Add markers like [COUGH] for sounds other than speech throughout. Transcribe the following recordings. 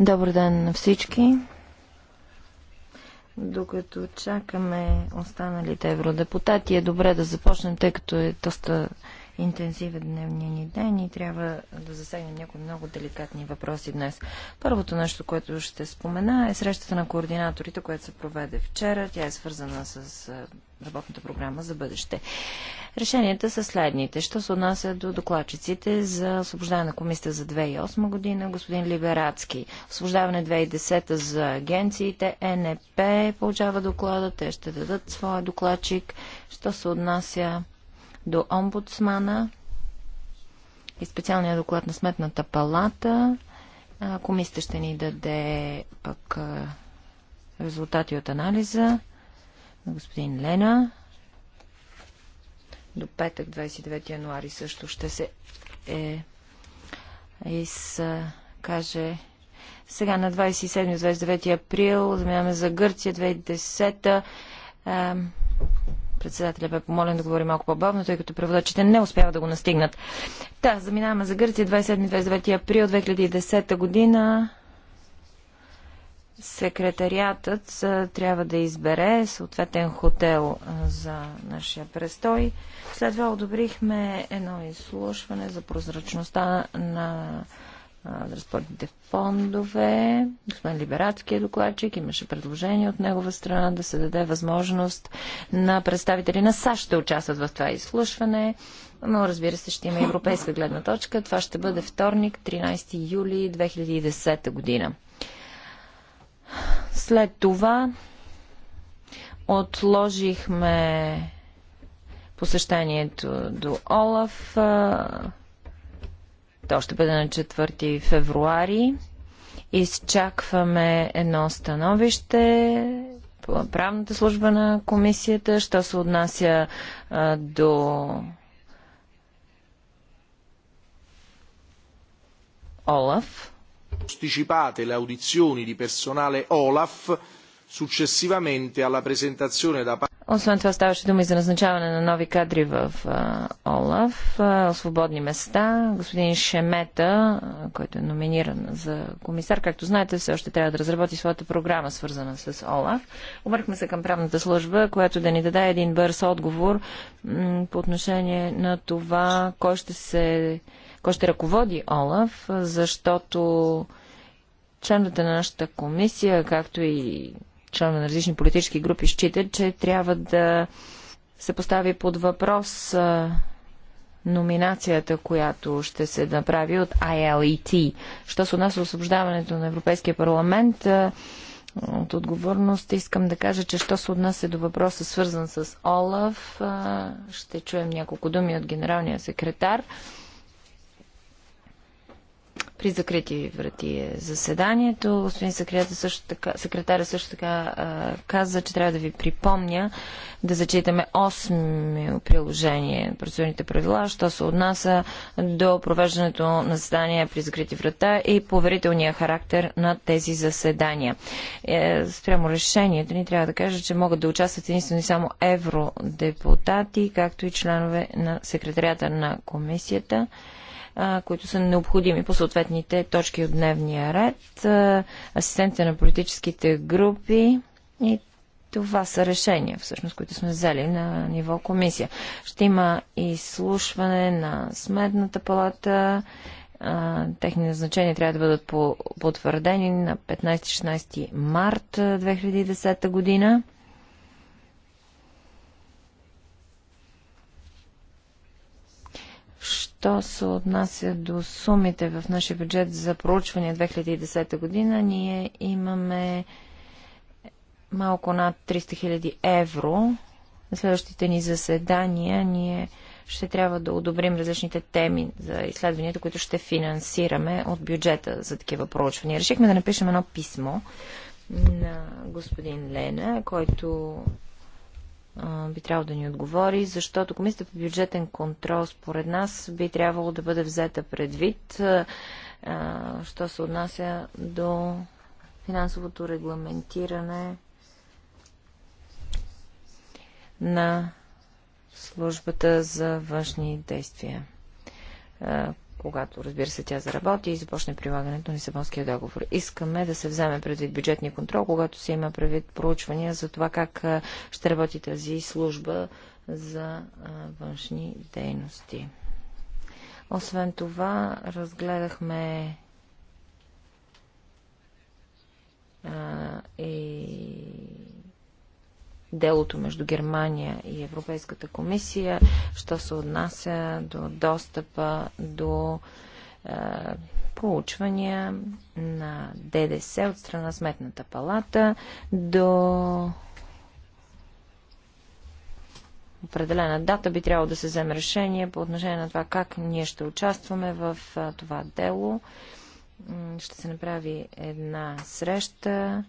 Добър ден на всички. Докато чакаме останалите евродепутати, е добре да започнем, тъй като е доста интензивен дневния ни ден и трябва да засегнем някои много деликатни въпроси днес. Първото нещо, което ще спомена е срещата на координаторите, която се проведе вчера. Тя е свързана с работната програма за бъдеще. Решенията са следните. Що се отнася до докладчиците за освобождаване на комисията за 2008 година, господин Либерацки. Освобождаване 2010 за агенциите, НП получава доклада, те ще дадат своя докладчик. Що се отнася до омбудсмана и специалния доклад на Сметната палата, комисията ще ни даде пък резултати от анализа на господин Лена. До петък, 29 януари, също ще се е изкаже. Сега на 27-29 април заминаваме за Гърция 2010. Е, председателя бе помолен да говори малко по-бавно, тъй като преводачите не успяват да го настигнат. Та, заминаваме за Гърция 27-29 април 2010 година. Секретариатът трябва да избере съответен хотел за нашия престой. След това одобрихме едно изслушване за прозрачността на транспортните фондове. Господин Либератски е докладчик. Имаше предложение от негова страна да се даде възможност на представители на САЩ да участват в това изслушване. Но разбира се, ще има европейска гледна точка. Това ще бъде вторник, 13 юли 2010 година. След това отложихме посещението до Олаф. То ще бъде на 4 февруари. Изчакваме едно становище по правната служба на комисията, що се отнася до Олаф. Posticipate le audizioni di personale Olaf successivamente alla presentazione da parte. Освен това ставаше дума и за назначаване на нови кадри в ОЛАФ, свободни места. Господин Шемета, който е номиниран за комисар, както знаете, все още трябва да разработи своята програма, свързана с ОЛАФ. Обърнахме се към правната служба, която да ни даде един бърз отговор по отношение на това, кой ще се кой ще ръководи Олаф, защото членовете на нашата комисия, както и членове на различни политически групи, считат, че трябва да се постави под въпрос номинацията, която ще се направи от ILET. Що се отнася освобождаването на Европейския парламент, от отговорност искам да кажа, че що се отнася до въпроса свързан с Олаф, ще чуем няколко думи от генералния секретар. При закрити врати е заседанието. Господин секретаря също така, секретаря също така а, каза, че трябва да ви припомня да зачитаме 8 приложение на процедурните правила, що се отнася до провеждането на заседания при закрити врата и поверителния характер на тези заседания. Е, спрямо решението ни трябва да кажа, че могат да участват единствено и само евродепутати, както и членове на секретарията на комисията които са необходими по съответните точки от дневния ред, асистенция асистентите на политическите групи и това са решения, всъщност, които сме взели на ниво комисия. Ще има изслушване на Сметната палата. Техни назначения трябва да бъдат потвърдени на 15-16 март 2010 година. Що се отнася до сумите в нашия бюджет за проучване 2010 година, ние имаме малко над 300 000 евро. На следващите ни заседания ние ще трябва да одобрим различните теми за изследванията, които ще финансираме от бюджета за такива проучвания. Решихме да напишем едно писмо на господин Лена, който би трябвало да ни отговори, защото Комисията по бюджетен контрол според нас би трябвало да бъде взета предвид, що се отнася до финансовото регламентиране на службата за външни действия когато, разбира се, тя заработи и започне прилагането на Лисабонския договор. Искаме да се вземе предвид бюджетния контрол, когато се има предвид проучвания за това как ще работи тази служба за външни дейности. Освен това, разгледахме и делото между Германия и Европейската комисия, що се отнася до достъпа до е, проучвания на ДДС от страна Сметната палата до определена дата би трябвало да се вземе решение по отношение на това как ние ще участваме в е, това дело. Ще се направи една среща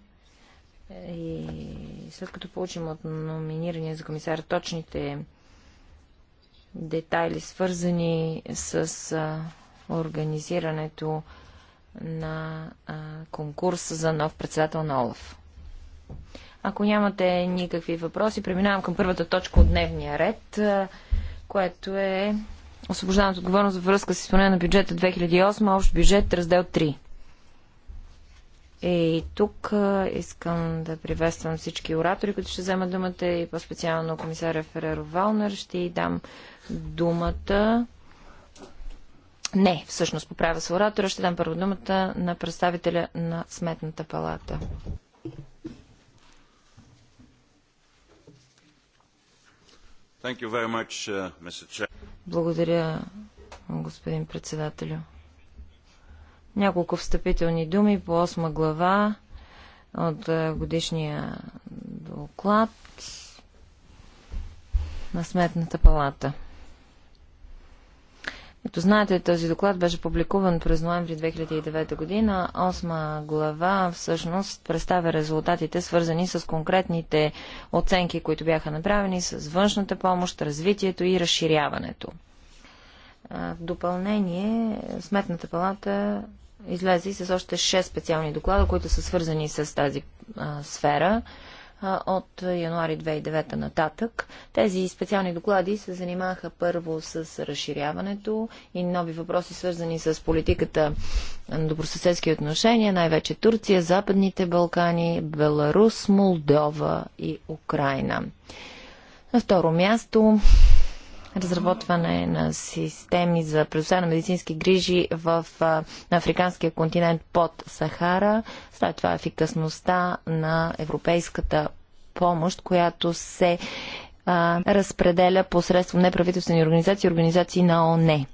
и след като получим от номинирания за комисар точните детайли, свързани с организирането на конкурс за нов председател на ОЛАФ. Ако нямате никакви въпроси, преминавам към първата точка от дневния ред, което е освобождаването отговорност във връзка с изпълнение на бюджета 2008, общ бюджет, раздел 3. Е, и тук. Искам да приветствам всички оратори, които ще вземат думата и по-специално комисаря Фереро Валнер. Ще й дам думата. Не, всъщност поправя се оратора. Ще дам първо думата на представителя на Сметната палата. Uh, Благодаря, господин председателю. Няколко встъпителни думи по 8 глава от е, годишния доклад на Сметната палата. Като знаете, този доклад беше публикуван през ноември 2009 година. Осма глава всъщност представя резултатите, свързани с конкретните оценки, които бяха направени с външната помощ, развитието и разширяването. В допълнение, Сметната палата излезе и с още 6 специални доклада, които са свързани с тази а, сфера а, от януари 2009 нататък. Тези специални доклади се занимаха първо с разширяването и нови въпроси, свързани с политиката на добросъседски отношения, най-вече Турция, Западните Балкани, Беларус, Молдова и Украина. На второ място разработване на системи за предоставяне на медицински грижи в, на африканския континент под Сахара, след това ефикасността на европейската помощ, която се а, разпределя посредством неправителствени организации и организации на ОНЕ.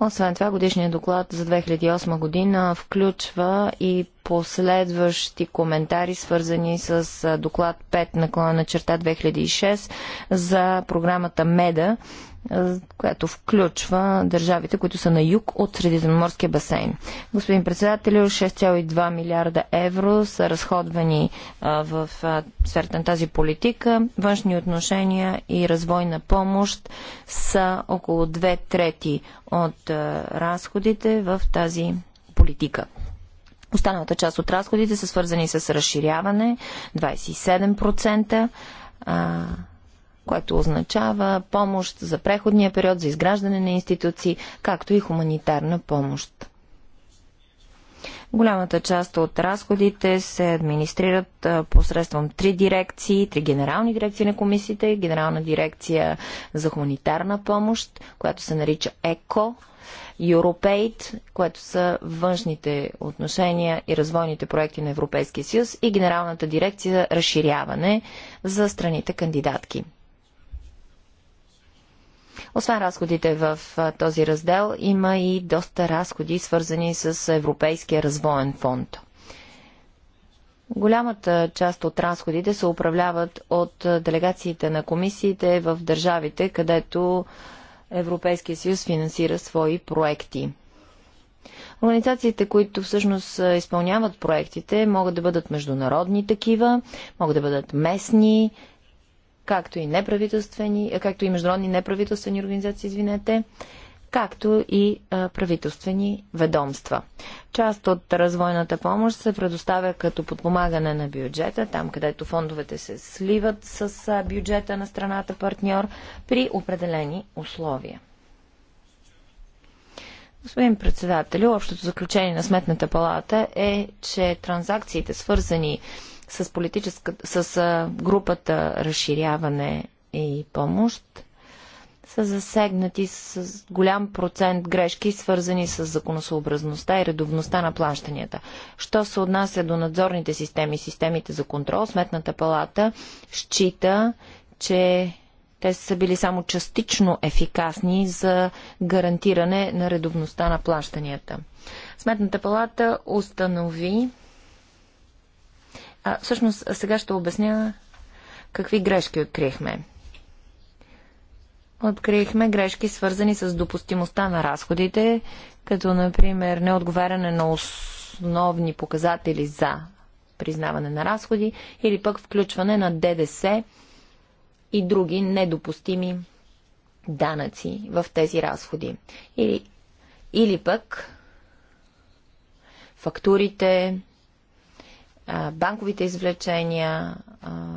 Освен това, годишният доклад за 2008 година включва и последващи коментари, свързани с доклад 5 на клана черта 2006 за програмата МЕДА която включва държавите, които са на юг от Средиземноморския басейн. Господин председател, 6,2 милиарда евро са разходвани в сферата на тази политика. Външни отношения и развойна помощ са около две трети от разходите в тази политика. Останалата част от разходите са свързани с разширяване 27%, което означава помощ за преходния период, за изграждане на институции, както и хуманитарна помощ. Голямата част от разходите се администрират посредством три дирекции, три генерални дирекции на комисиите, генерална дирекция за хуманитарна помощ, която се нарича ЕКО, Европейт, което са външните отношения и развойните проекти на Европейския съюз и Генералната дирекция за разширяване за страните кандидатки. Освен разходите в този раздел, има и доста разходи, свързани с Европейския развоен фонд. Голямата част от разходите се управляват от делегациите на комисиите в държавите, където Европейския съюз финансира свои проекти. Организациите, които всъщност изпълняват проектите, могат да бъдат международни такива, могат да бъдат местни, както и неправителствени, както и международни неправителствени организации, извинете, както и правителствени ведомства. Част от развойната помощ се предоставя като подпомагане на бюджета, там където фондовете се сливат с бюджета на страната партньор при определени условия. Господин председател, общото заключение на Сметната палата е, че транзакциите, свързани с с, с групата разширяване и помощ са засегнати с голям процент грешки, свързани с законосъобразността и редовността на плащанията. Що се отнася до надзорните системи, системите за контрол, Сметната палата счита, че те са били само частично ефикасни за гарантиране на редовността на плащанията. Сметната палата установи, а, всъщност, сега ще обясня какви грешки открихме. Открихме грешки, свързани с допустимостта на разходите, като, например, неотговаряне на основни показатели за признаване на разходи или пък включване на ДДС и други недопустими данъци в тези разходи. Или, или пък фактурите, банковите извлечения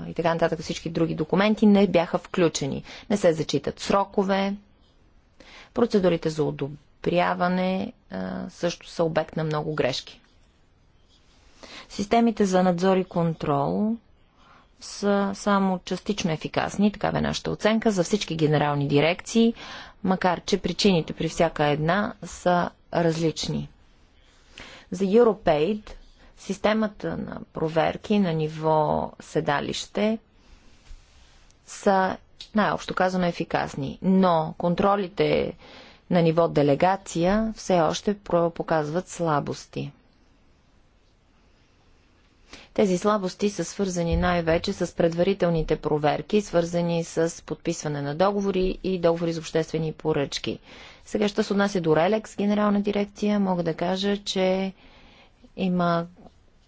и така нататък всички други документи не бяха включени. Не се зачитат срокове, процедурите за одобряване също са обект на много грешки. Системите за надзор и контрол са само частично ефикасни, такава е нашата оценка, за всички генерални дирекции, макар че причините при всяка една са различни. За Europaid Системата на проверки на ниво седалище са най-общо казано ефикасни, но контролите на ниво делегация все още показват слабости. Тези слабости са свързани най-вече с предварителните проверки, свързани с подписване на договори и договори за обществени поръчки. Сега, що се отнася до Релекс, генерална дирекция, мога да кажа, че има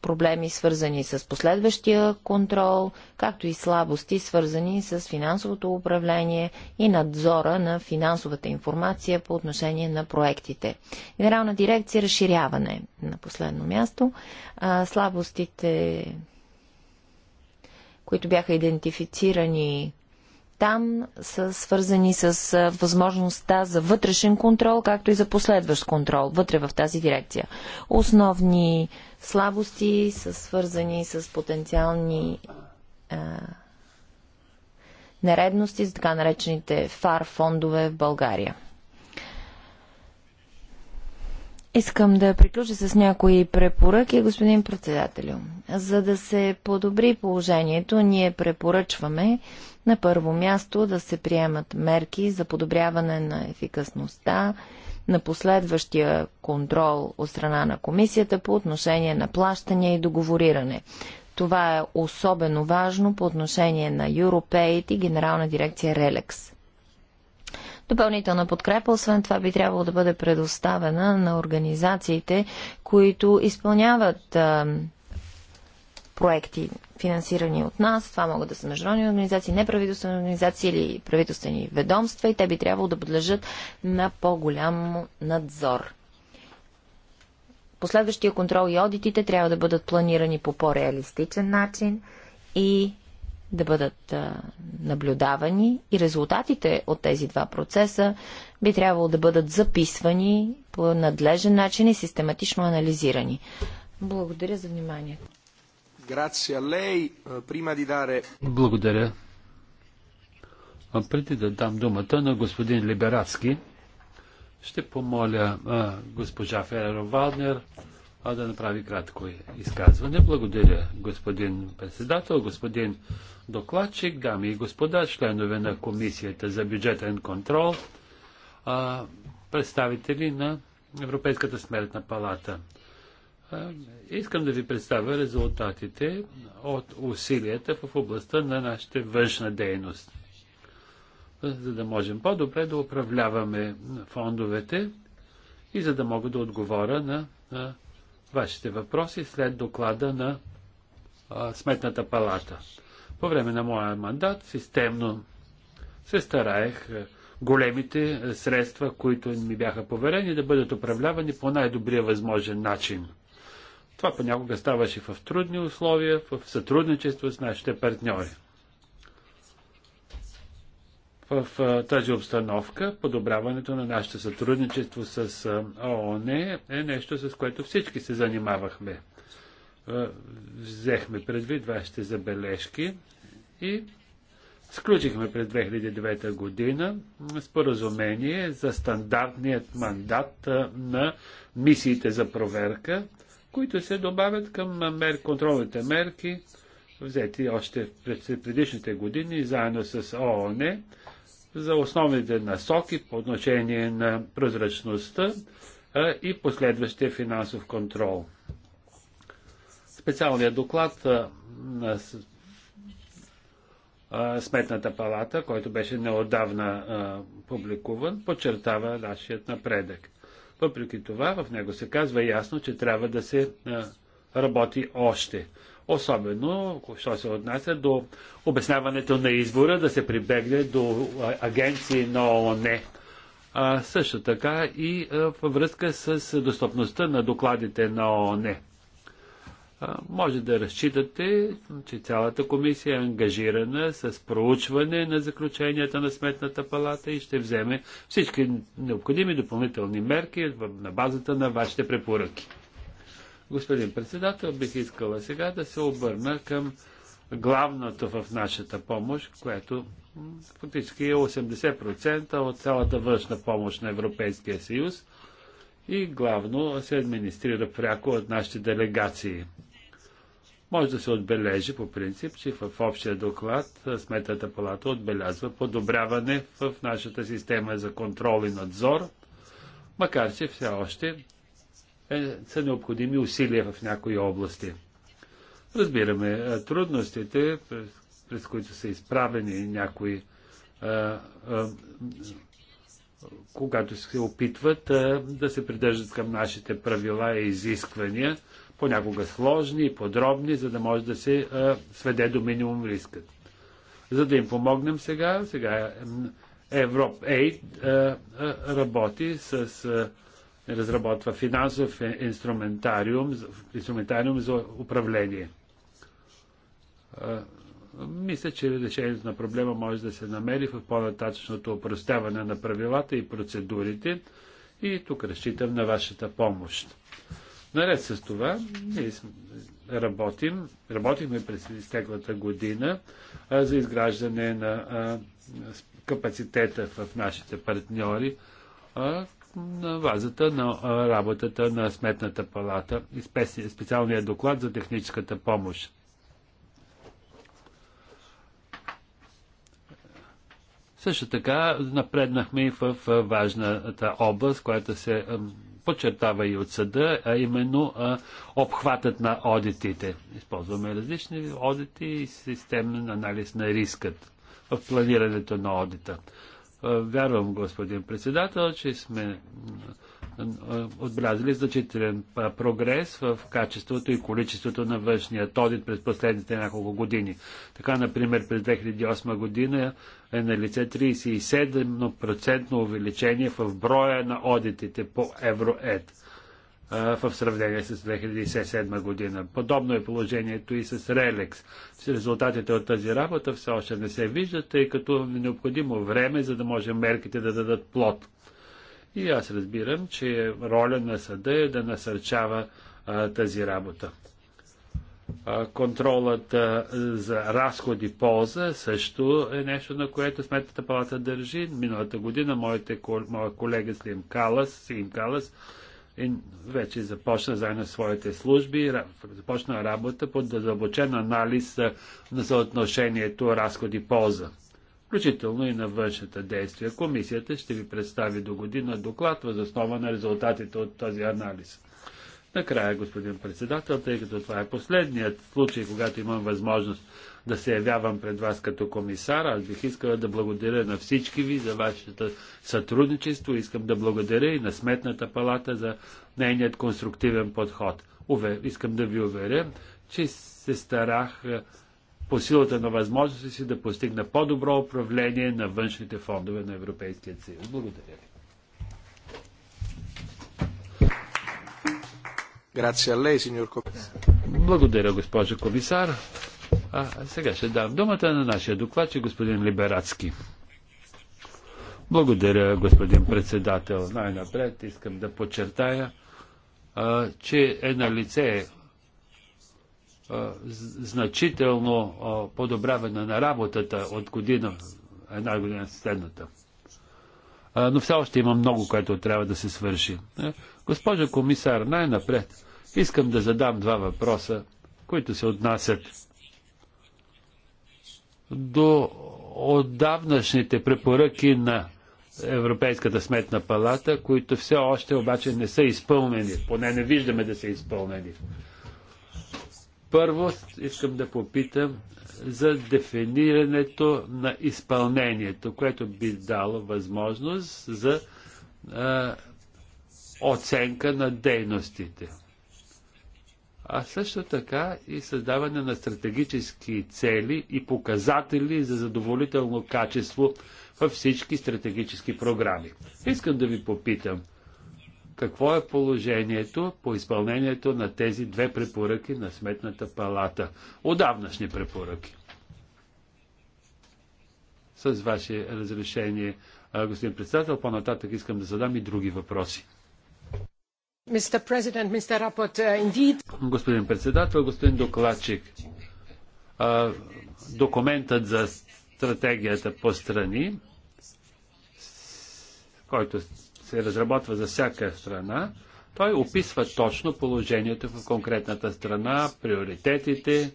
проблеми, свързани с последващия контрол, както и слабости, свързани с финансовото управление и надзора на финансовата информация по отношение на проектите. Генерална дирекция разширяване на последно място. А, слабостите, които бяха идентифицирани там са свързани с възможността за вътрешен контрол, както и за последващ контрол вътре в тази дирекция. Основни слабости са свързани с потенциални а, нередности за така наречените фар фондове в България. Искам да приключа с някои препоръки, господин председателю. За да се подобри положението, ние препоръчваме на първо място да се приемат мерки за подобряване на ефикасността на последващия контрол от страна на комисията по отношение на плащане и договориране. Това е особено важно по отношение на Europaid и Генерална дирекция Релекс. Допълнителна подкрепа, освен това, би трябвало да бъде предоставена на организациите, които изпълняват а, проекти, финансирани от нас. Това могат да са международни организации, неправителствени организации или правителствени ведомства и те би трябвало да подлежат на по-голям надзор. Последващия контрол и одитите трябва да бъдат планирани по по-реалистичен начин и да бъдат наблюдавани и резултатите от тези два процеса би трябвало да бъдат записвани по надлежен начин и систематично анализирани. Благодаря за вниманието. Благодаря. А преди да дам думата на господин Либерацки, ще помоля а, госпожа Ферро Валнер а да направи кратко изказване. Благодаря, господин председател, господин докладчик, дами и господа, членове на Комисията за бюджетен контрол, а, представители на Европейската смертна палата. А, искам да ви представя резултатите от усилията в областта на нашата външна дейност, за да можем по-добре да управляваме фондовете и за да мога да отговоря на, на вашите въпроси след доклада на а, Сметната палата. По време на моя мандат системно се стараех големите средства, които ми бяха поверени, да бъдат управлявани по най-добрия възможен начин. Това понякога ставаше в трудни условия, в сътрудничество с нашите партньори. В тази обстановка подобряването на нашето сътрудничество с ООН е нещо, с което всички се занимавахме. Взехме предвид вашите забележки и сключихме през 2009 година споразумение за стандартният мандат на мисиите за проверка, които се добавят към мер, контролните мерки, взети още пред предишните години, заедно с ООН за основните насоки по отношение на прозрачността и последващия финансов контрол. Специалният доклад на Сметната палата, който беше неодавна публикуван, подчертава нашият напредък. Въпреки това, в него се казва ясно, че трябва да се работи още особено, що се отнася до обясняването на избора, да се прибегне до агенции на ООН. А, също така и във връзка с достъпността на докладите на ООН. може да разчитате, че цялата комисия е ангажирана с проучване на заключенията на Сметната палата и ще вземе всички необходими допълнителни мерки на базата на вашите препоръки. Господин председател, бих искала сега да се обърна към главното в нашата помощ, което фактически е 80% от цялата външна помощ на Европейския съюз и главно се администрира пряко от нашите делегации. Може да се отбележи по принцип, че в общия доклад Сметната палата отбелязва подобряване в нашата система за контрол и надзор, макар че все още е, са необходими усилия в някои области. Разбираме е, трудностите, през, през които са изправени някои, а, е, а, е, когато се опитват а, да се придържат към нашите правила и изисквания, понякога сложни и подробни, за да може да се а, сведе до минимум рискът. За да им помогнем сега, сега Европ Aid работи с. А, разработва финансов е, инструментариум, инструментариум за управление. Мисля, че решението на проблема може да се намери в по-нататъчното опростяване на правилата и процедурите и тук разчитам на вашата помощ. Наред с това, ние работим, работихме през изтеклата година а, за изграждане на а, капацитета в нашите партньори, а, на базата на работата на Сметната палата и специалния доклад за техническата помощ. Също така напреднахме и в важната област, която се подчертава и от съда, а именно обхватът на одитите. Използваме различни одити и системен анализ на рискът в планирането на одита. Е, вярвам, господин председател, че сме е, отбелязали значителен е, прогрес в качеството и количеството на външния одит през последните няколко години. Така, например, през 2008 година е на лице 37% увеличение в броя на одитите по Евроед в сравнение с 2007 година. Подобно е положението и с Релекс. С резултатите от тази работа все още не се виждат, тъй като е необходимо време, за да може мерките да дадат плод. И аз разбирам, че роля на съда е да насърчава а, тази работа. А, контролът а, за разходи-полза също е нещо, на което Сметната палата държи. Миналата година моите, моя колега Слим Калас, Слим Калас и вече започна заедно своите служби, започна работа под задълбочен анализ на съотношението разходи-полза, включително и на външната действия. Комисията ще ви представи до година доклад въз основа на резултатите от този анализ. Накрая, господин председател, тъй като това е последният случай, когато имам възможност да се явявам пред вас като комисар, аз бих искала да благодаря на всички ви за вашето сътрудничество. Искам да благодаря и на Сметната палата за нейният конструктивен подход. Уве, искам да ви уверя, че се старах е, по силата на възможности си да постигна по-добро управление на външните фондове на Европейския съюз. Благодаря ви. Благодаря, госпожо комисар. А, сега ще дам думата на нашия докладчик, господин Либерацки. Благодаря, господин председател. Най-напред искам да подчертая, а, че е на лице а, значително а, подобряване на работата от година, една година следната. А, но все още има много, което трябва да се свърши. Госпожо комисар, най-напред искам да задам два въпроса, които се отнасят до отдавнашните препоръки на Европейската сметна палата, които все още обаче не са изпълнени. Поне не виждаме да са изпълнени. Първо искам да попитам за дефинирането на изпълнението, което би дало възможност за а, оценка на дейностите. А също така и създаване на стратегически цели и показатели за задоволително качество във всички стратегически програми. Искам да ви попитам, какво е положението по изпълнението на тези две препоръки на Сметната палата? Отдавнашни препоръки. С ваше разрешение, господин председател, по-нататък искам да задам и други въпроси. Господин председател, господин докладчик, документът за стратегията по страни, който се разработва за всяка страна, той описва точно положението в конкретната страна, приоритетите,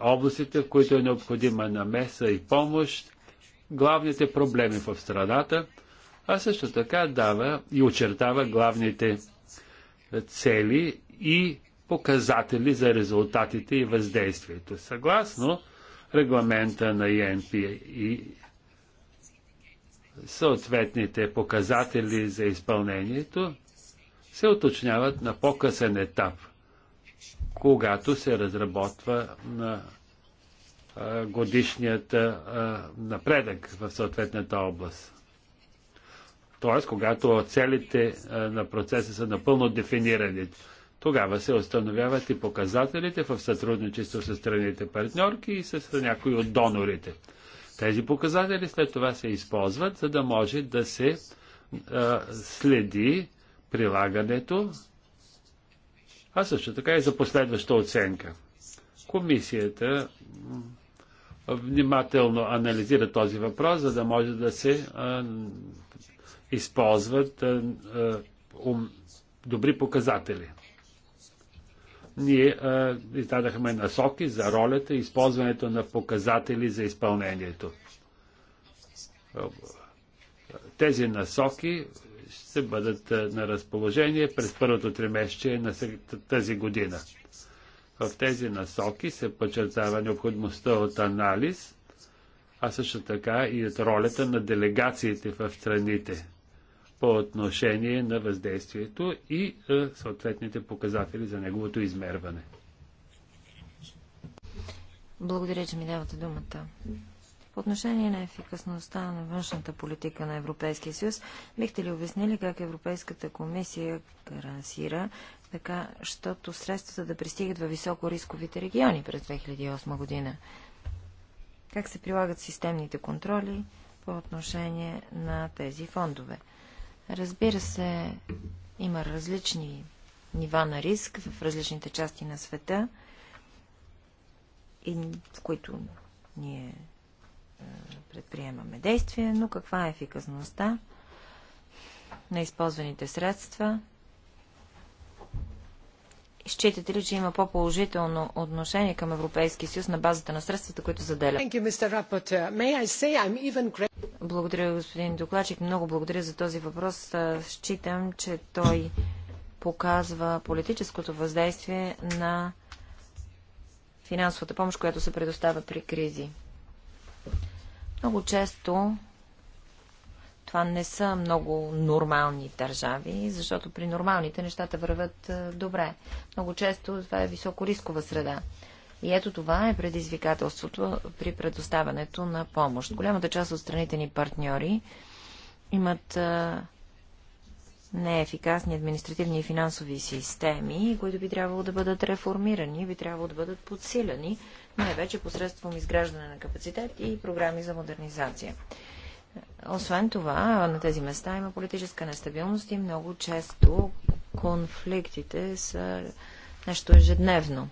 областите, в които е необходима намеса и помощ, главните проблеми в страната – а също така дава и очертава главните цели и показатели за резултатите и въздействието. Съгласно регламента на ЕНП и съответните показатели за изпълнението се уточняват на по-късен етап, когато се разработва на годишният напредък в съответната област. Тоест, когато целите на процеса са напълно дефинирани, тогава се установяват и показателите в сътрудничество с страните партньорки и с някои от донорите. Тези показатели след това се използват, за да може да се а, следи прилагането, а също така и за последваща оценка. Комисията внимателно анализира този въпрос, за да може да се а, използват а, е, а, е, ум, добри показатели. Ние а, е, издадахме насоки за ролята и използването на показатели за изпълнението. Тези насоки ще бъдат на разположение през първото тримесечие на тази година. В тези насоки се подчертава необходимостта от анализ, а също така и от ролята на делегациите в страните – по отношение на въздействието и е, съответните показатели за неговото измерване. Благодаря, че ми давате думата. По отношение на ефикасността на външната политика на Европейския съюз, бихте ли обяснили как Европейската комисия гарансира така, щото средствата да пристигат във високо рисковите региони през 2008 година? Как се прилагат системните контроли по отношение на тези фондове? Разбира се, има различни нива на риск в различните части на света, и в които ние е, предприемаме действия, но каква е ефикасността на използваните средства Считате ли, че има по-положително отношение към Европейския съюз на базата на средствата, които заделя? Благодаря, господин докладчик. Много благодаря за този въпрос. Считам, че той показва политическото въздействие на финансовата помощ, която се предоставя при кризи. Много често това не са много нормални държави, защото при нормалните нещата върват е, добре. Много често това е високорискова среда. И ето това е предизвикателството при предоставянето на помощ. Голямата част от страните ни партньори имат е, неефикасни административни и финансови системи, които би трябвало да бъдат реформирани, би трябвало да бъдат подсилени, най-вече посредством изграждане на капацитет и програми за модернизация. Освен това, на тези места има политическа нестабилност и много често конфликтите са нещо ежедневно.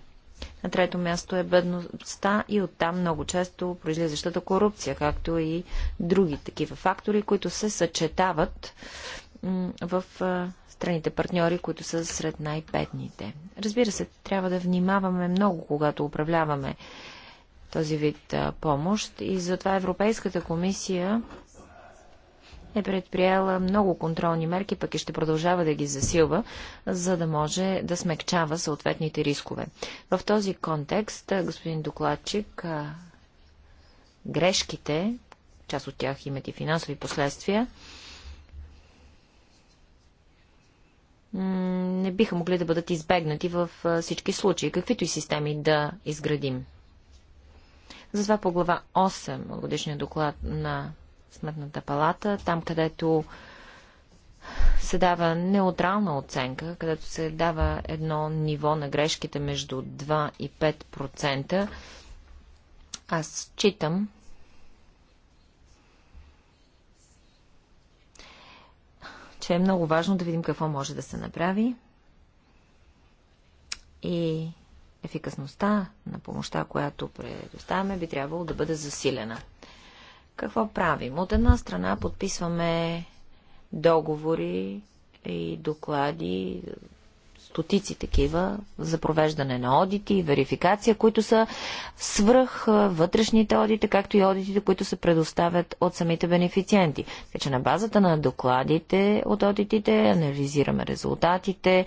На трето място е бедността и оттам много често произлизащата корупция, както и други такива фактори, които се съчетават в страните партньори, които са сред най-бедните. Разбира се, трябва да внимаваме много, когато управляваме този вид помощ и затова Европейската комисия е предприела много контролни мерки, пък и ще продължава да ги засилва, за да може да смекчава съответните рискове. В този контекст, господин докладчик, грешките, част от тях имат и финансови последствия, не биха могли да бъдат избегнати в всички случаи, каквито и системи да изградим. Затова по глава 8 годишния доклад на Сметната палата, там където се дава неутрална оценка, където се дава едно ниво на грешките между 2 и 5%, аз читам, че е много важно да видим какво може да се направи и ефикасността на помощта, която предоставяме, би трябвало да бъде засилена. Какво правим? От една страна подписваме договори и доклади, стотици такива, за провеждане на одити и верификация, които са свръх вътрешните одити, както и одитите, които се предоставят от самите бенефициенти. Така че на базата на докладите от одитите анализираме резултатите,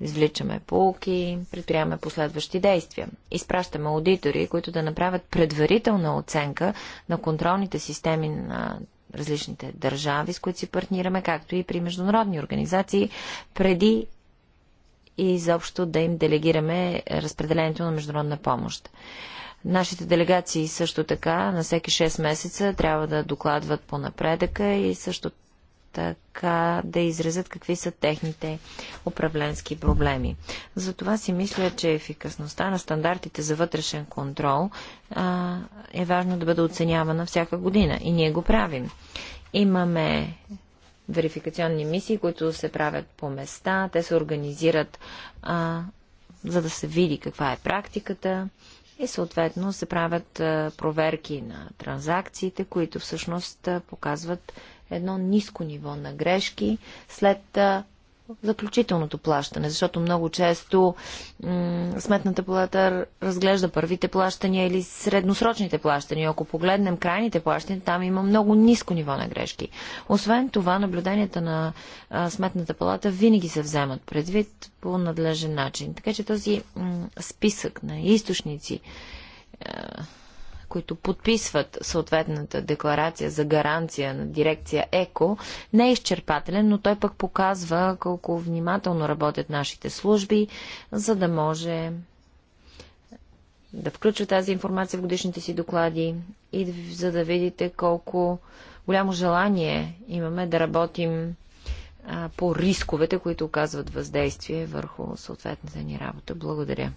Извличаме полки, предприемаме последващи действия. Изпращаме аудитори, които да направят предварителна оценка на контролните системи на различните държави, с които си партнираме, както и при международни организации, преди и изобщо да им делегираме разпределението на международна помощ. Нашите делегации също така на всеки 6 месеца трябва да докладват по напредъка и също така да изразят какви са техните управленски проблеми. Затова си мисля, че ефикасността на стандартите за вътрешен контрол а, е важно да бъде оценявана всяка година и ние го правим. Имаме верификационни мисии, които се правят по места, те се организират а, за да се види каква е практиката и съответно се правят проверки на транзакциите, които всъщност показват едно ниско ниво на грешки след заключителното плащане, защото много често сметната палата разглежда първите плащания или средносрочните плащания. Ако погледнем крайните плащания, там има много ниско ниво на грешки. Освен това, наблюденията на сметната палата винаги се вземат предвид по надлежен начин. Така че този списък на източници които подписват съответната декларация за гаранция на дирекция ЕКО, не е изчерпателен, но той пък показва колко внимателно работят нашите служби, за да може да включва тази информация в годишните си доклади и за да видите колко голямо желание имаме да работим по рисковете, които оказват въздействие върху съответната ни работа. Благодаря.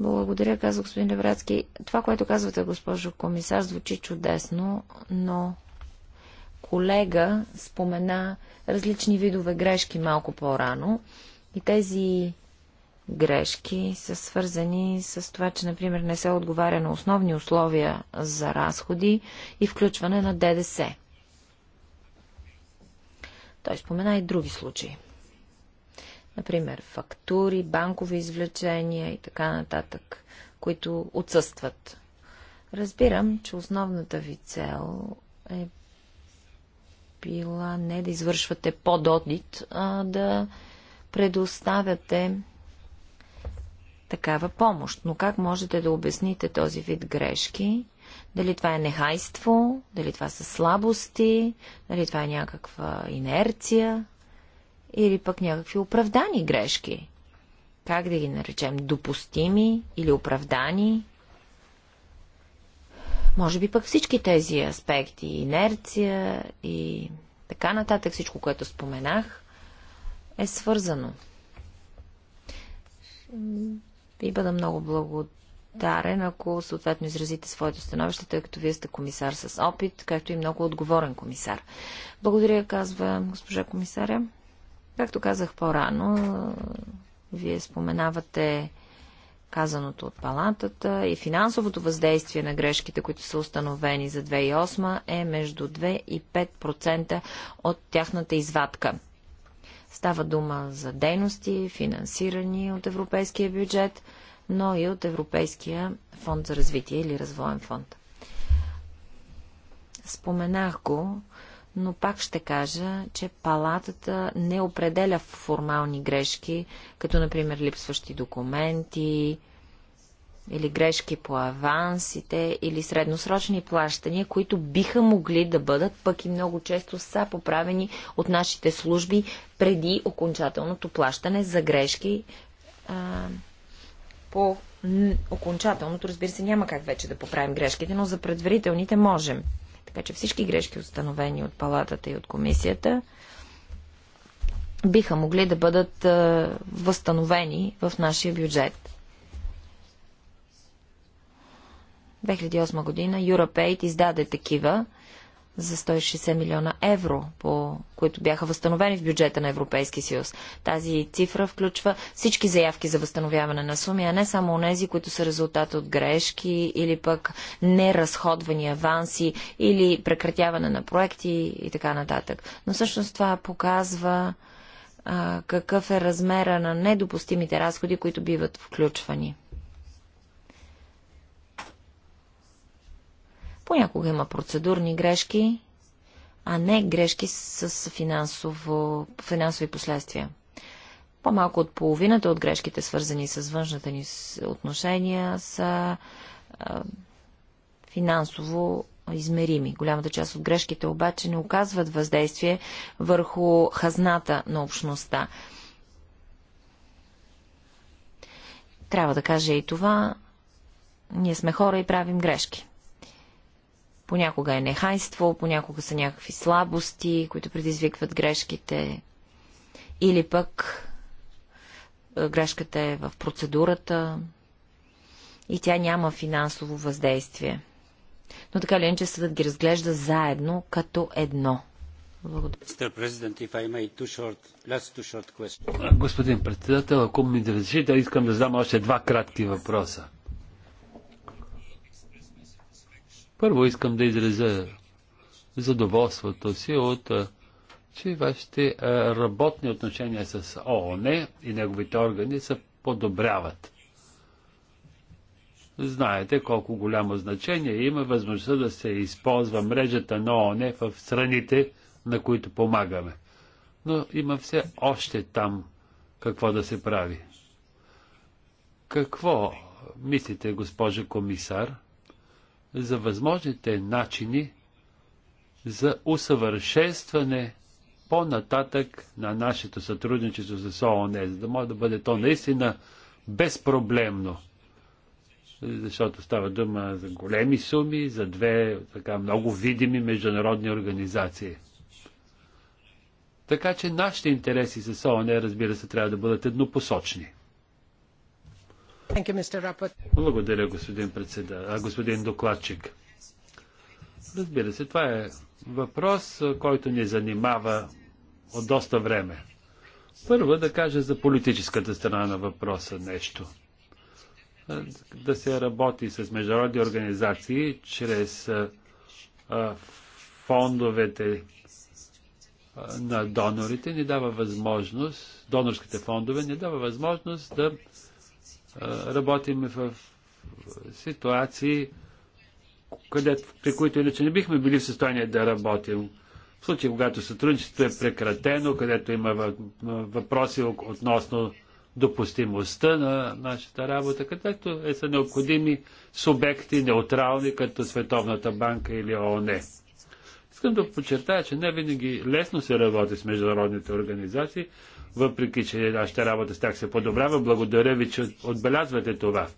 Благодаря, казва господин Левратски. Това, което казвате, госпожо комисар, звучи чудесно, но колега спомена различни видове грешки малко по-рано. И тези грешки са свързани с това, че, например, не се отговаря на основни условия за разходи и включване на ДДС. Той спомена и други случаи. Например, фактури, банкови извлечения и така нататък, които отсъстват. Разбирам, че основната ви цел е била не да извършвате пододит, а да предоставяте такава помощ. Но как можете да обясните този вид грешки? Дали това е нехайство, дали това са слабости, дали това е някаква инерция? или пък някакви оправдани грешки. Как да ги наречем? Допустими или оправдани? Може би пък всички тези аспекти, инерция и така нататък, всичко, което споменах, е свързано. Ви бъда много благодарен, ако съответно изразите своето становище, тъй като вие сте комисар с опит, както и много отговорен комисар. Благодаря, казва госпожа комисаря. Както казах по-рано, вие споменавате казаното от палатата и финансовото въздействие на грешките, които са установени за 2008 е между 2 и 5% от тяхната извадка. Става дума за дейности, финансирани от европейския бюджет, но и от Европейския фонд за развитие или развоен фонд. Споменах го но пак ще кажа, че палатата не определя формални грешки, като например липсващи документи или грешки по авансите или средносрочни плащания, които биха могли да бъдат, пък и много често са поправени от нашите служби преди окончателното плащане за грешки а, по окончателното, разбира се, няма как вече да поправим грешките, но за предварителните можем. Така че всички грешки, установени от палатата и от комисията, биха могли да бъдат възстановени в нашия бюджет. 2008 година Europaid издаде такива за 160 милиона евро, по, които бяха възстановени в бюджета на Европейския съюз. Тази цифра включва всички заявки за възстановяване на суми, а не само онези, които са резултат от грешки или пък неразходвани аванси или прекратяване на проекти и така нататък. Но всъщност това показва а, какъв е размера на недопустимите разходи, които биват включвани. Понякога има процедурни грешки, а не грешки с финансово, финансови последствия. По-малко от половината от грешките, свързани с външната ни отношения, са а, финансово измерими. Голямата част от грешките обаче не оказват въздействие върху хазната на общността. Трябва да кажа и това. Ние сме хора и правим грешки. Понякога е нехайство, понякога са някакви слабости, които предизвикват грешките. Или пък е, грешката е в процедурата и тя няма финансово въздействие. Но така ли че съдът ги разглежда заедно като едно. Благодаря. Господин председател, ако ми разрешите, да искам да задам още два кратки въпроса. Първо искам да изразя задоволството си от че вашите работни отношения с ООН и неговите органи се подобряват. Знаете колко голямо значение има възможността да се използва мрежата на ООН в страните, на които помагаме. Но има все още там какво да се прави. Какво мислите, госпожа комисар? за възможните начини за усъвършенстване по-нататък на нашето сътрудничество с ООН, за да може да бъде то наистина безпроблемно. Защото става дума за големи суми, за две така много видими международни организации. Така че нашите интереси с ООН, разбира се, трябва да бъдат еднопосочни. Благодаря, господин, председател, а, господин докладчик. Разбира се, това е въпрос, който ни занимава от доста време. Първо да кажа за политическата страна на въпроса нещо. Да се работи с международни организации чрез фондовете на донорите ни дава възможност, донорските фондове ни дава възможност да работим в ситуации, където, при които иначе не бихме били в състояние да работим. В случай, когато сътрудничеството е прекратено, където има въпроси относно допустимостта на нашата работа, където е са необходими субекти, неутрални, като Световната банка или ООН. Искам да подчертая, че не винаги лесно се работи с международните организации, въпреки че нашата работа с тях се подобрява. Благодаря ви, че отбелязвате това.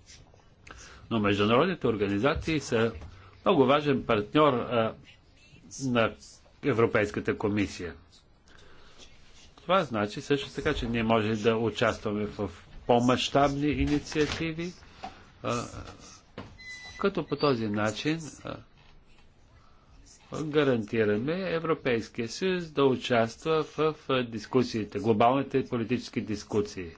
Но международните организации са много важен партньор а, на Европейската комисия. Това значи също така, че ние може да участваме в по-масштабни инициативи, а, като по този начин а, гарантираме Европейския съюз да участва в дискусиите, глобалните политически дискусии.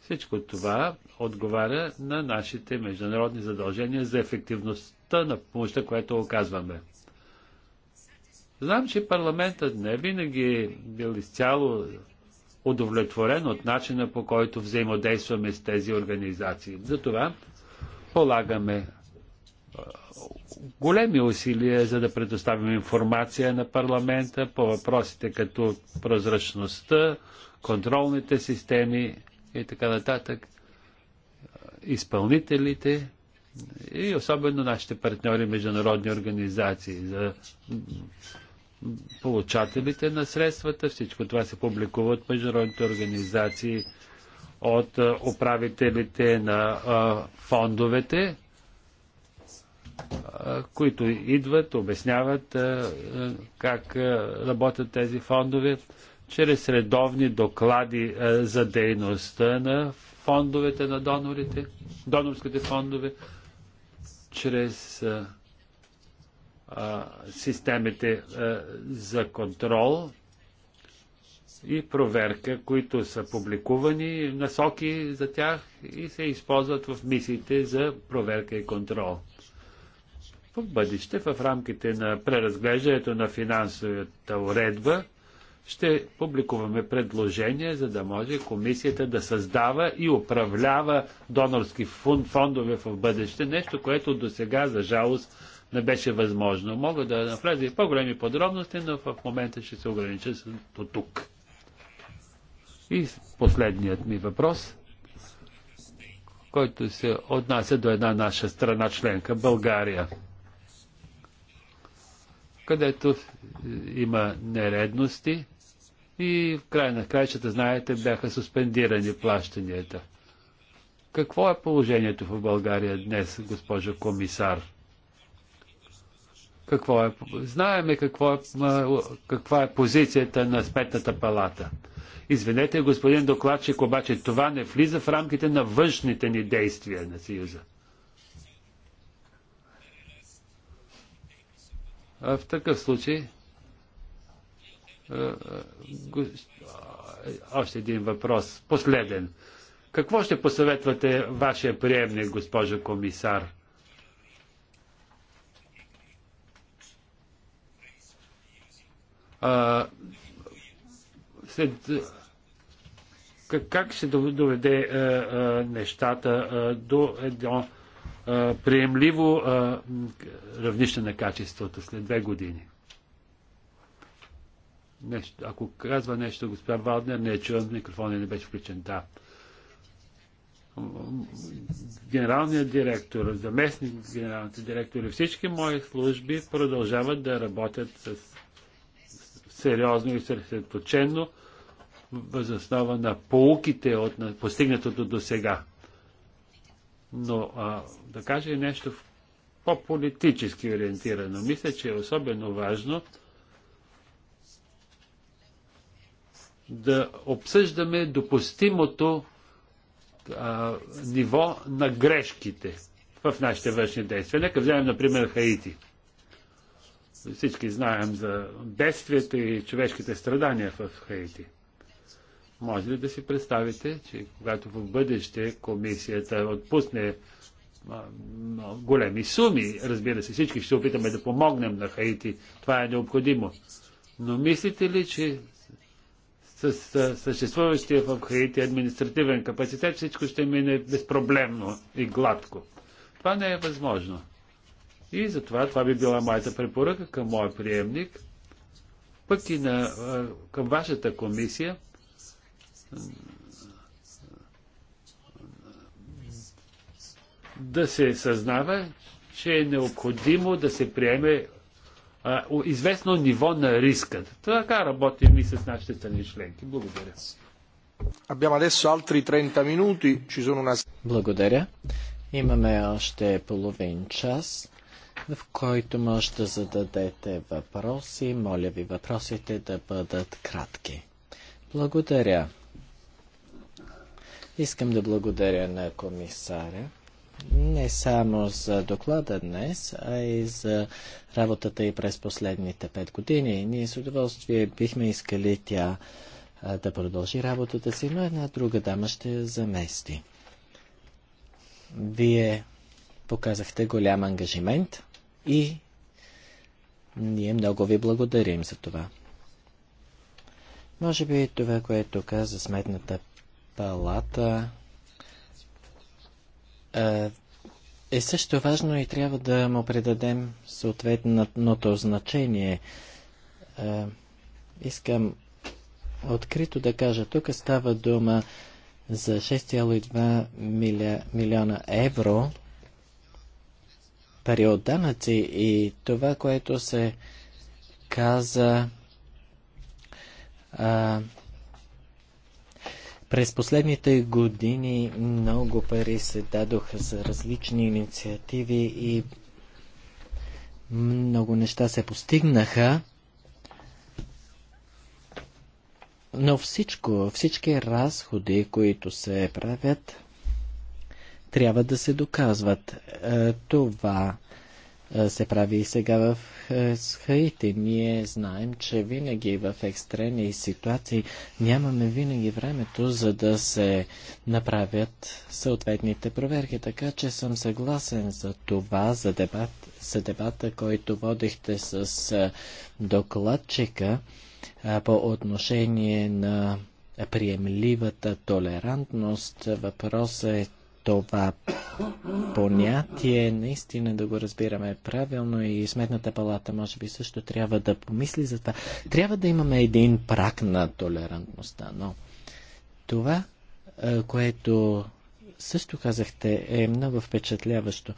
Всичко това отговаря на нашите международни задължения за ефективността на помощта, която оказваме. Знам, че парламентът не винаги е бил изцяло удовлетворен от начина по който взаимодействаме с тези организации. Затова полагаме големи усилия за да предоставим информация на парламента по въпросите като прозрачността, контролните системи и така нататък, изпълнителите и особено нашите партньори, международни организации, за получателите на средствата. Всичко това се публикува от международните организации, от управителите на фондовете, които идват, обясняват как работят тези фондове чрез редовни доклади за дейността на фондовете на донорите, донорските фондове, чрез системите за контрол и проверка, които са публикувани, насоки за тях и се използват в мисиите за проверка и контрол в бъдеще, в рамките на преразглеждането на финансовата уредба, ще публикуваме предложение, за да може комисията да създава и управлява донорски фондове в бъдеще, нещо, което до сега, за жалост, не беше възможно. Мога да навляза и по-големи подробности, но в момента ще се огранича до тук. И последният ми въпрос, който се отнася до една наша страна членка, България където е, има нередности и в край на краищата, знаете, бяха суспендирани плащанията. Какво е положението в България днес, госпожо комисар? Какво е, знаеме какво е, каква е позицията на Сметната палата. Извинете, господин докладчик, обаче това не влиза в рамките на външните ни действия на Съюза. В такъв случай още един въпрос, последен. Какво ще посъветвате вашия приемник, госпожо комисар? А, след, как ще доведе а, а, нещата а, до едно приемливо равнище на качеството след две години. Нещо, ако казва нещо господин Валднер, не е чуван, микрофонът не беше включен. Да. Генералният директор, заместник генералните директори, всички мои служби продължават да работят с сериозно и съсредоточено възоснова на полуките от постигнатото до сега но а, да кажа и нещо по-политически ориентирано. Мисля, че е особено важно да обсъждаме допустимото а, ниво на грешките в нашите външни действия. Нека вземем, например, Хаити. Всички знаем за бедствията и човешките страдания в Хаити – може ли да си представите, че когато в бъдеще комисията отпусне големи суми, разбира се, всички ще опитаме да помогнем на Хаити, това е необходимо. Но мислите ли, че с съществуващия в Хаити административен капацитет всичко ще мине безпроблемно и гладко? Това не е възможно. И затова това би била моята препоръка към моя приемник, пък и на, към вашата комисия – да се съзнава, че е необходимо да се приеме а, известно ниво на риска. Така работим и с нашите страни членки. Благодаря. Благодаря. Имаме още половин час, в който може да зададете въпроси. Моля ви въпросите да бъдат кратки. Благодаря. Искам да благодаря на комисаря не само за доклада днес, а и за работата и през последните пет години. Ние с удоволствие бихме искали тя да продължи работата си, но една друга дама ще я замести. Вие показахте голям ангажимент и ние много ви благодарим за това. Може би това, което каза Сметната палата е, е също важно и трябва да му предадем съответното значение. Е, искам открито да кажа, тук става дума за 6,2 милиона евро пари от данъци и това, което се каза през последните години много пари се дадоха за различни инициативи и много неща се постигнаха. Но всичко, всички разходи, които се правят, трябва да се доказват. Е, това се прави и сега в Хаити. Ние знаем, че винаги в екстремни ситуации нямаме винаги времето, за да се направят съответните проверки. Така че съм съгласен за това, за, дебат, за дебата, който водихте с докладчика по отношение на приемливата толерантност. Въпросът е, това понятие, наистина да го разбираме правилно и Сметната палата може би също трябва да помисли за това. Трябва да имаме един прак на толерантността, но това, е, което също казахте, е много впечатляващо.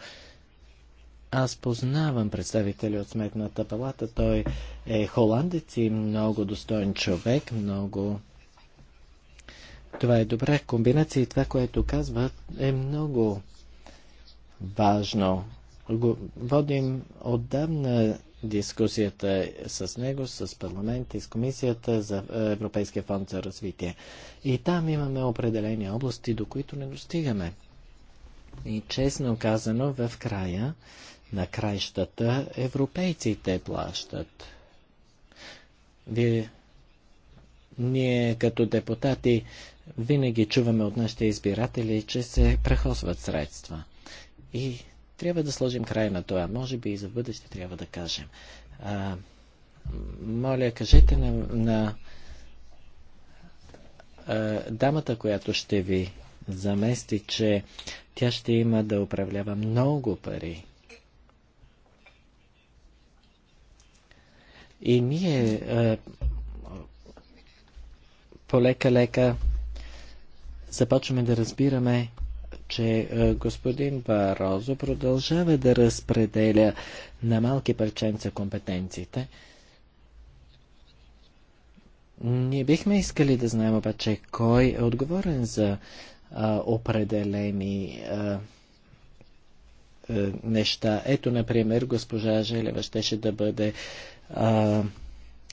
Аз познавам представители от Сметната палата. Той е холандец и много достоен човек, много това е добра комбинация и това, което казват, е много важно. Го водим отдавна дискусията с него, с парламента и с комисията за е, Европейския фонд за развитие. И там имаме определени области, до които не достигаме. И честно казано, в края на краищата европейците плащат. Вие, ние като депутати винаги чуваме от нашите избиратели, че се прехосват средства. И трябва да сложим край на това. Може би и за бъдеще трябва да кажем. А, моля, кажете на, на а, дамата, която ще ви замести, че тя ще има да управлява много пари. И ние а, полека-лека започваме да разбираме, че е, господин Барозо продължава да разпределя на малки парченца компетенциите. Ние бихме искали да знаем обаче кой е отговорен за а, е, определени а, е, а, неща. Ето, например, госпожа Желева щеше да бъде а,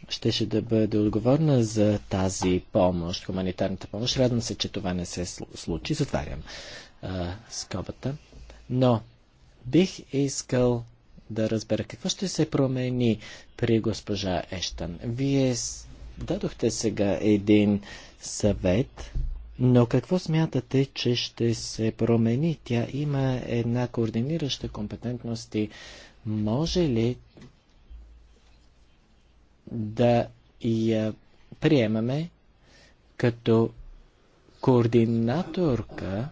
щеше да бъде отговорна за тази помощ, хуманитарната помощ. Радвам се, че това не се случи. Затварям а, скобата. Но бих искал да разбера какво ще се промени при госпожа Ештан. Вие дадохте сега един съвет, но какво смятате, че ще се промени? Тя има една координираща компетентност и може ли да я приемаме като координаторка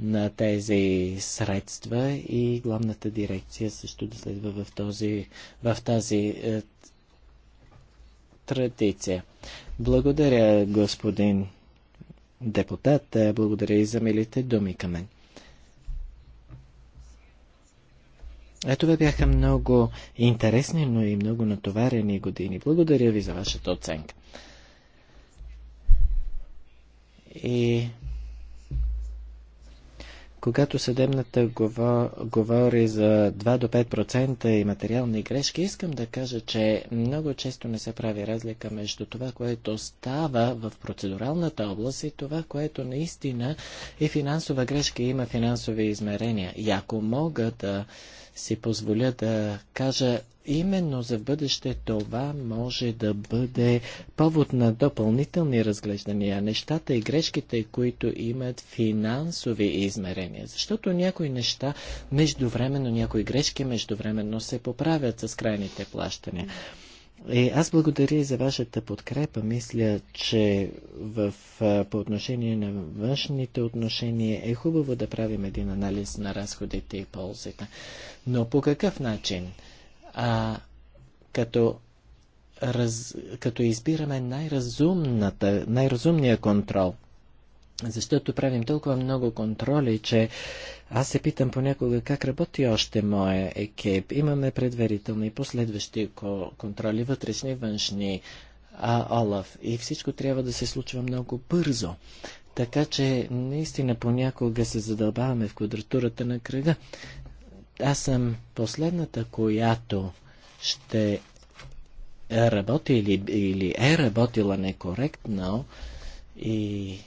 на тези средства и главната дирекция също да следва в, този, в тази е, традиция. Благодаря, господин депутат. Е, благодаря и за милите думи към мен. Е, това бяха много интересни, но и много натоварени години. Благодаря ви за вашата оценка. И когато съдебната говори за 2 до 5% и материални грешки, искам да кажа, че много често не се прави разлика между това, което става в процедуралната област и това, което наистина е финансова грешка и има финансови измерения. И ако мога да си позволя да кажа, именно за бъдеще това може да бъде повод на допълнителни разглеждания, нещата и грешките, които имат финансови измерения. Защото някои неща, междувременно, някои грешки, междувременно се поправят с крайните плащания. И е, аз благодаря за вашата подкрепа. Мисля, че в, по отношение на външните отношения е хубаво да правим един анализ на разходите и ползите. Но по какъв начин? А, като, раз, като избираме най-разумната, най-разумния контрол – защото правим толкова много контроли, че аз се питам понякога как работи още моя екип. Имаме предварителни и последващи контроли, вътрешни и външни, а, Олаф. И всичко трябва да се случва много бързо. Така че наистина понякога се задълбаваме в квадратурата на кръга. Аз съм последната, която ще работи или, или е работила некоректно и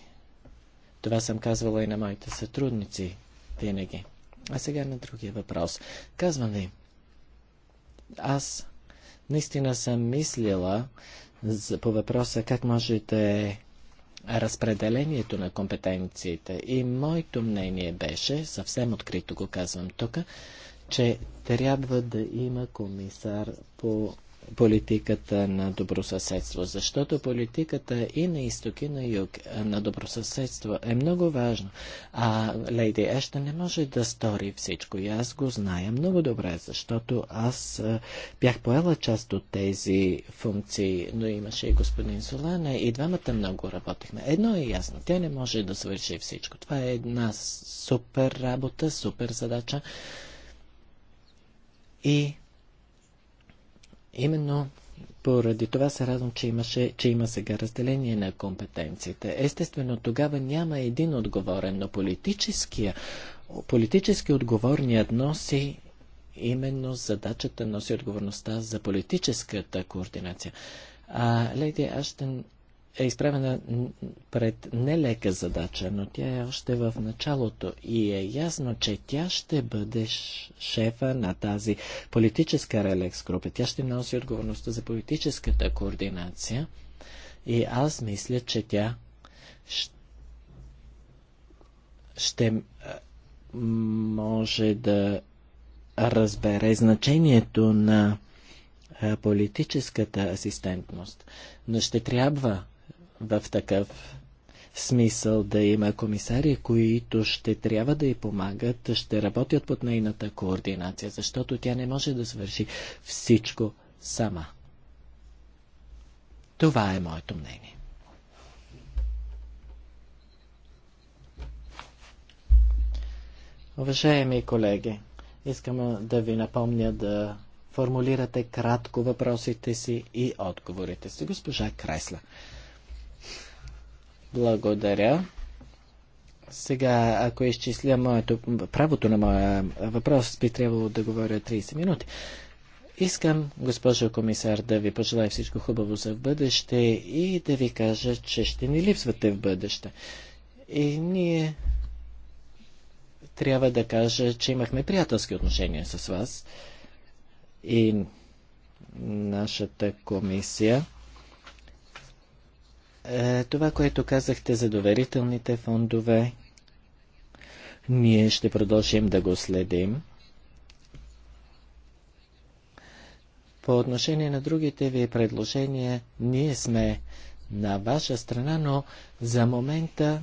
това съм казвала и на моите сътрудници винаги. А сега на другия въпрос. Казвам ви, аз наистина съм мислила по въпроса как може да е разпределението на компетенциите. И моето мнение беше, съвсем открито го казвам тук, че трябва да има комисар по политиката на добросъседство, защото политиката и на изток, и на юг е, на добросъседство е много важно. А Лейди Еща не може да стори всичко и аз го зная много добре, защото аз е, бях поела част от тези функции, но имаше и господин Солана и двамата много работихме. Едно е ясно, тя не може да свърши всичко. Това е една супер работа, супер задача. И Именно поради това се радвам, че, имаше, че има сега разделение на компетенциите. Естествено, тогава няма един отговорен, но политическия, политически отговорният носи именно задачата, носи отговорността за политическата координация. А, леди аз ще е изправена пред нелека задача, но тя е още в началото и е ясно, че тя ще бъде шефа на тази политическа релекс група. Тя ще носи отговорността за политическата координация и аз мисля, че тя ще, ще може да разбере значението на политическата асистентност. Но ще трябва в такъв смисъл да има комисари, които ще трябва да й помагат, ще работят под нейната координация, защото тя не може да свърши всичко сама. Това е моето мнение. Уважаеми колеги, искам да ви напомня да формулирате кратко въпросите си и отговорите си. Госпожа Кресла. Благодаря. Сега, ако изчисля моето, правото на моя въпрос, би трябвало да говоря 30 минути. Искам, госпожо комисар, да ви пожелая всичко хубаво за в бъдеще и да ви кажа, че ще ни липсвате в бъдеще. И ние трябва да кажа, че имахме приятелски отношения с вас и нашата комисия е, това, което казахте за доверителните фондове, ние ще продължим да го следим. По отношение на другите ви предложения, ние сме на ваша страна, но за момента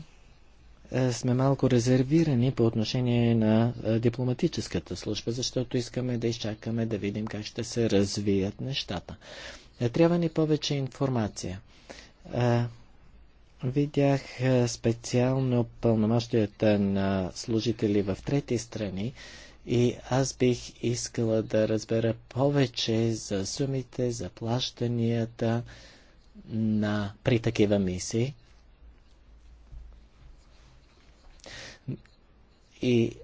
е, сме малко резервирани по отношение на е, дипломатическата служба, защото искаме да изчакаме да видим как ще се развият нещата. Трябва ни повече информация. А е, видях е, специално пълномощията на служители в трети страни и аз бих искала да разбера повече за сумите, за плащанията на, при такива мисии. И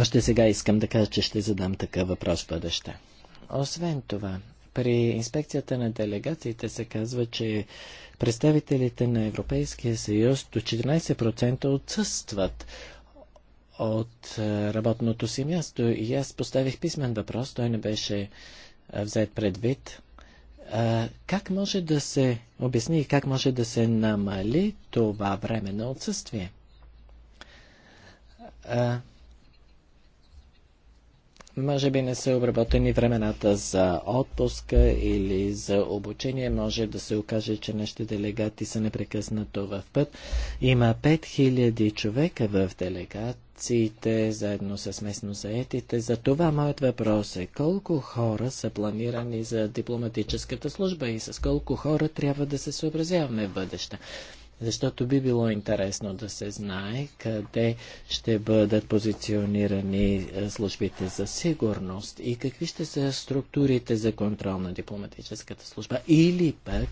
още сега искам да кажа, че ще задам такъв въпрос в бъдеще. Освен това, при инспекцията на делегациите се казва, че представителите на Европейския съюз до 14% отсъстват от е, работното си място. И аз поставих писмен въпрос, той не беше е, взет предвид. Е, как може да се обясни и как може да се намали това време на отсъствие? Може би не са обработени времената за отпуска или за обучение. Може да се окаже, че нашите делегати са непрекъснато в път. Има 5000 човека в делегациите, заедно с местно заетите. За това моят въпрос е колко хора са планирани за дипломатическата служба и с колко хора трябва да се съобразяваме в бъдеще. Защото би било интересно да се знае къде ще бъдат позиционирани е, службите за сигурност и какви ще са структурите за контрол на дипломатическата служба. Или пък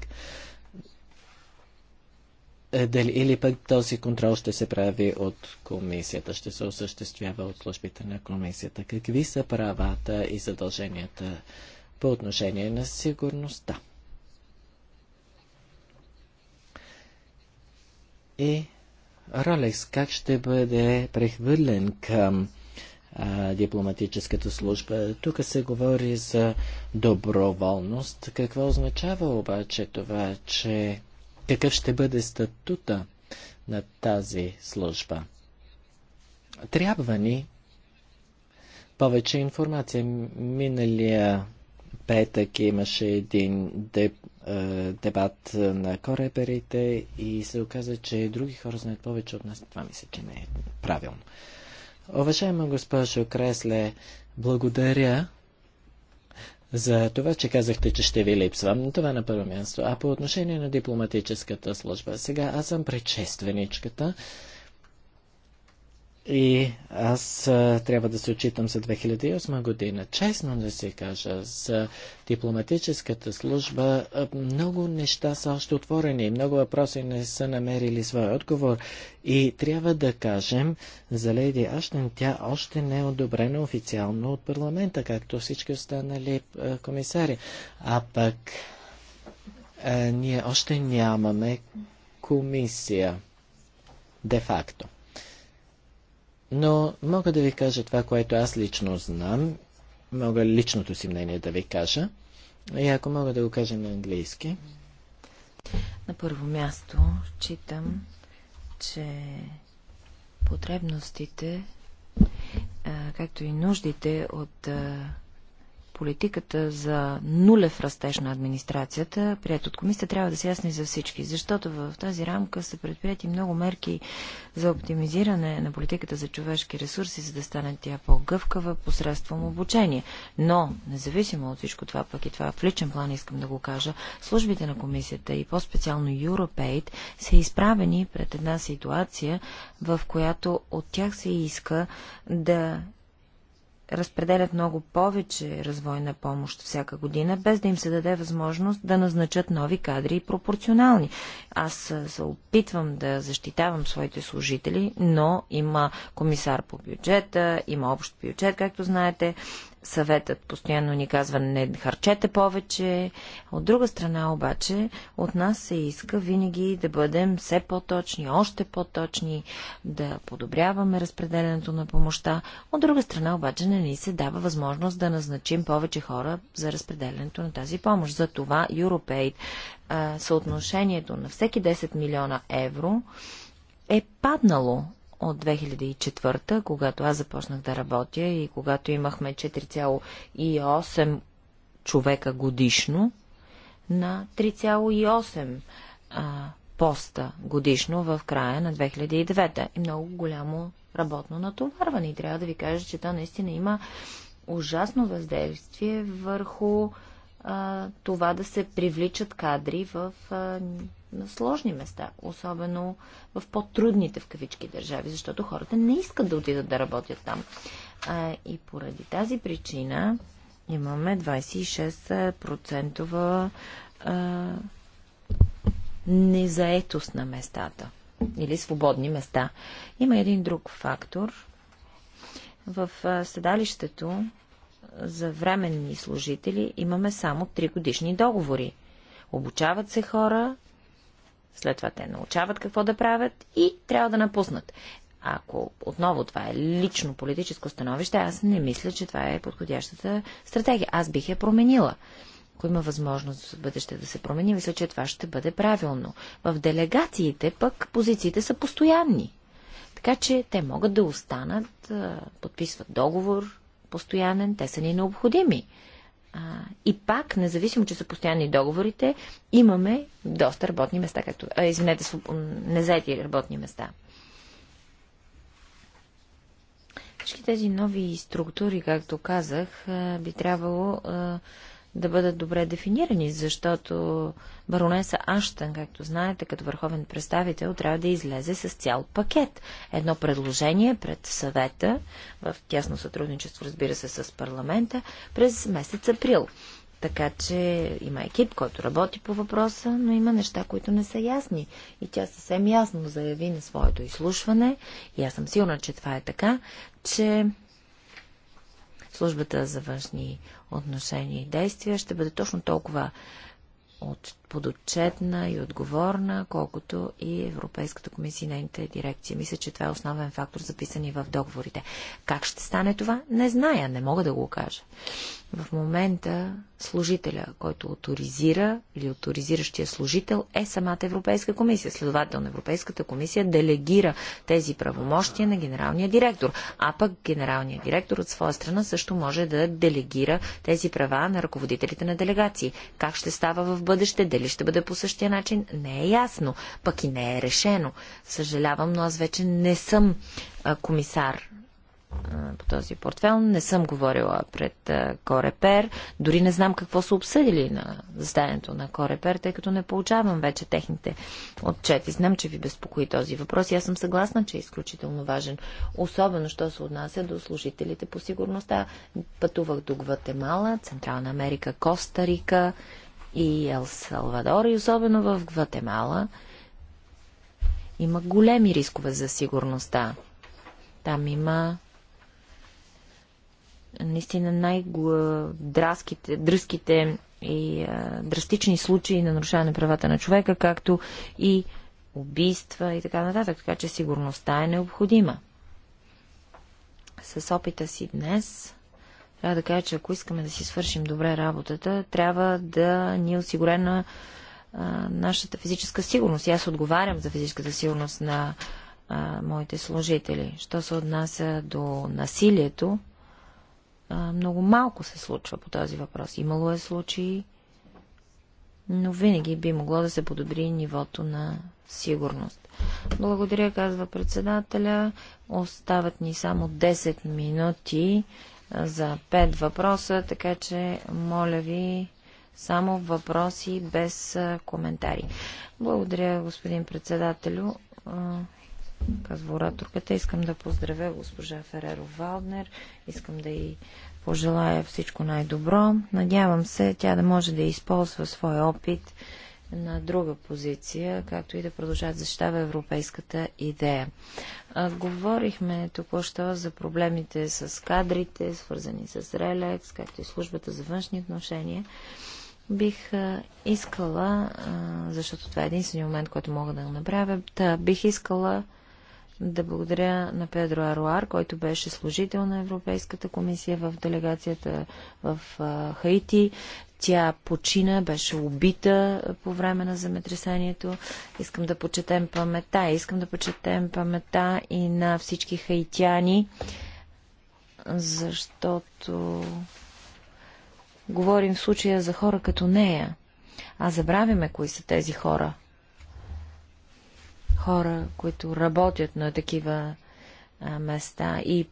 е, дали, или пък този контрол ще се прави от комисията, ще се осъществява от службите на комисията. Какви са правата и задълженията по отношение на сигурността? И Ролекс как ще бъде прехвърлен към а, дипломатическата служба. Тук се говори за доброволност. Какво означава обаче това, че какъв ще бъде статута на тази служба? Трябва ни повече информация. Миналия петък имаше един деп, е, дебат е, на кореперите и се оказа, че други хора знаят повече от нас. Това мисля, че не е правилно. Уважаема госпожо Кресле, благодаря за това, че казахте, че ще ви липсвам. Това е на първо място. А по отношение на дипломатическата служба, сега аз съм предшественичката. И аз а, трябва да се отчитам за 2008 година. Честно да се кажа, за дипломатическата служба а, много неща са още отворени, много въпроси не са намерили своя отговор. И трябва да кажем, за Леди Аштен тя още не е одобрена официално от парламента, както всички останали а, комисари. А пък а, ние още нямаме комисия, де-факто. Но мога да ви кажа това, което аз лично знам. Мога личното си мнение да ви кажа. И ако мога да го кажа на английски. На първо място, читам, че потребностите, както и нуждите от политиката за нулев растеж на администрацията, прият от комисията, трябва да се ясни за всички, защото в тази рамка са предприяти много мерки за оптимизиране на политиката за човешки ресурси, за да стане тя по-гъвкава посредством обучение. Но, независимо от всичко това, пък и това в личен план искам да го кажа, службите на комисията и по-специално Europaid са изправени пред една ситуация, в която от тях се иска да разпределят много повече развойна помощ всяка година, без да им се даде възможност да назначат нови кадри и пропорционални. Аз се опитвам да защитавам своите служители, но има комисар по бюджета, има общ бюджет, както знаете, съветът постоянно ни казва не харчете повече. От друга страна обаче от нас се иска винаги да бъдем все по-точни, още по-точни, да подобряваме разпределенето на помощта. От друга страна обаче не ни се дава възможност да назначим повече хора за разпределенето на тази помощ. Затова Europaid съотношението на всеки 10 милиона евро е паднало от 2004, когато аз започнах да работя и когато имахме 4,8 човека годишно, на 3,8 поста годишно в края на 2009. И много голямо работно натоварване. И трябва да ви кажа, че то наистина има ужасно въздействие върху а, това да се привличат кадри в а, на сложни места, особено в по-трудните в кавички държави, защото хората не искат да отидат да работят там. А, и поради тази причина имаме 26% а, незаетост на местата или свободни места. Има един друг фактор. В седалището за временни служители имаме само 3 годишни договори. Обучават се хора, след това те научават какво да правят и трябва да напуснат. Ако отново това е лично политическо становище, аз не мисля, че това е подходящата стратегия. Аз бих я променила. Ако има възможност в бъдеще да се промени, мисля, че това ще бъде правилно. В делегациите пък позициите са постоянни. Така че те могат да останат, подписват договор, постоянен, те са ни необходими. А, и пак, независимо, че са постоянни договорите, имаме доста работни места, както, а, извинете, незаети работни места. Всички тези нови структури, както казах, би трябвало да бъдат добре дефинирани, защото баронеса Аштън, както знаете, като върховен представител, трябва да излезе с цял пакет. Едно предложение пред съвета, в тясно сътрудничество, разбира се, с парламента, през месец април. Така че има екип, който работи по въпроса, но има неща, които не са ясни. И тя съвсем ясно заяви на своето изслушване, и аз съм сигурна, че това е така, че службата за външни отношения и действия ще бъде точно толкова от, подотчетна и отговорна, колкото и Европейската комисия и нейните дирекции. Мисля, че това е основен фактор, записан и в договорите. Как ще стане това? Не зная, не мога да го кажа. В момента служителя, който авторизира или авторизиращия служител е самата Европейска комисия. Следователно Европейската комисия делегира тези правомощия на генералния директор. А пък генералният директор от своя страна също може да делегира тези права на ръководителите на делегации. Как ще става в бъдеще, дали ще бъде по същия начин, не е ясно. Пък и не е решено. Съжалявам, но аз вече не съм комисар по този портфел. Не съм говорила пред Корепер. Дори не знам какво са обсъдили на заседанието на Корепер, тъй като не получавам вече техните отчети. Знам, че ви безпокои този въпрос и аз съм съгласна, че е изключително важен. Особено, що се отнася до служителите по сигурността. Пътувах до Гватемала, Централна Америка, Коста Рика и Ел Салвадор и особено в Гватемала има големи рискове за сигурността. Там има наистина най-дръзките и а, драстични случаи на нарушаване правата на човека, както и убийства и така нататък. Така че сигурността е необходима. С опита си днес, трябва да кажа, че ако искаме да си свършим добре работата, трябва да ни е осигурена а, нашата физическа сигурност. И аз отговарям за физическата сигурност на а, моите служители. Що се отнася до насилието, много малко се случва по този въпрос. Имало е случаи, но винаги би могло да се подобри нивото на сигурност. Благодаря, казва председателя. Остават ни само 10 минути за 5 въпроса, така че моля ви само въпроси без коментари. Благодаря, господин председателю казва ораторката. Искам да поздравя госпожа Фереро Валднер. Искам да й пожелая всичко най-добро. Надявам се тя да може да използва своя опит на друга позиция, както и да продължат да защитава европейската идея. А, говорихме току-що за проблемите с кадрите, свързани с Релекс, както и службата за външни отношения. Бих а, искала, а, защото това е единствения момент, който мога да го направя, бих искала да благодаря на Педро Аруар, който беше служител на Европейската комисия в делегацията в Хаити. Тя почина, беше убита по време на земетресението. Искам да почетем памета. Искам да почетем памета и на всички хаитяни, защото говорим в случая за хора като нея. А забравяме кои са тези хора – хора, които работят на такива а, места и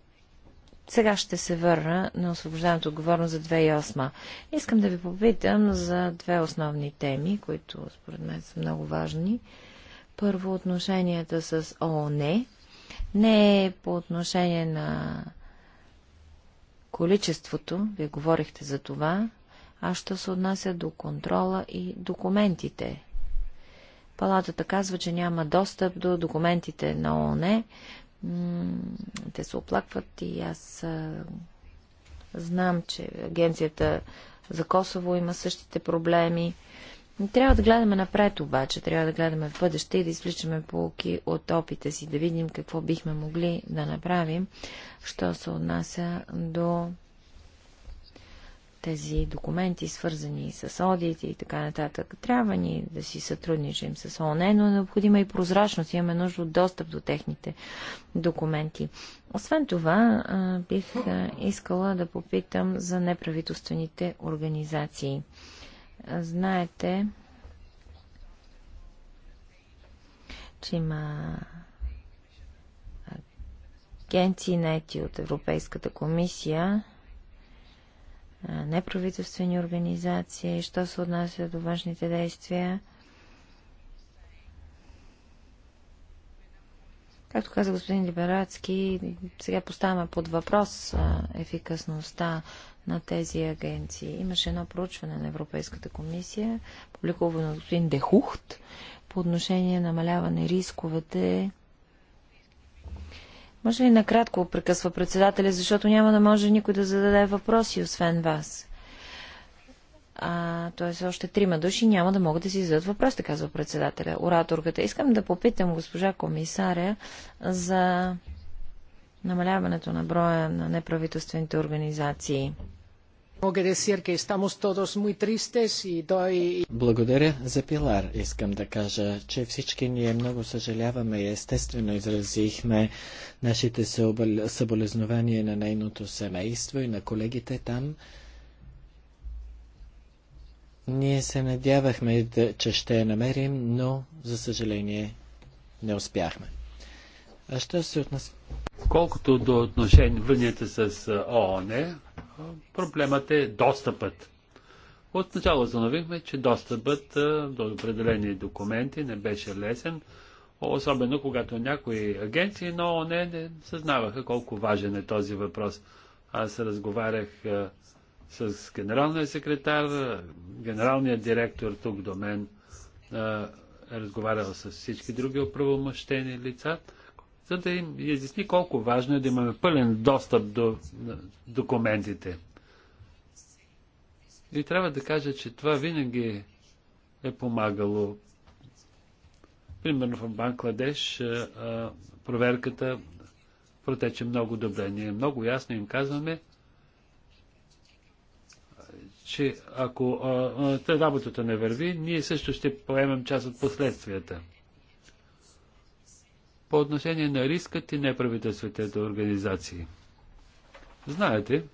сега ще се върна на освобождаването отговорност за 2008. Искам да ви попитам за две основни теми, които според мен са много важни. Първо, отношенията с ООН. Не е по отношение на количеството, вие говорихте за това, а що се отнася до контрола и документите. Палатата казва, че няма достъп до документите на ООН. Те се оплакват и аз знам, че агенцията за Косово има същите проблеми. Трябва да гледаме напред обаче, трябва да гледаме в бъдеще и да извличаме полки от опита си, да видим какво бихме могли да направим, що се отнася до тези документи, свързани с одити и така нататък. Трябва ни да си сътрудничим с ООН, но е необходима и прозрачност. Имаме нужда от достъп до техните документи. Освен това, бих искала да попитам за неправителствените организации. Знаете, че има агенции, нети от Европейската комисия, неправителствени организации, що се отнася до външните действия. Както каза господин Либерацки, сега поставяме под въпрос ефикасността на тези агенции. Имаше едно проучване на Европейската комисия, публикувано от господин Дехухт, по отношение намаляване рисковете може ли накратко прекъсва председателя, защото няма да може никой да зададе въпроси, освен вас? А, тоест още трима души няма да могат да си зададат въпроси, казва председателя, ораторката. Искам да попитам госпожа комисаря за намаляването на броя на неправителствените организации. Благодаря за Пилар. Искам да кажа, че всички ние много съжаляваме и естествено изразихме нашите съболезнования на нейното семейство и на колегите там. Ние се надявахме, че ще я намерим, но за съжаление не успяхме. А що се отнася? Колкото до отношенията с ООН, проблемът е достъпът. Отначало установихме, че достъпът до определени документи не беше лесен, особено когато някои агенции но не, не съзнаваха колко важен е този въпрос. Аз разговарях с генералния секретар, генералният директор тук до мен, е разговарял с всички други оправомощени лица за да им изясни колко важно е да имаме пълен достъп до документите. И трябва да кажа, че това винаги е помагало. Примерно в Бангладеш проверката протече много добре. Ние много ясно им казваме, че ако а, работата не върви, ние също ще поемем част от последствията по отношение на рискът и неправителствените организации. Знаете,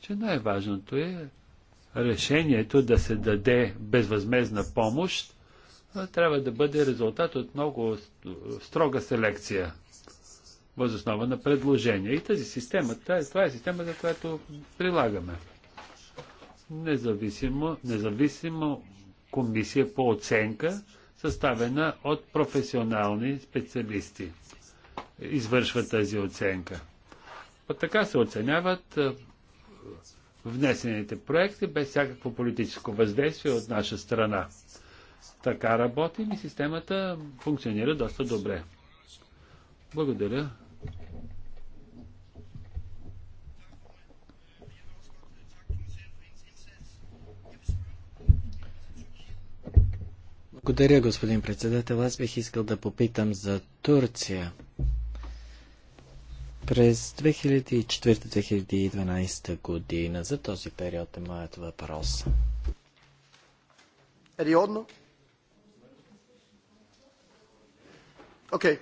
че най-важното е решението да се даде безвъзмезна помощ трябва да бъде резултат от много строга селекция възоснова на предложения. И тази система, това е системата, която прилагаме. Независимо, независимо комисия по оценка съставена от професионални специалисти. Извършва тази оценка. От така се оценяват е, внесените проекти без всякакво политическо въздействие от наша страна. Така работим и системата функционира доста добре. Благодаря. Благодаря, господин председател. Аз бих искал да попитам за Турция. През 2004-2012 година, за този период е моят въпрос. Периодно? Окей.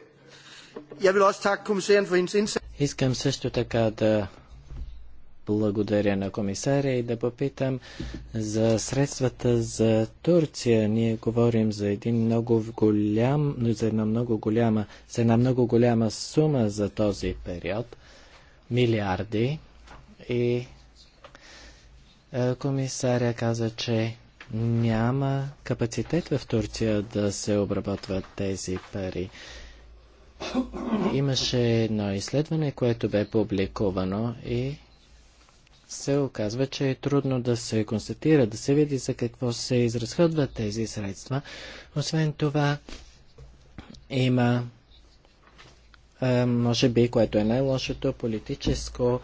Okay. Искам също така да благодаря на комисаря и да попитам за средствата за Турция. Ние говорим за един много голям, за една много голяма, за една много голяма сума за този период. Милиарди. И е, комисаря каза, че няма капацитет в Турция да се обработват тези пари. Имаше едно изследване, което бе публикувано и се оказва, че е трудно да се констатира, да се види за какво се изразходват тези средства. Освен това, има, може би, което е най-лошото, политическо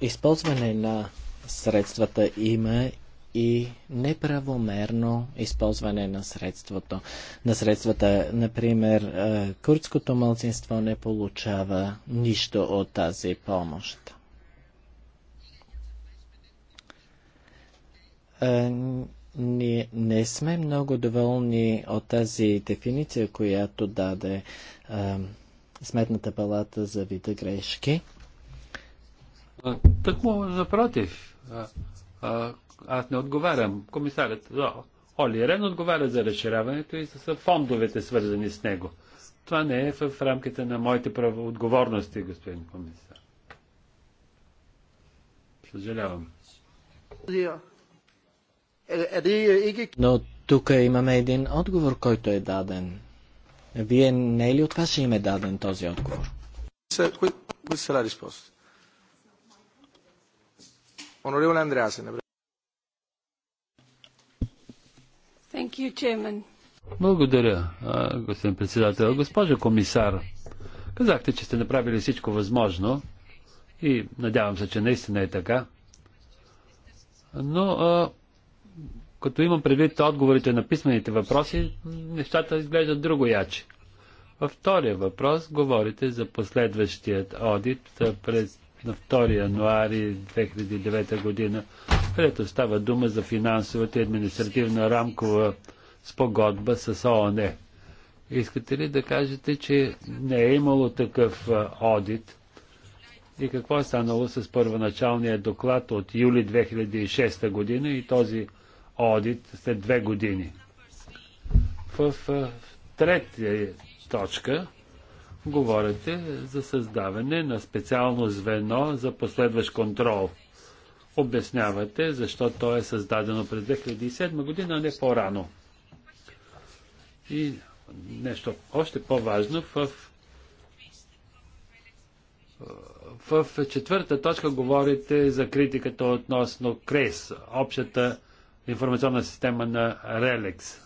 използване на средствата. Има и неправомерно използване на средството. На средствата, например, курдското мълцинство не получава нищо от тази помощ. Е, ние не сме много доволни от тази дефиниция, която даде а, е, Сметната палата за вида грешки. Тъкмо напротив. А, а, аз не отговарям. Комисарят Оли Рен отговаря за разширяването и за фондовете, свързани с него. Това не е в рамките на моите отговорности, господин комисар. Съжалявам. Но тук имаме един отговор, който е даден. Вие не е ли от вас име даден този отговор? Благодаря, господин председател. Госпожа комисар, казахте, че сте направили всичко възможно и надявам се, че наистина е така. Но а, като имам предвид отговорите на писмените въпроси, нещата изглеждат друго яче. Във втория въпрос говорите за последващият одит през на 2 януари 2009 година, където става дума за финансовата и административна рамкова спогодба с ООН. Искате ли да кажете, че не е имало такъв одит и какво е станало с първоначалния доклад от юли 2006 година и този одит след две години. В третия точка говорите за създаване на специално звено за последващ контрол. Обяснявате защо то е създадено през 2007 година, а не по-рано. И нещо още по-важно в в четвърта точка говорите за критиката относно КРЕС, общата информационна система на Релекс.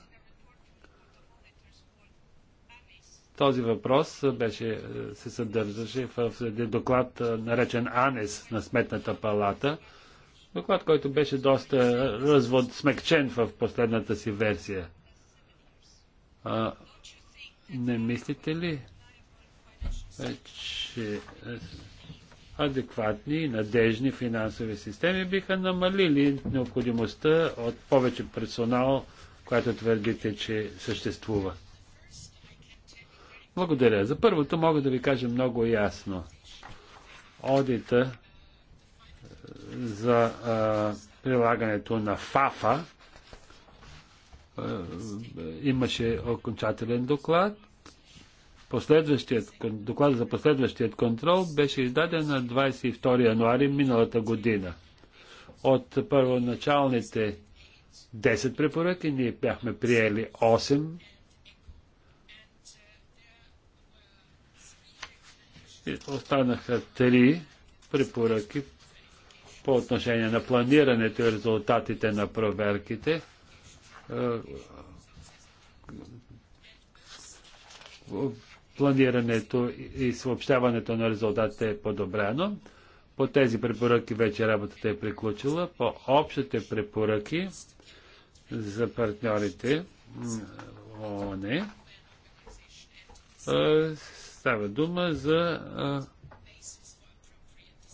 Този въпрос беше, се съдържаше в доклад, наречен АНЕС на Сметната палата. Доклад, който беше доста развод, смекчен в последната си версия. А, не мислите ли, е, че е, адекватни и надежни финансови системи биха намалили необходимостта от повече персонал, която твърдите, че съществува. Благодаря. За първото мога да ви кажа много ясно. Одита е, за а, е, прилагането на ФАФА а, е, имаше окончателен доклад – последващият, доклада за последващият контрол беше издаден на 22 януари миналата година. От първоначалните 10 препоръки ние бяхме приели 8. И останаха 3 препоръки по отношение на планирането и резултатите на проверките е, планирането и съобщаването на резултатите е подобрено. По тези препоръки вече работата е приключила. По общите препоръки за партньорите ООН е, става дума за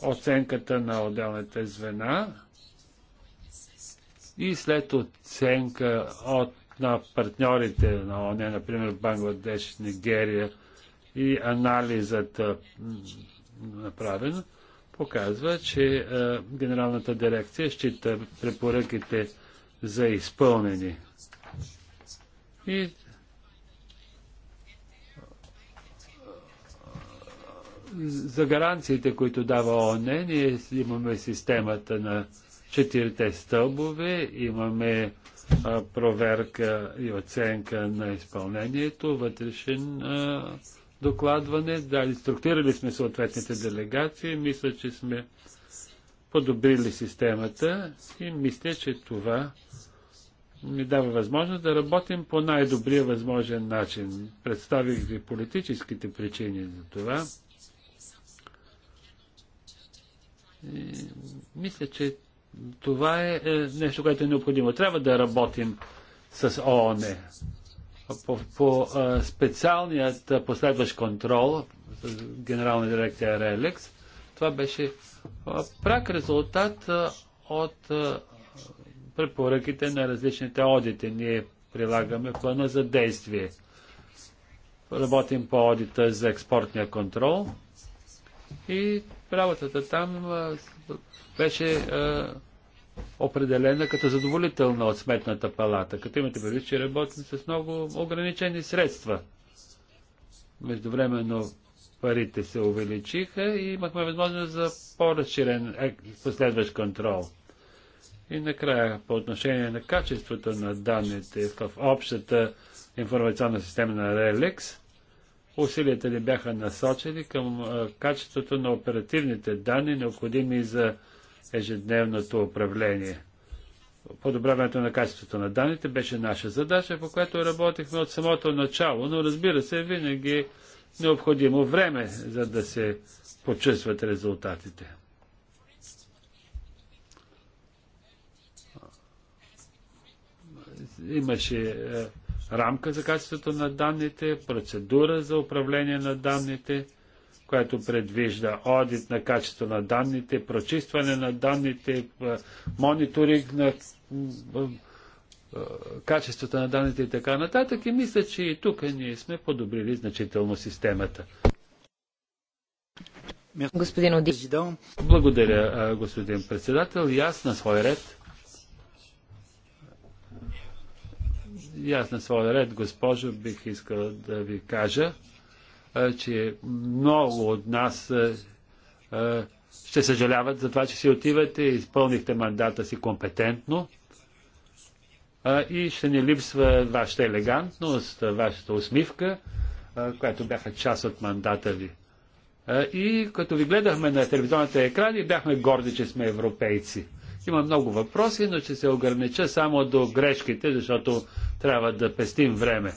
оценката на отделните звена и след оценка от на партньорите на ОНЕ, например Бангладеш, Нигерия, и анализът направен показва, че Генералната дирекция счита препоръките за изпълнени. И за гаранциите, които дава ООН, ние имаме системата на четирите стълбове, имаме проверка и оценка на изпълнението, вътрешен докладване. Да, структурирали сме съответните делегации. Мисля, че сме подобрили системата и мисля, че това ми дава възможност да работим по най-добрия възможен начин. Представих ви политическите причини за това. И мисля, че това е, е нещо, което е необходимо. Трябва да работим с ООН по, по специалният последващ контрол с генерална дирекция Релекс, това беше прак резултат от препоръките на различните одити. Ние прилагаме плана за действие. Работим по одита за експортния контрол и работата там беше определена като задоволителна от сметната палата, като имате предвид, че работим с много ограничени средства. Междувременно парите се увеличиха и имахме възможност за по-разширен е, последващ контрол. И накрая, по отношение на качеството на данните в общата информационна система на RELIX, усилията ни бяха насочени към е, качеството на оперативните данни, необходими за ежедневното управление. Подобряването на качеството на данните беше наша задача, по която работихме от самото начало, но разбира се, винаги е необходимо време, за да се почувстват резултатите. Имаше е, рамка за качеството на данните, процедура за управление на данните – което предвижда одит на качество на данните, прочистване на данните, мониторинг на качеството на данните и така нататък. И мисля, че и тук ние сме подобрили значително системата. Господин Оди. Благодаря, господин председател. И аз на свой ред. И аз на свой ред, госпожо, бих искал да ви кажа, че много от нас ще съжаляват за това, че си отивате, и изпълнихте мандата си компетентно и ще ни липсва вашата елегантност, вашата усмивка, която бяха част от мандата ви. И като ви гледахме на телевизионните екрани, бяхме горди, че сме европейци. Има много въпроси, но ще се огранича само до грешките, защото трябва да пестим време.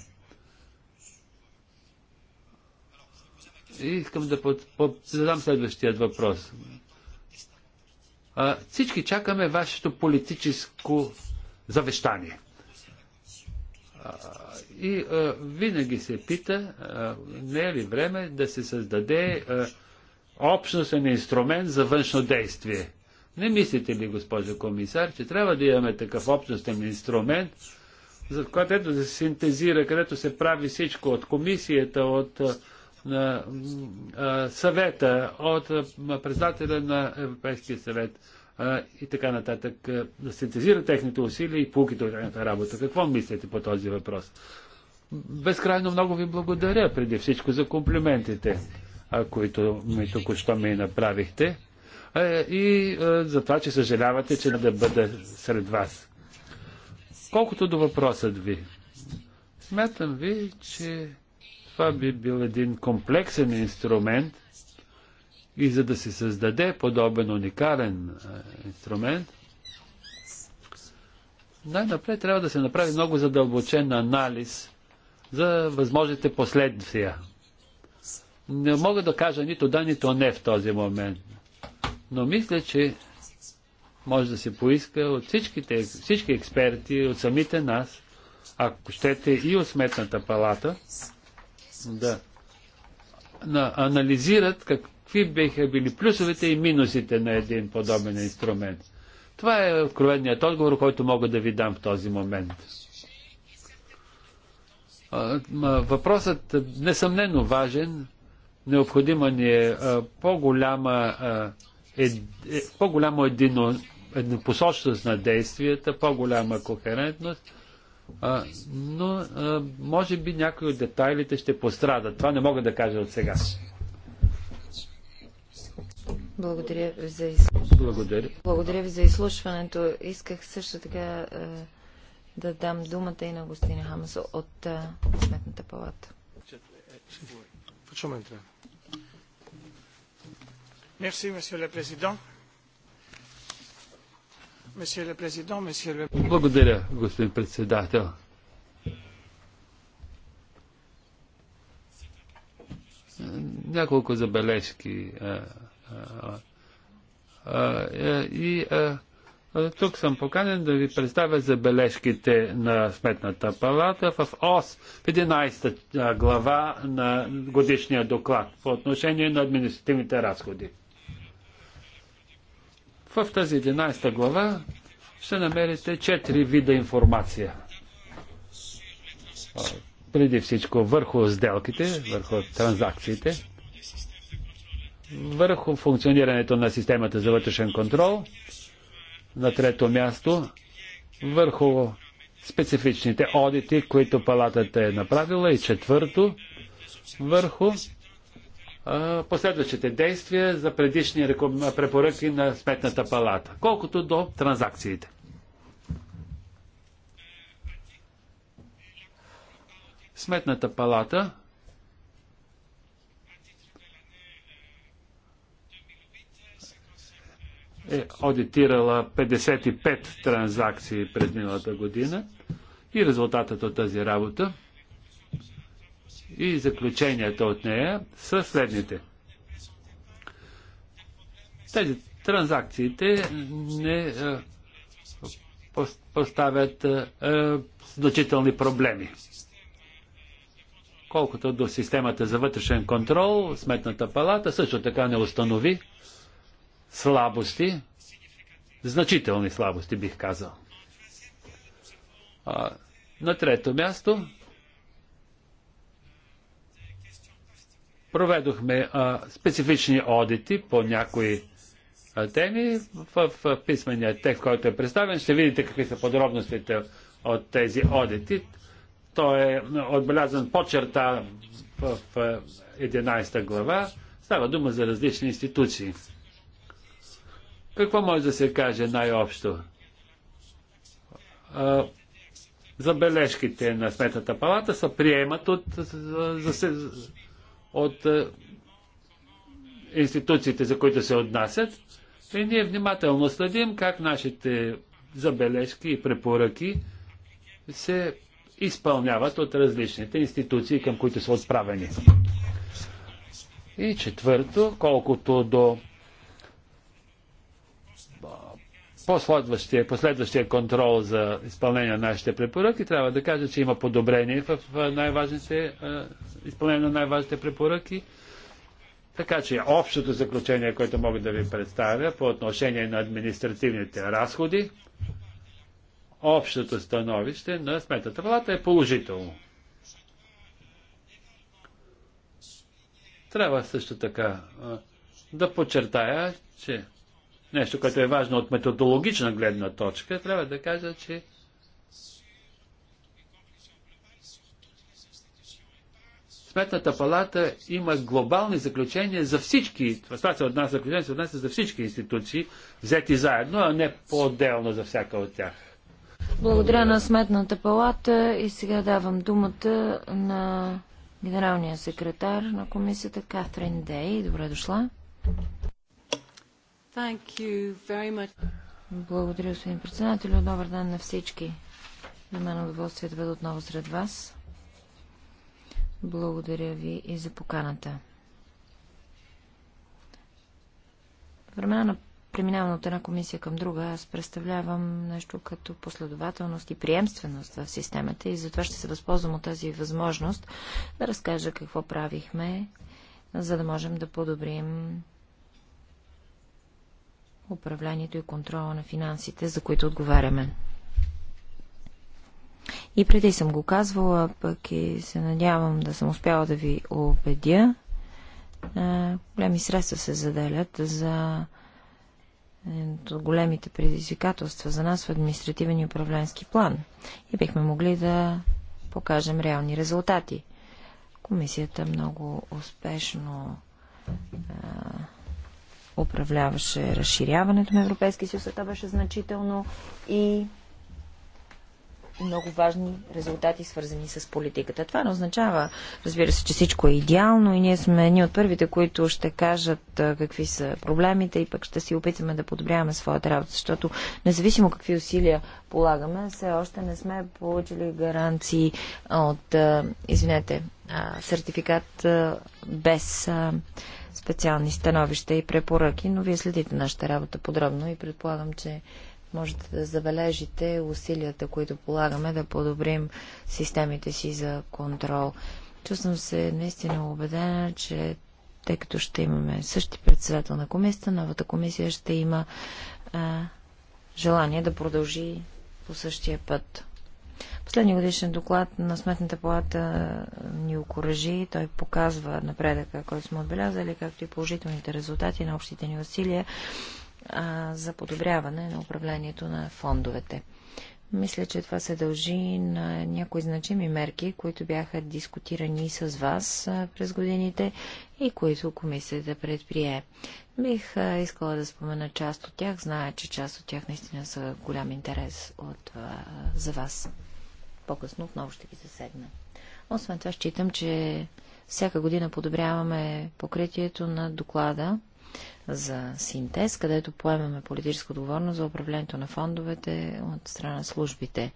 искам да под, под, задам следващия въпрос. А, всички чакаме вашето политическо завещание. А, и а, винаги се пита, а, не е ли време да се създаде а, общностен инструмент за външно действие. Не мислите ли, госпожо комисар, че трябва да имаме такъв общностен инструмент, за който е да се синтезира, където се прави всичко от комисията, от на съвета, от председателя на Европейския съвет и така нататък, да синтезира техните усилия и пулките от тяхната работа. Какво мислите по този въпрос? Безкрайно много ви благодаря преди всичко за комплиментите, които ми току-що ми направихте и за това, че съжалявате, че не да бъда сред вас. Колкото до въпросът ви, смятам ви, че това би бил един комплексен инструмент и за да се създаде подобен уникален е, инструмент, най-напред трябва да се направи много задълбочен анализ за възможните последствия. Не мога да кажа нито да, нито не в този момент. Но мисля, че може да се поиска от всичките, всички експерти, от самите нас, ако щете и от Сметната палата, да анализират какви биха били плюсовете и минусите на един подобен инструмент. Това е откровеният отговор, който мога да ви дам в този момент. Въпросът е несъмнено важен. Необходима ни е по-голяма е, по-голямо еднопосочност на действията, по-голяма кохерентност но а, може би някои от детайлите ще пострадат. Това не мога да кажа от сега. Благодаря ви за из... Благодаря. Благодаря ви за изслушването. Исках също така е, да дам думата и на гостина Хамас от е, Сметната палата. Merci, monsieur le président. Благодаря, господин председател. Няколко забележки. И тук съм поканен да ви представя забележките на Сметната палата в ОС, в 11 глава на годишния доклад по отношение на административните разходи. В тази 11 глава ще намерите 4 вида информация. Преди всичко върху сделките, върху транзакциите, върху функционирането на системата за вътрешен контрол, на трето място върху специфичните одити, които палатата е направила и четвърто върху последващите действия за предишни препоръки на Сметната палата, колкото до транзакциите. Сметната палата е аудитирала 55 транзакции през миналата година и резултатът от тази работа и заключенията от нея са следните. Тези транзакциите не е, поставят е, значителни проблеми. Колкото до системата за вътрешен контрол, Сметната палата също така не установи слабости, значителни слабости бих казал. На трето място Проведохме а, специфични одити по някои а, теми. В, в писмения текст, който е представен, ще видите какви са подробностите от тези одити. Той е отбелязан по черта в, в 11 е, глава. Става дума за различни институции. Какво може да се каже най-общо? Забележките на Сметната палата са приемат от, за, за, от е, институциите, за които се отнасят. И ние внимателно следим как нашите забележки и препоръки се изпълняват от различните институции, към които са отправени. И четвърто, колкото до последващия, последващия контрол за изпълнение на нашите препоръки, трябва да кажа, че има подобрение в най-важните, изпълнение на най-важните препоръки. Така че общото заключение, което мога да ви представя по отношение на административните разходи, общото становище на сметната палата е положително. Трябва също така да подчертая, че нещо, което е важно от методологична гледна точка, трябва да кажа, че Сметната палата има глобални заключения за всички, това се отнася, заключения се отнася за всички институции, взети заедно, а не по-отделно за всяка от тях. Благодаря на Сметната палата и сега давам думата на генералния секретар на комисията Катрин Дей. Добре дошла. Благодаря, господин председател. Добър ден на всички. На мен е удоволствие да бъда отново сред вас. Благодаря ви и за поканата. Времена на преминаване от една комисия към друга, аз представлявам нещо като последователност и приемственост в системата и затова ще се възползвам от тази възможност да разкажа какво правихме, за да можем да подобрим управлението и контрола на финансите, за които отговаряме. И преди съм го казвала, пък и се надявам да съм успяла да ви убедя. Големи средства се заделят за е, големите предизвикателства за нас в административен и управленски план. И бихме могли да покажем реални резултати. Комисията много успешно управляваше разширяването на Европейския съюз, това беше значително и много важни резултати, свързани с политиката. Това не означава, разбира се, че всичко е идеално и ние сме едни от първите, които ще кажат какви са проблемите и пък ще си опитаме да подобряваме своята работа, защото независимо какви усилия полагаме, все още не сме получили гаранции от, извинете, сертификат без специални становища и препоръки, но вие следите нашата работа подробно и предполагам, че можете да забележите усилията, които полагаме да подобрим системите си за контрол. Чувствам се наистина убедена, че тъй като ще имаме същи председател на комисията, новата комисия ще има а, желание да продължи по същия път. Последния годишен доклад на Сметната палата ни окоръжи. Той показва напредъка, който сме отбелязали, както и положителните резултати на общите ни усилия а, за подобряване на управлението на фондовете. Мисля, че това се дължи на някои значими мерки, които бяха дискутирани с вас през годините и които комисията предприе. Бих искала да спомена част от тях. Зная, че част от тях наистина са голям интерес от, за вас по-късно отново ще ги засегна. Освен това, считам, че всяка година подобряваме покритието на доклада за синтез, където поемаме политическа отговорност за управлението на фондовете от страна на службите.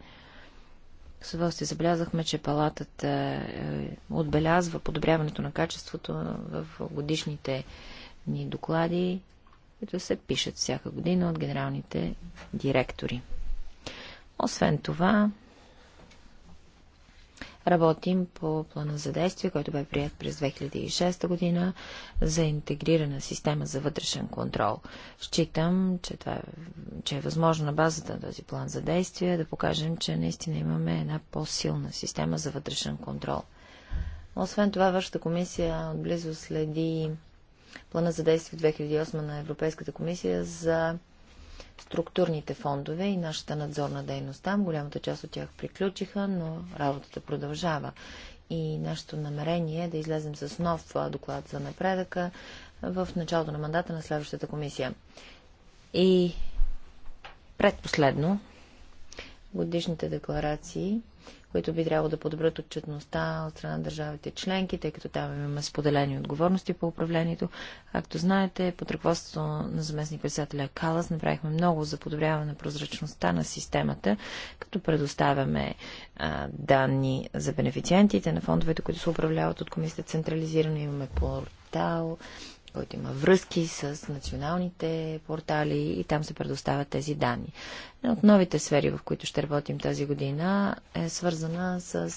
С удоволствие забелязахме, че палатата е, отбелязва подобряването на качеството в годишните ни доклади, които се пишат всяка година от генералните директори. Освен това, Работим по плана за действие, който бе прият през 2006 година за интегрирана система за вътрешен контрол. Считам, че, това, е, че е възможно на базата на този план за действие да покажем, че наистина имаме една по-силна система за вътрешен контрол. Освен това, вашата комисия отблизо следи плана за действие 2008 на Европейската комисия за структурните фондове и нашата надзорна дейност там. Голямата част от тях приключиха, но работата продължава. И нашето намерение е да излезем с нов доклад за напредъка в началото на мандата на следващата комисия. И предпоследно годишните декларации които би трябвало да подобрят отчетността от страна на държавите членки, тъй като там имаме споделени отговорности по управлението. Както знаете, под ръководството на заместник председателя Калас направихме много за подобряване на прозрачността на системата, като предоставяме а, данни за бенефициентите на фондовете, които се управляват от комисията централизирано. Имаме портал, който има връзки с националните портали и там се предоставят тези данни. Една от новите сфери, в които ще работим тази година, е свързана с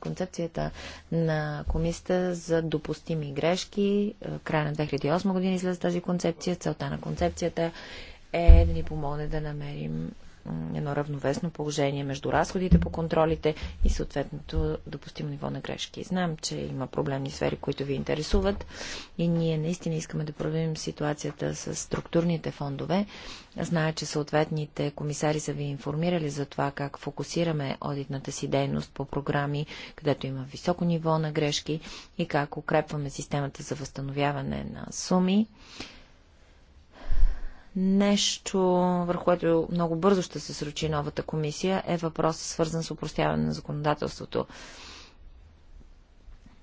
концепцията на комисията за допустими грешки. Е, края на 2008 година излезе тази концепция. Целта на концепцията е да ни помогне да намерим едно равновесно положение между разходите по контролите и съответното допустимо ниво на грешки. Знам, че има проблемни сфери, които ви интересуват и ние наистина искаме да проверим ситуацията с структурните фондове. Зная, че съответните комисари са ви информирали за това как фокусираме одитната си дейност по програми, където има високо ниво на грешки и как укрепваме системата за възстановяване на суми. Нещо, върху което много бързо ще се срочи новата комисия, е въпросът свързан с упростяване на законодателството.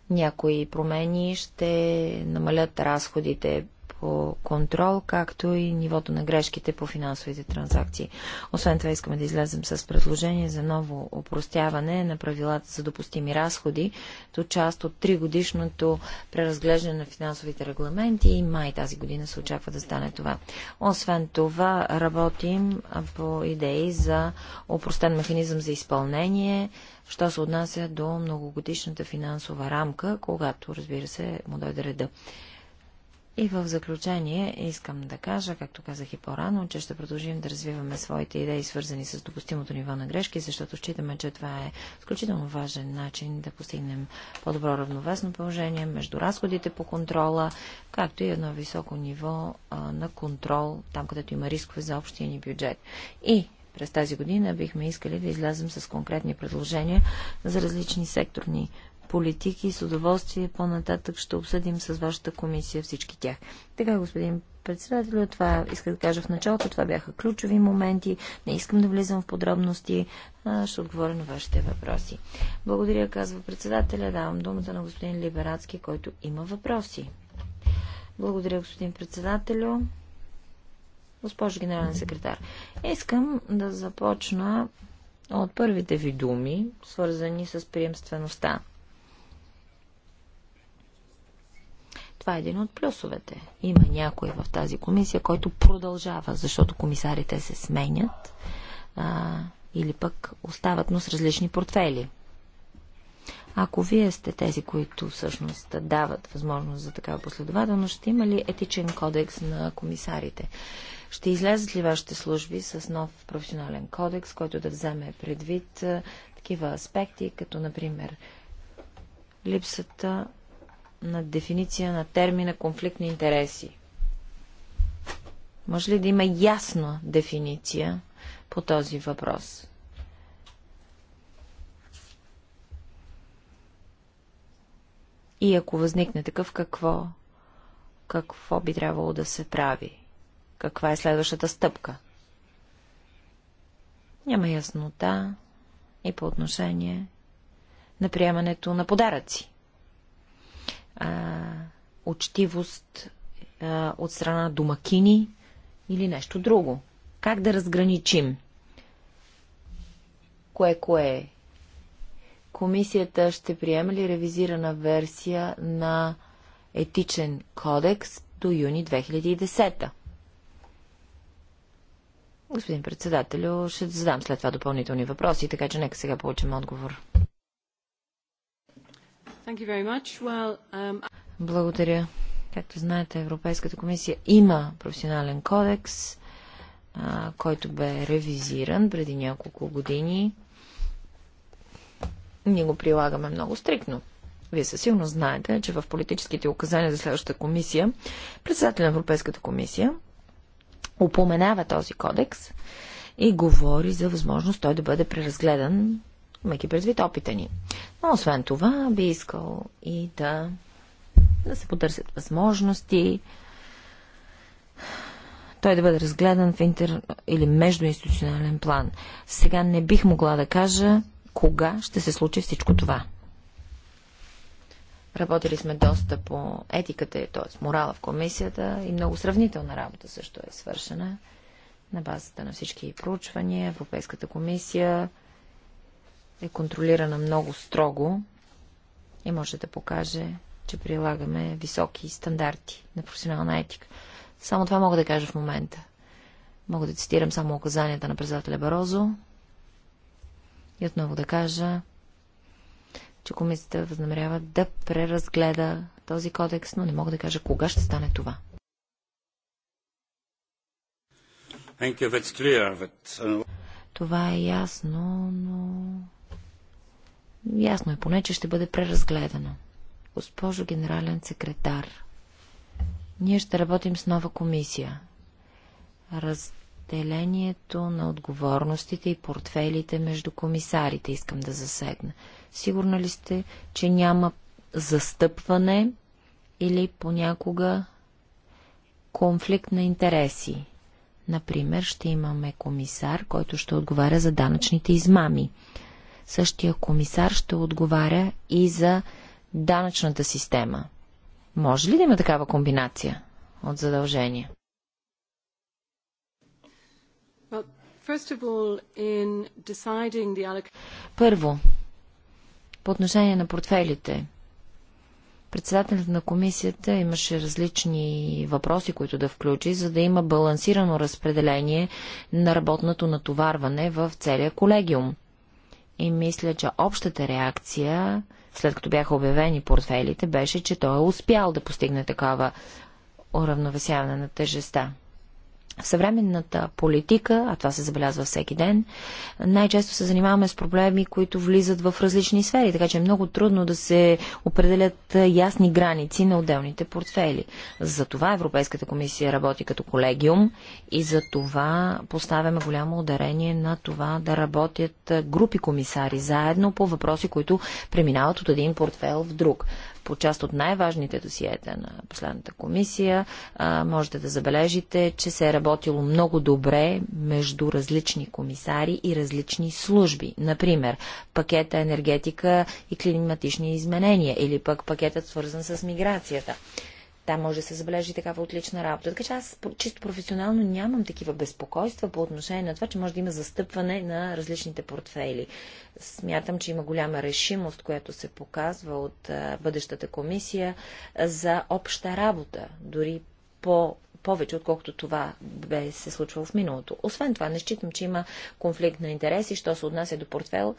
Някои промени ще намалят разходите върху контрол, както и нивото на грешките по финансовите транзакции. Освен това искаме да излезем с предложение за ново опростяване на правилата за допустими разходи, до част от тригодишното годишното преразглеждане на финансовите регламенти и май тази година се очаква да стане това. Освен това работим по идеи за опростен механизъм за изпълнение, що се отнася до многогодишната финансова рамка, когато, разбира се, му дойде реда. И в заключение искам да кажа, както казах и по-рано, че ще продължим да развиваме своите идеи, свързани с допустимото ниво на грешки, защото считаме, че това е изключително важен начин да постигнем по-добро равновесно положение между разходите по контрола, както и едно високо ниво а, на контрол, там където има рискове за общия ни бюджет. И през тази година бихме искали да излязем с конкретни предложения за различни секторни политики и с удоволствие по-нататък ще обсъдим с вашата комисия всички тях. Така, господин председател, това исках да кажа в началото. Това бяха ключови моменти. Не искам да влизам в подробности. А, ще отговоря на вашите въпроси. Благодаря, казва председателя. Давам думата на господин Либерацки, който има въпроси. Благодаря, господин председателю. Госпожо генерален секретар, искам да започна от първите ви думи, свързани с приемствеността. Това е един от плюсовете. Има някой в тази комисия, който продължава, защото комисарите се сменят а, или пък остават, но с различни портфели. Ако вие сте тези, които всъщност дават възможност за такава последователност, ще има ли етичен кодекс на комисарите? Ще излязат ли вашите служби с нов професионален кодекс, който да вземе предвид такива аспекти, като например липсата на дефиниция на термина конфликт на интереси. Може ли да има ясна дефиниция по този въпрос? И ако възникне такъв, какво, какво би трябвало да се прави? Каква е следващата стъпка? Няма яснота и по отношение на приемането на подаръци учтивост а, от страна на домакини или нещо друго. Как да разграничим? Кое кое е? Комисията ще приеме ли ревизирана версия на етичен кодекс до юни 2010? Господин председателю, ще задам след това допълнителни въпроси, така че нека сега получим отговор. Um, Благодаря. Както знаете, Европейската комисия има професионален кодекс, който бе ревизиран преди няколко години. Ние го прилагаме много стрикно. Вие със силно знаете, че в политическите указания за следващата комисия, председател на Европейската комисия упоменава този кодекс и говори за възможност той да бъде преразгледан имайки предвид опита ни. Но освен това, би искал и да, да се потърсят възможности, той да бъде разгледан в интер или междуинституционален план. Сега не бих могла да кажа кога ще се случи всичко това. Работили сме доста по етиката, т.е. морала в комисията и много сравнителна работа също е свършена на базата на всички проучвания, Европейската комисия, е контролирана много строго и може да покаже, че прилагаме високи стандарти на професионална етика. Само това мога да кажа в момента. Мога да цитирам само указанията на председателя Барозо и отново да кажа, че комисията възнамерява да преразгледа този кодекс, но не мога да кажа кога ще стане това. Uh, това е ясно, но Ясно е поне, че ще бъде преразгледано. Госпожо генерален секретар, ние ще работим с нова комисия. Разделението на отговорностите и портфелите между комисарите искам да засегна. Сигурна ли сте, че няма застъпване или понякога конфликт на интереси? Например, ще имаме комисар, който ще отговаря за данъчните измами. Същия комисар ще отговаря и за данъчната система. Може ли да има такава комбинация от задължения? Първо, по отношение на портфелите. Председателят на комисията имаше различни въпроси, които да включи, за да има балансирано разпределение на работното натоварване в целия колегиум. И мисля, че общата реакция, след като бяха обявени портфелите, беше, че той е успял да постигне такава уравновесяване на тежеста. В съвременната политика, а това се забелязва всеки ден, най-често се занимаваме с проблеми, които влизат в различни сфери, така че е много трудно да се определят ясни граници на отделните портфели. За това Европейската комисия работи като колегиум и за това поставяме голямо ударение на това да работят групи комисари заедно по въпроси, които преминават от един портфел в друг по част от най-важните досиета на последната комисия, а, можете да забележите, че се е работило много добре между различни комисари и различни служби. Например, пакета енергетика и климатични изменения или пък пакетът свързан с миграцията. Там може да се забележи такава отлична работа. Така че аз чисто професионално нямам такива безпокойства по отношение на това, че може да има застъпване на различните портфейли. Смятам, че има голяма решимост, която се показва от бъдещата комисия за обща работа, дори по повече, отколкото това бе се случвало в миналото. Освен това, не считам, че има конфликт на интереси, що се отнася до портфел,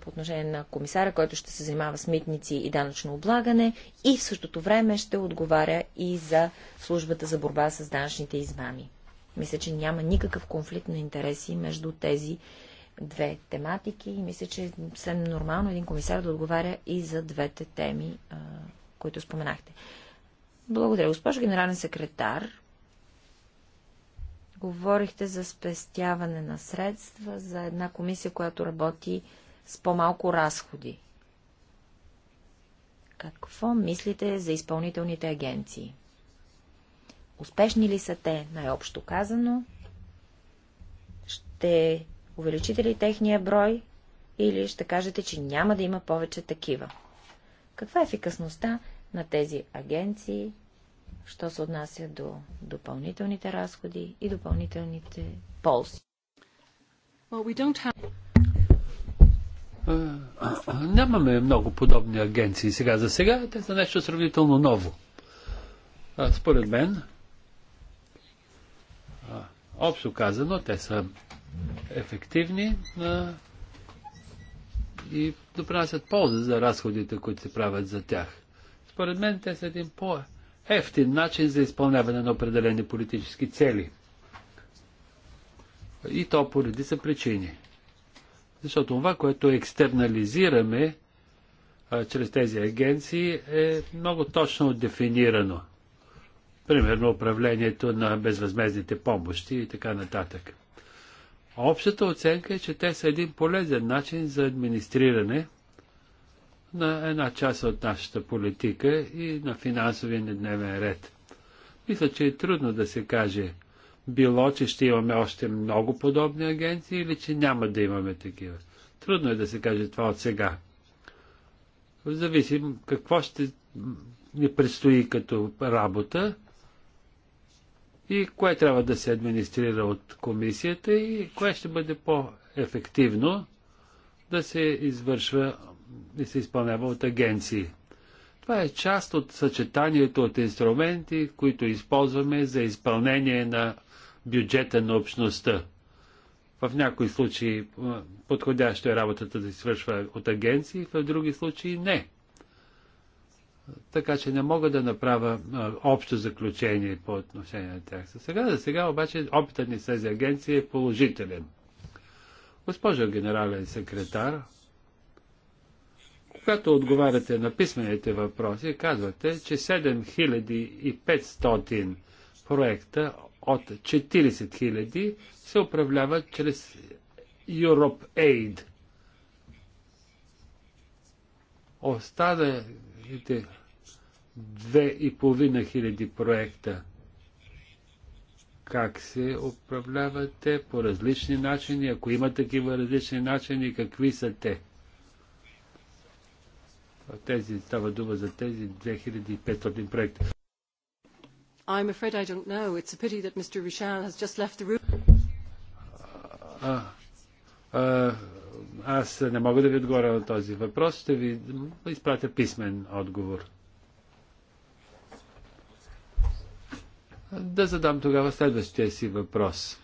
по отношение на комисара, който ще се занимава с митници и данъчно облагане и в същото време ще отговаря и за службата за борба с данъчните измами. Мисля, че няма никакъв конфликт на интереси между тези две тематики и мисля, че е съвсем нормално един комисар да отговаря и за двете теми, които споменахте. Благодаря. Госпожо генерален секретар, Говорихте за спестяване на средства, за една комисия, която работи с по-малко разходи. Какво мислите за изпълнителните агенции? Успешни ли са те, най-общо казано? Ще увеличите ли техния брой или ще кажете, че няма да има повече такива? Каква е ефикасността на тези агенции що се отнася до допълнителните разходи и допълнителните ползи. Well, we Нямаме много подобни агенции сега за сега. Те са нещо сравнително ново. А, според мен, а, общо казано, те са ефективни а, и допринасят полза за разходите, които се правят за тях. Според мен, те са един по- ефтин начин за изпълняване на определени политически цели. И то по редица причини. Защото това, което екстернализираме а, чрез тези агенции, е много точно дефинирано. Примерно управлението на безвъзмезните помощи и така нататък. Общата оценка е, че те са един полезен начин за администриране – на една част от нашата политика и на финансовия ни дневен ред. Мисля, че е трудно да се каже било, че ще имаме още много подобни агенции или че няма да имаме такива. Трудно е да се каже това от сега. Зависи какво ще ни предстои като работа и кое трябва да се администрира от комисията и кое ще бъде по-ефективно да се извършва и се изпълнява от агенции. Това е част от съчетанието от инструменти, които използваме за изпълнение на бюджета на общността. В някои случаи подходящо е работата да се свършва от агенции, в други случаи не. Така че не мога да направя общо заключение по отношение на тях. Сега за сега обаче опитът ни с тези агенции е положителен. Госпожо генерален секретар, когато отговаряте на писмените въпроси, казвате, че 7500 проекта от 40 000 се управляват чрез Europe Aid. Останалите 2,5 хиляди проекта как се управлявате по различни начини, ако има такива различни начини, какви са те тези, става дума за тези 2500 проекта. I'm afraid I don't know. It's a pity that Mr. Richard has just left the room. А, а, аз не мога да ви отговоря на този въпрос. Ще ви изпратя писмен отговор. Да задам тогава следващия си въпрос.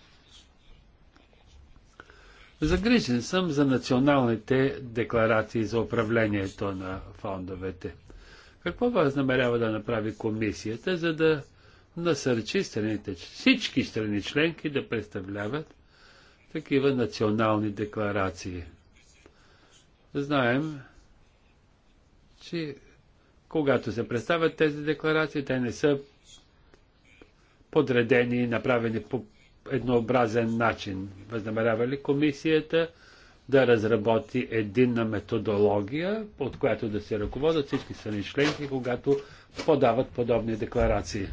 Загрижен съм за националните декларации за управлението на фондовете. Какво възнамерява да направи комисията, за да насърчи страните, всички страни членки да представляват такива национални декларации? Знаем, че когато се представят тези декларации, те не са подредени и направени по еднообразен начин. Възнамерява ли комисията да разработи единна методология, от която да се ръководят всички страни членки, когато подават подобни декларации?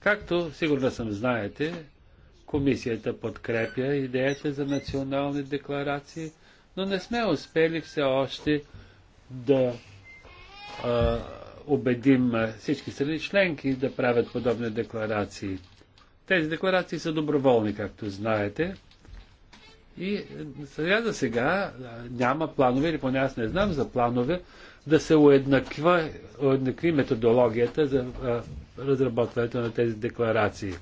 Както сигурно съм знаете, комисията подкрепя идеята за национални декларации, но не сме успели все още да а, убедим всички страни членки да правят подобни декларации. Тези декларации са доброволни, както знаете. И е, сега за сега няма планове, или поне аз не знам за планове, да се уеднаква, уеднакви методологията за разработването на тези декларации.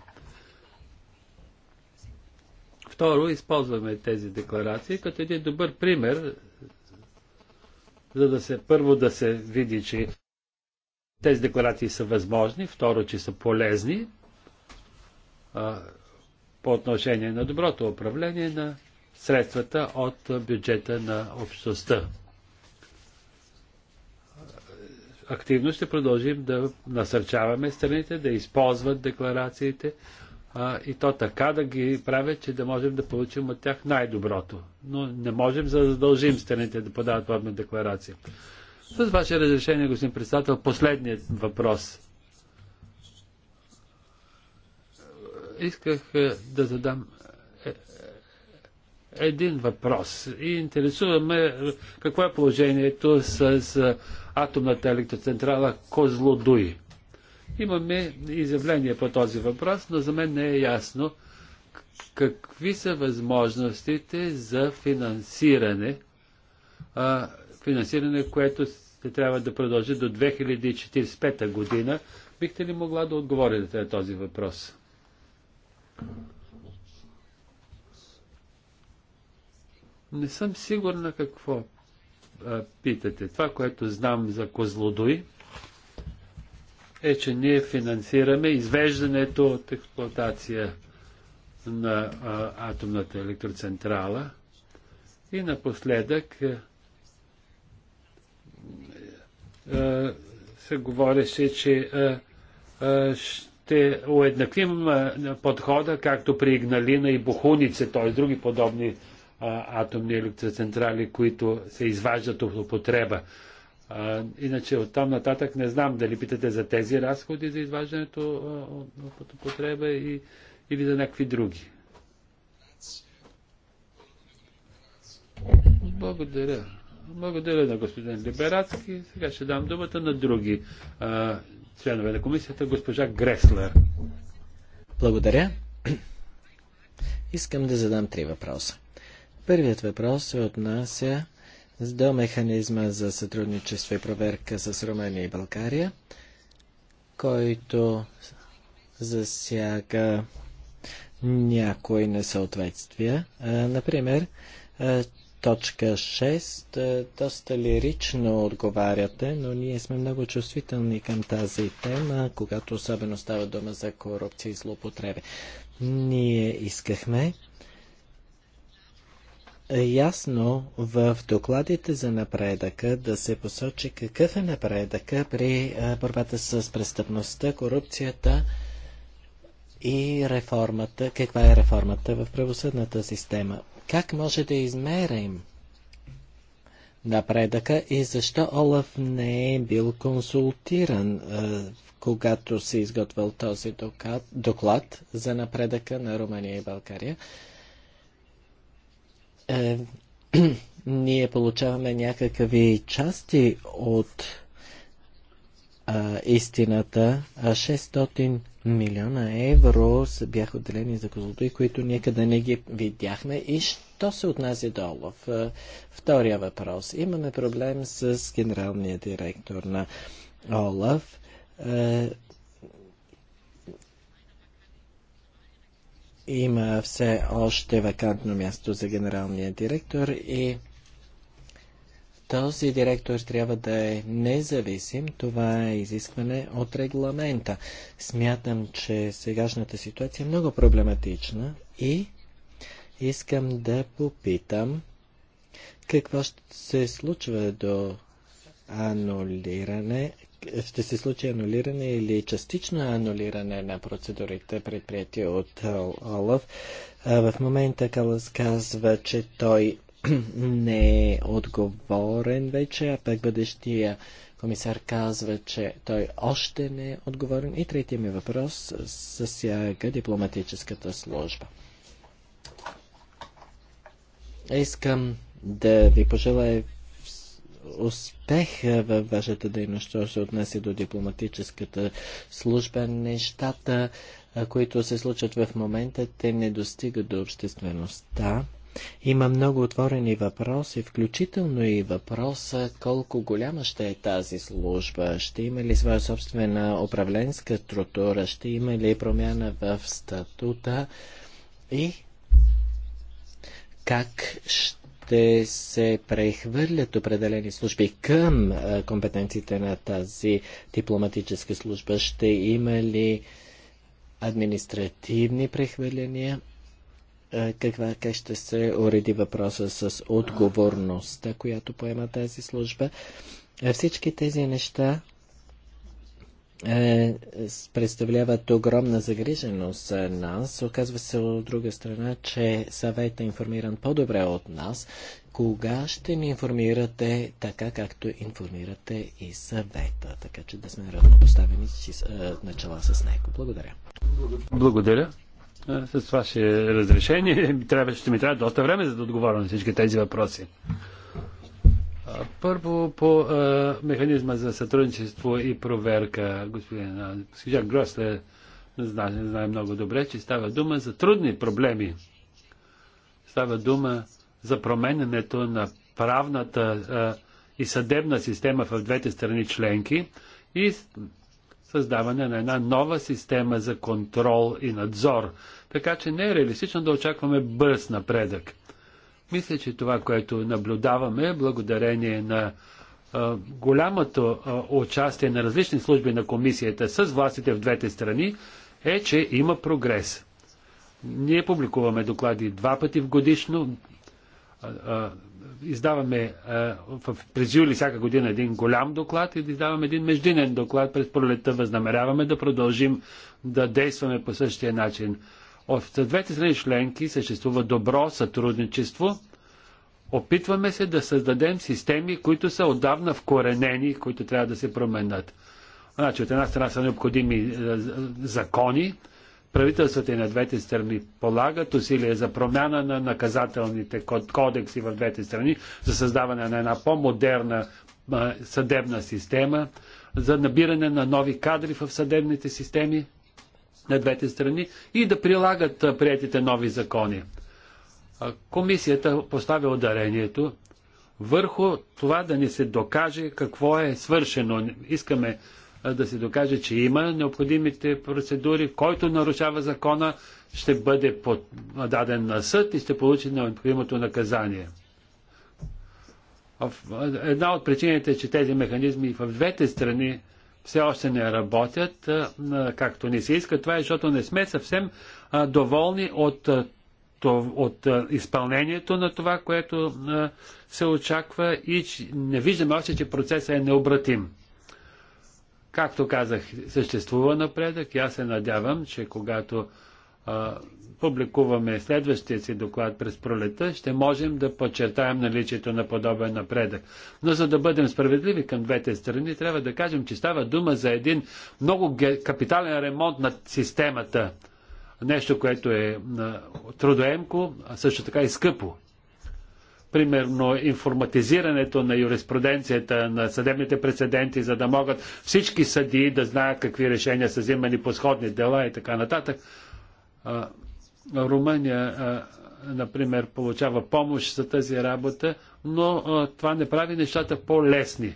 Второ, използваме тези декларации като един добър пример, за да се първо да се види, че тези декларации са възможни, второ, че са полезни по отношение на доброто управление на средствата от бюджета на общността. Активно ще продължим да насърчаваме страните да използват декларациите а, и то така да ги правят, че да можем да получим от тях най-доброто. Но не можем за да задължим страните да подават подобна декларация. С ваше разрешение, господин председател, последният въпрос – исках е, да задам е, е, един въпрос и интересува ме какво е положението с атомната електроцентрала Козлодуй. Имаме изявление по този въпрос, но за мен не е ясно какви са възможностите за финансиране, а, финансиране, което се трябва да продължи до 2045 година. Бихте ли могла да отговорите на този въпрос? Не съм сигурна какво а, питате. Това, което знам за Козлодой, е, че ние финансираме извеждането от експлуатация на а, атомната електроцентрала и напоследък а, се говореше, че а, а, ще ще уеднаквим подхода, както при Игналина и Бухунице, т.е. други подобни атомни електроцентрали, които се изваждат от употреба. иначе от там нататък не знам дали питате за тези разходи за изваждането от употреба и, или за някакви други. Благодаря. Благодаря на господин Либератски. Сега ще дам думата на други а, членове на комисията, госпожа Греслер. Благодаря. [CLEARS THROAT] Искам да задам три въпроса. Първият въпрос се отнася до механизма за сътрудничество и проверка с Румъния и България, който засяга някои несъответствия. Например, точка 6. Е, доста лирично отговаряте, но ние сме много чувствителни към тази тема, когато особено става дума за корупция и злоупотреби. Ние искахме ясно в докладите за напредъка да се посочи какъв е напредъка при е, борбата с престъпността, корупцията и реформата, каква е реформата в правосъдната система. Как може да измерим напредъка и защо Олаф не е бил консултиран, е, когато се е изготвил този доклад, за напредъка на Румъния и България? Е, [CLEARS THROAT] ние получаваме някакви части от а, истината, 600 милиона евро бяха отделени за козлодуи, които никъде не ги видяхме. И що се отнася до Олаф? Е, втория въпрос. Имаме проблем с генералния директор на Олаф. Е, има все още вакантно място за генералния директор и този директор трябва да е независим. Това е изискване от регламента. Смятам, че сегашната ситуация е много проблематична и искам да попитам какво ще се случва до анулиране, ще се случи анулиране или частично анулиране на процедурите, предприятия от Олаф. В момента Калас казва, че той [CLEARS THROAT] не е отговорен вече, а пък бъдещия комисар казва, че той още не е отговорен. И третия ми въпрос засяга дипломатическата служба. Искам да ви пожелая успех във вашата дейност, що се отнася до дипломатическата служба. Нещата, които се случат в момента, те не достигат до обществеността. Има много отворени въпроси, включително и въпроса колко голяма ще е тази служба, ще има ли своя собствена управленска структура, ще има ли промяна в статута и как ще се прехвърлят определени служби към компетенциите на тази дипломатическа служба, ще има ли административни прехвърляния е, каква, как ще се уреди въпроса с отговорността, която поема тази служба. Е, всички тези неща е, представляват огромна загриженост за нас. Оказва се от друга страна, че съвет е информиран по-добре от нас. Кога ще ни информирате така, както информирате и съвета, така че да сме равнопоставени с, начала с него? Благодаря. Благодаря. Е, с ваше разрешение трябва, ще ми трябва доста време, за да отговоря на всички тези въпроси. Първо по а, е, механизма за сътрудничество и проверка, господин Сижак Гросле знае, знае много добре, че става дума за трудни проблеми. Става дума за промененето на правната а, е, и съдебна система в двете страни членки и създаване на една нова система за контрол и надзор. Така че не е реалистично да очакваме бърз напредък. Мисля, че това, което наблюдаваме, благодарение на а, голямото а, участие на различни служби на комисията с властите в двете страни, е, че има прогрес. Ние публикуваме доклади два пъти в годишно. А, издаваме е, в, през юли всяка година един голям доклад и да издаваме един междинен доклад през пролетта. Възнамеряваме да продължим да действаме по същия начин. От двете страни членки съществува добро сътрудничество. Опитваме се да създадем системи, които са отдавна вкоренени, които трябва да се променят. Значи, от една страна са необходими е, е, закони, правителствата и на двете страни полагат усилия за промяна на наказателните кодекси в двете страни, за създаване на една по-модерна съдебна система, за набиране на нови кадри в съдебните системи на двете страни и да прилагат приятите нови закони. Комисията поставя ударението върху това да ни се докаже какво е свършено. Искаме да се докаже, че има необходимите процедури, който нарушава закона, ще бъде под, даден на съд и ще получи необходимото наказание. Една от причините е, че тези механизми в двете страни все още не работят както ни се иска. Това е, защото не сме съвсем доволни от, от изпълнението на това, което се очаква и не виждаме още, че процесът е необратим. Както казах, съществува напредък и аз се надявам, че когато а, публикуваме следващия си доклад през пролета, ще можем да подчертаем наличието на подобен напредък. Но за да бъдем справедливи към двете страни, трябва да кажем, че става дума за един много капитален ремонт на системата. Нещо, което е трудоемко, а също така и скъпо примерно информатизирането на юриспруденцията, на съдебните прецеденти, за да могат всички съдии да знаят какви решения са взимани по сходни дела и така нататък. А, Румъния, а, например, получава помощ за тази работа, но а, това не прави нещата по-лесни.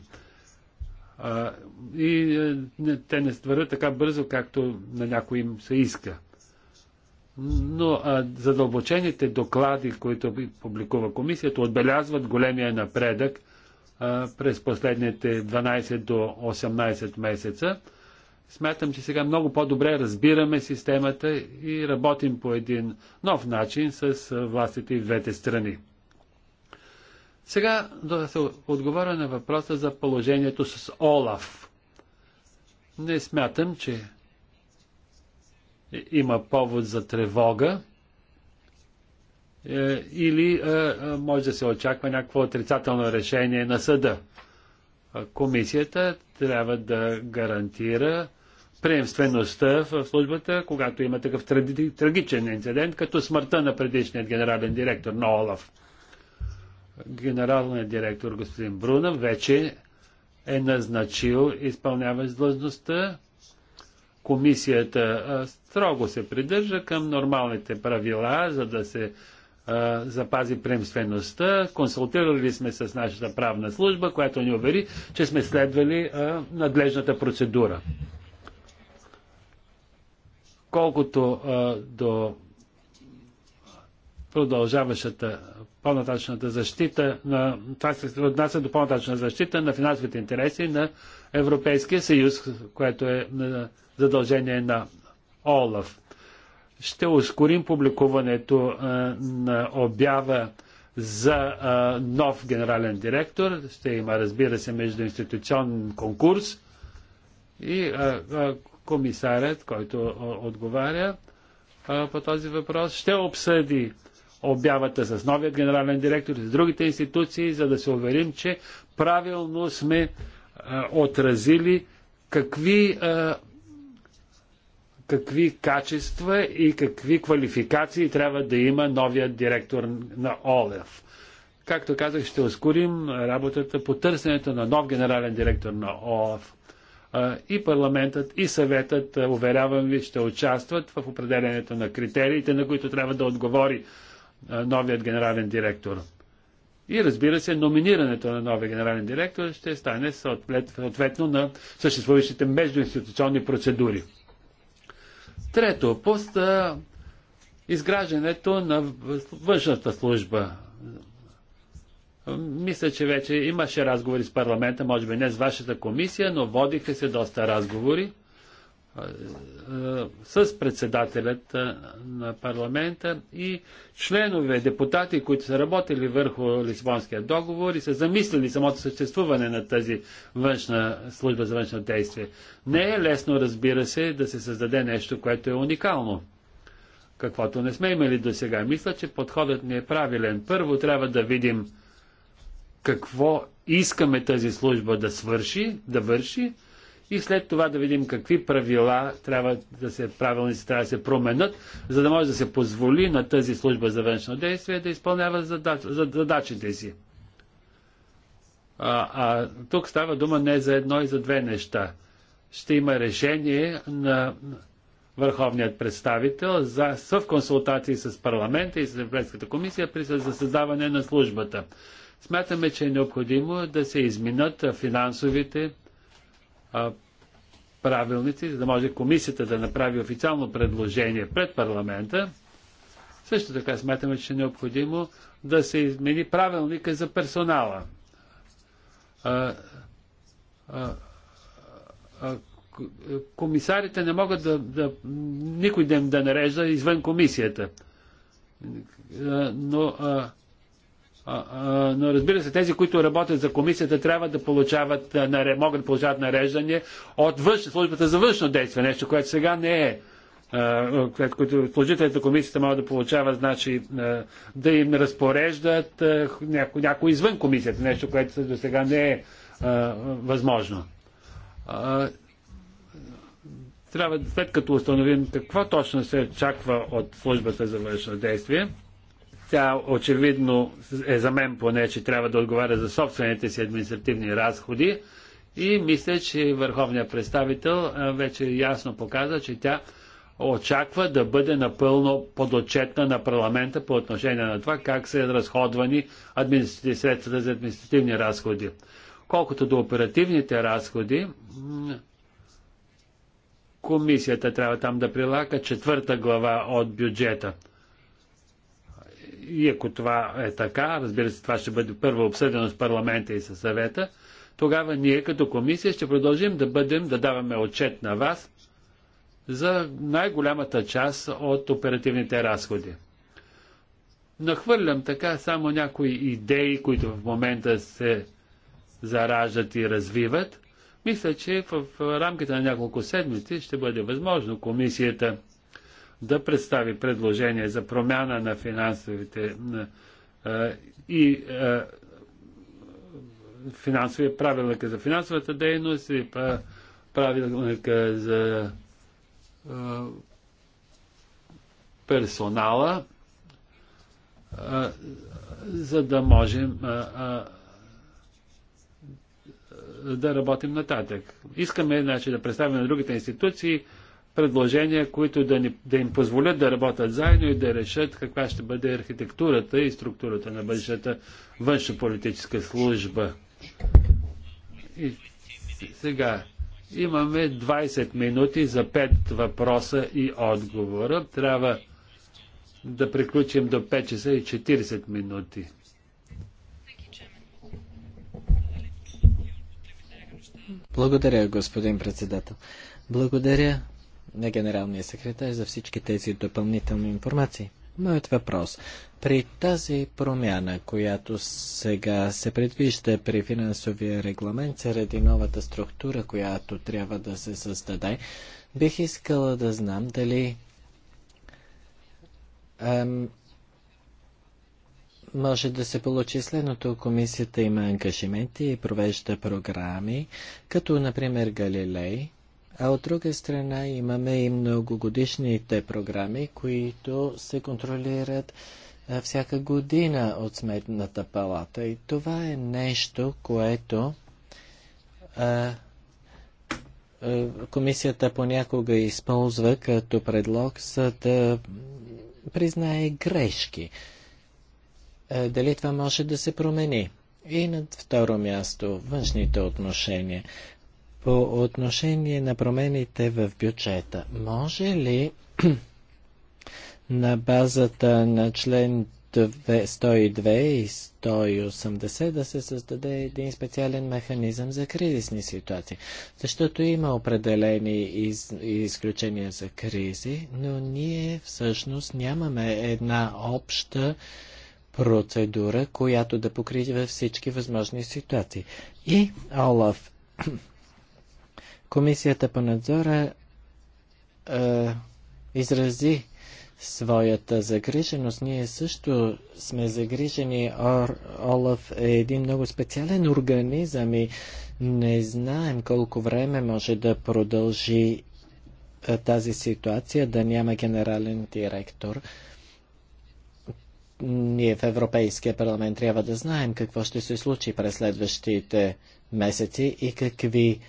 и не, те не стварят така бързо, както на някой им се иска но а, задълбочените доклади, които публикува комисията, отбелязват големия напредък а, през последните 12 до 18 месеца. Смятам, че сега много по-добре разбираме системата и работим по един нов начин с властите и двете страни. Сега да се отговоря на въпроса за положението с Олаф. Не смятам, че има повод за тревога е, или е, е, може да се очаква някакво отрицателно решение на съда. Комисията трябва да гарантира приемствеността в службата, когато има такъв трагичен инцидент, като смъртта на предишният генерален директор на Олаф. Генералният директор господин Бруна вече е назначил изпълняващ длъжността комисията строго се придържа към нормалните правила, за да се запази преемствеността. Консултирали сме с нашата правна служба, която ни увери, че сме следвали надлежната процедура. Колкото до продължаващата по-нататъчната защита на, това се отнася до по-нататъчна защита на финансовите интереси на Европейския съюз, което е задължение на ОЛАФ. Ще ускорим публикуването на обява за нов генерален директор. Ще има, разбира се, междуинституционен конкурс и комисарят, който отговаря по този въпрос, ще обсъди обявата с новият генерален директор, и с другите институции, за да се уверим, че правилно сме а, отразили какви а, какви качества и какви квалификации трябва да има новия директор на ОЛЕФ. Както казах, ще ускорим работата по търсенето на нов генерален директор на ОЛАФ. И парламентът, и съветът, уверявам ви, ще участват в определенето на критериите, на които трябва да отговори новият генерален директор. И разбира се, номинирането на новия генерален директор ще стане съответно на съществуващите междуинституционни процедури. Трето, пост изграждането на външната служба. Мисля, че вече имаше разговори с парламента, може би не с вашата комисия, но водиха се доста разговори. Е, е, е, с председателят на парламента и членове, депутати, които са работили върху Лисбонския договор и са замислили самото съществуване на тази външна служба за външно действие. Не е лесно, разбира се, да се създаде нещо, което е уникално, каквото не сме имали до сега. Мисля, че подходът ни е правилен. Първо трябва да видим какво искаме тази служба да свърши, да върши, и след това да видим какви правила трябва да се, правилници трябва да се променят, за да може да се позволи на тази служба за външно действие да изпълнява задач, задачите си. А, а тук става дума не за едно и за две неща. Ще има решение на върховният представител за консултации с парламента и с Европейската комисия при за създаване на службата. Смятаме, че е необходимо да се изминат финансовите правилници, за да може комисията да направи официално предложение пред парламента. Също така смятаме, че е необходимо да се измени правилника за персонала. А, а, а, комисарите не могат да, да никой да да нарежда извън комисията. Но а, но разбира се, тези, които работят за комисията, трябва да получават, могат да получават нареждане от външна, службата за външно действие, нещо, което сега не е. Което служителите на комисията могат да получават, значи да им разпореждат някой, някой извън комисията, нещо, което до сега не е възможно. Трябва, след като установим какво точно се очаква от службата за външно действие, тя очевидно е за мен поне, че трябва да отговаря за собствените си административни разходи и мисля, че върховният представител вече ясно показа, че тя очаква да бъде напълно подотчетна на парламента по отношение на това как са разходвани административни средства за административни разходи. Колкото до оперативните разходи, комисията трябва там да прилага четвърта глава от бюджета – и ако това е така, разбира се, това ще бъде първо обсъдено с парламента и със съвета, тогава ние като комисия ще продължим да бъдем, да даваме отчет на вас за най-голямата част от оперативните разходи. Нахвърлям така само някои идеи, които в момента се заражат и развиват. Мисля, че в рамките на няколко седмици ще бъде възможно комисията да представи предложение за промяна на финансовите и финансовия правилника за финансовата дейност и правилника за персонала, за да можем да работим нататък. Искаме значи, да представим на другите институции предложения, които да, ни, да им позволят да работят заедно и да решат каква ще бъде архитектурата и структурата на бъдещата външнополитическа служба. И сега имаме 20 минути за 5 въпроса и отговора. Трябва да приключим до 5 часа и 40 минути. Благодаря, господин председател. Благодаря на генералния секретар за всички тези допълнителни информации. Моят въпрос. При тази промяна, която сега се предвижда при финансовия регламент, заради новата структура, която трябва да се създаде, бих искала да знам дали ем, може да се получи следното. Комисията има ангажименти и провежда програми, като например Галилей, а от друга страна имаме и многогодишните програми, които се контролират всяка година от Сметната палата. И това е нещо, което а, а, комисията понякога използва като предлог, за да признае грешки. А, дали това може да се промени? И на второ място, външните отношения по отношение на промените в бюджета. Може ли [CLEARS THROAT] на базата на член 102 и 180 да се създаде един специален механизъм за кризисни ситуации. Защото има определени из, изключения за кризи, но ние всъщност нямаме една обща процедура, която да покрива всички възможни ситуации. И Олаф [CLEARS THROAT] Комисията по надзора е, е, изрази своята загриженост. Ние също сме загрижени. Олаф е един много специален организъм и не знаем колко време може да продължи е, тази ситуация, да няма генерален директор ние в Европейския парламент трябва да знаем какво ще се случи през следващите месеци и какви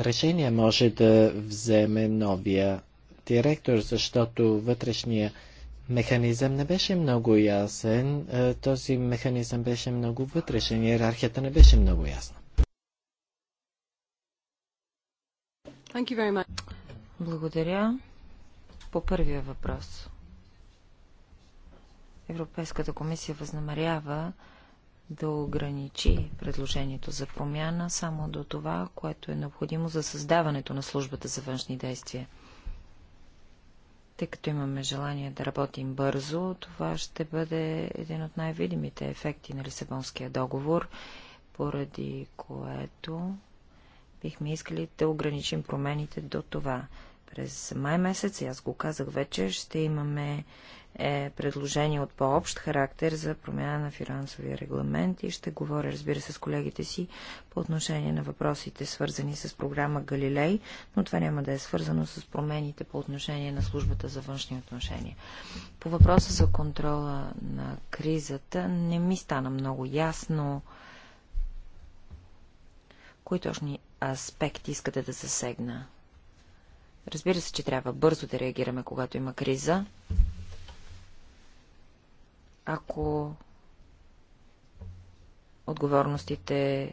решение може да вземе новия директор, защото вътрешния механизъм не беше много ясен. Е, този механизъм беше много вътрешен. Иерархията не беше много ясна. Благодаря. По първия въпрос. Европейската комисия възнамерява да ограничи предложението за промяна само до това, което е необходимо за създаването на службата за външни действия. Тъй като имаме желание да работим бързо, това ще бъде един от най-видимите ефекти на Лисабонския договор, поради което бихме искали да ограничим промените до това. През май месец, аз го казах вече, ще имаме е предложение от по-общ характер за промяна на финансовия регламент и ще говоря, разбира се, с колегите си по отношение на въпросите, свързани с програма Галилей, но това няма да е свързано с промените по отношение на службата за външни отношения. По въпроса за контрола на кризата не ми стана много ясно кои точни аспекти искате да засегна. Разбира се, че трябва бързо да реагираме, когато има криза, ако отговорностите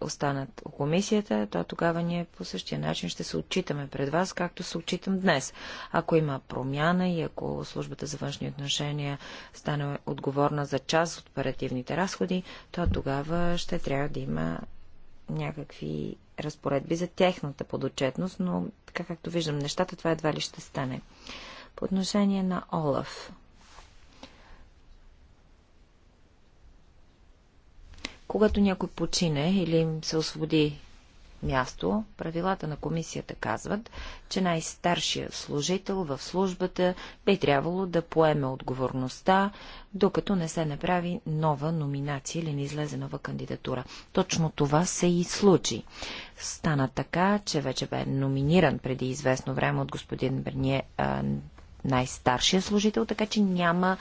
останат у комисията, то тогава ние по същия начин ще се отчитаме пред вас, както се отчитам днес. Ако има промяна и ако службата за външни отношения стане отговорна за част от оперативните разходи, то тогава ще трябва да има някакви разпоредби за техната подотчетност, но така както виждам нещата, това едва ли ще стане. По отношение на Олаф. Когато някой почине или им се освободи място, правилата на комисията казват, че най-старшия служител в службата би трябвало да поеме отговорността, докато не се направи нова номинация или не излезе нова кандидатура. Точно това се и случи. Стана така, че вече бе номиниран преди известно време от господин Берние най-старшия служител, така че няма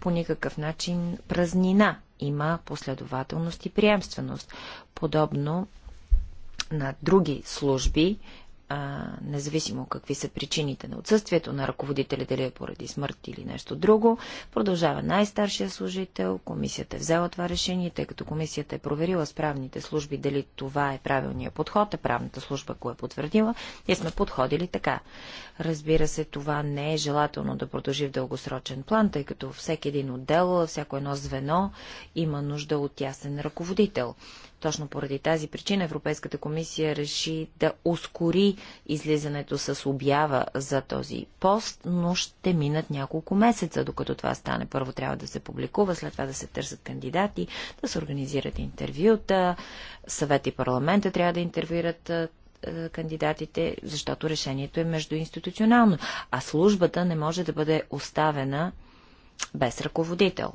по никакъв начин празнина. Има последователност и приемственост. Подобно на други служби, а, независимо какви са причините на отсъствието на ръководителя, дали е поради смърт или нещо друго, продължава най-старшия служител, комисията е взела това решение, тъй като комисията е проверила с правните служби дали това е правилният подход, а е правната служба го е потвърдила, ние сме подходили така. Разбира се, това не е желателно да продължи в дългосрочен план, тъй като всеки един отдел, всяко едно звено има нужда от ясен ръководител. Точно поради тази причина Европейската комисия реши да ускори излизането с обява за този пост, но ще минат няколко месеца, докато това стане. Първо трябва да се публикува, след това да се търсят кандидати, да се организират интервюта, съвет и парламента трябва да интервюират кандидатите, защото решението е междуинституционално, а службата не може да бъде оставена без ръководител.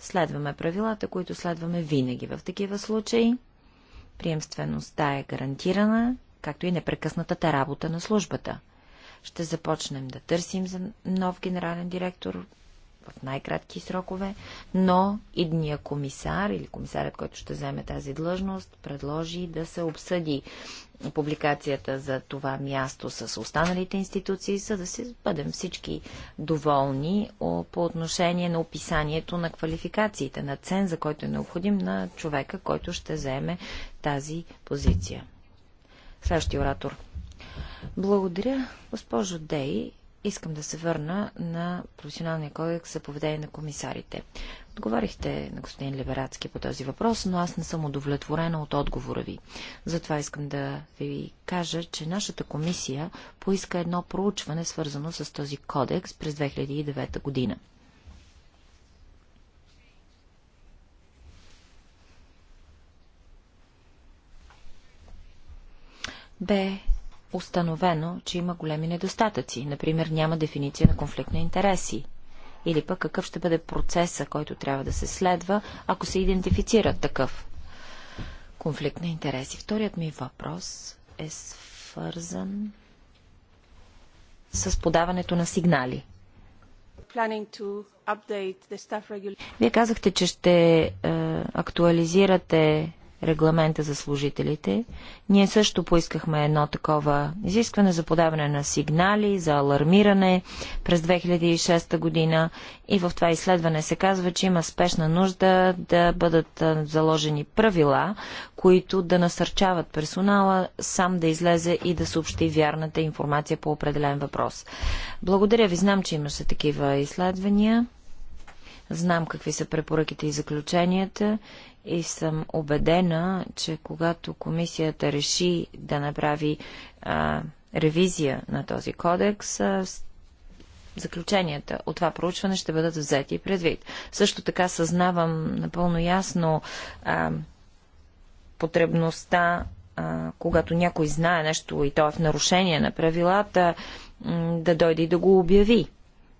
Следваме правилата, които следваме винаги в такива случаи. Приемствеността е гарантирана, както и непрекъснатата работа на службата. Ще започнем да търсим за нов генерален директор в най-кратки срокове, но идния комисар или комисарят, който ще вземе тази длъжност, предложи да се обсъди публикацията за това място с останалите институции, за да си бъдем всички доволни по отношение на описанието на квалификациите, на цен, за който е необходим на човека, който ще заеме тази позиция. Следващия оратор. Благодаря, госпожо Дей. Искам да се върна на професионалния кодекс за поведение на комисарите. Отговорихте на господин Либерацки по този въпрос, но аз не съм удовлетворена от отговора ви. Затова искам да ви кажа, че нашата комисия поиска едно проучване, свързано с този кодекс през 2009 година. Бе установено, че има големи недостатъци. Например, няма дефиниция на конфликт на интереси. Или пък какъв ще бъде процеса, който трябва да се следва, ако се идентифицира такъв конфликт на интереси. Вторият ми въпрос е свързан с подаването на сигнали. Вие казахте, че ще е, актуализирате регламента за служителите. Ние също поискахме едно такова изискване за подаване на сигнали, за алармиране през 2006 година и в това изследване се казва, че има спешна нужда да бъдат заложени правила, които да насърчават персонала сам да излезе и да съобщи вярната информация по определен въпрос. Благодаря ви, знам, че имаше такива изследвания. Знам какви са препоръките и заключенията и съм убедена, че когато комисията реши да направи а, ревизия на този кодекс, а, заключенията от това проучване ще бъдат взети предвид. Също така съзнавам напълно ясно а, потребността, а, когато някой знае нещо и то е в нарушение на правилата, да дойде и да го обяви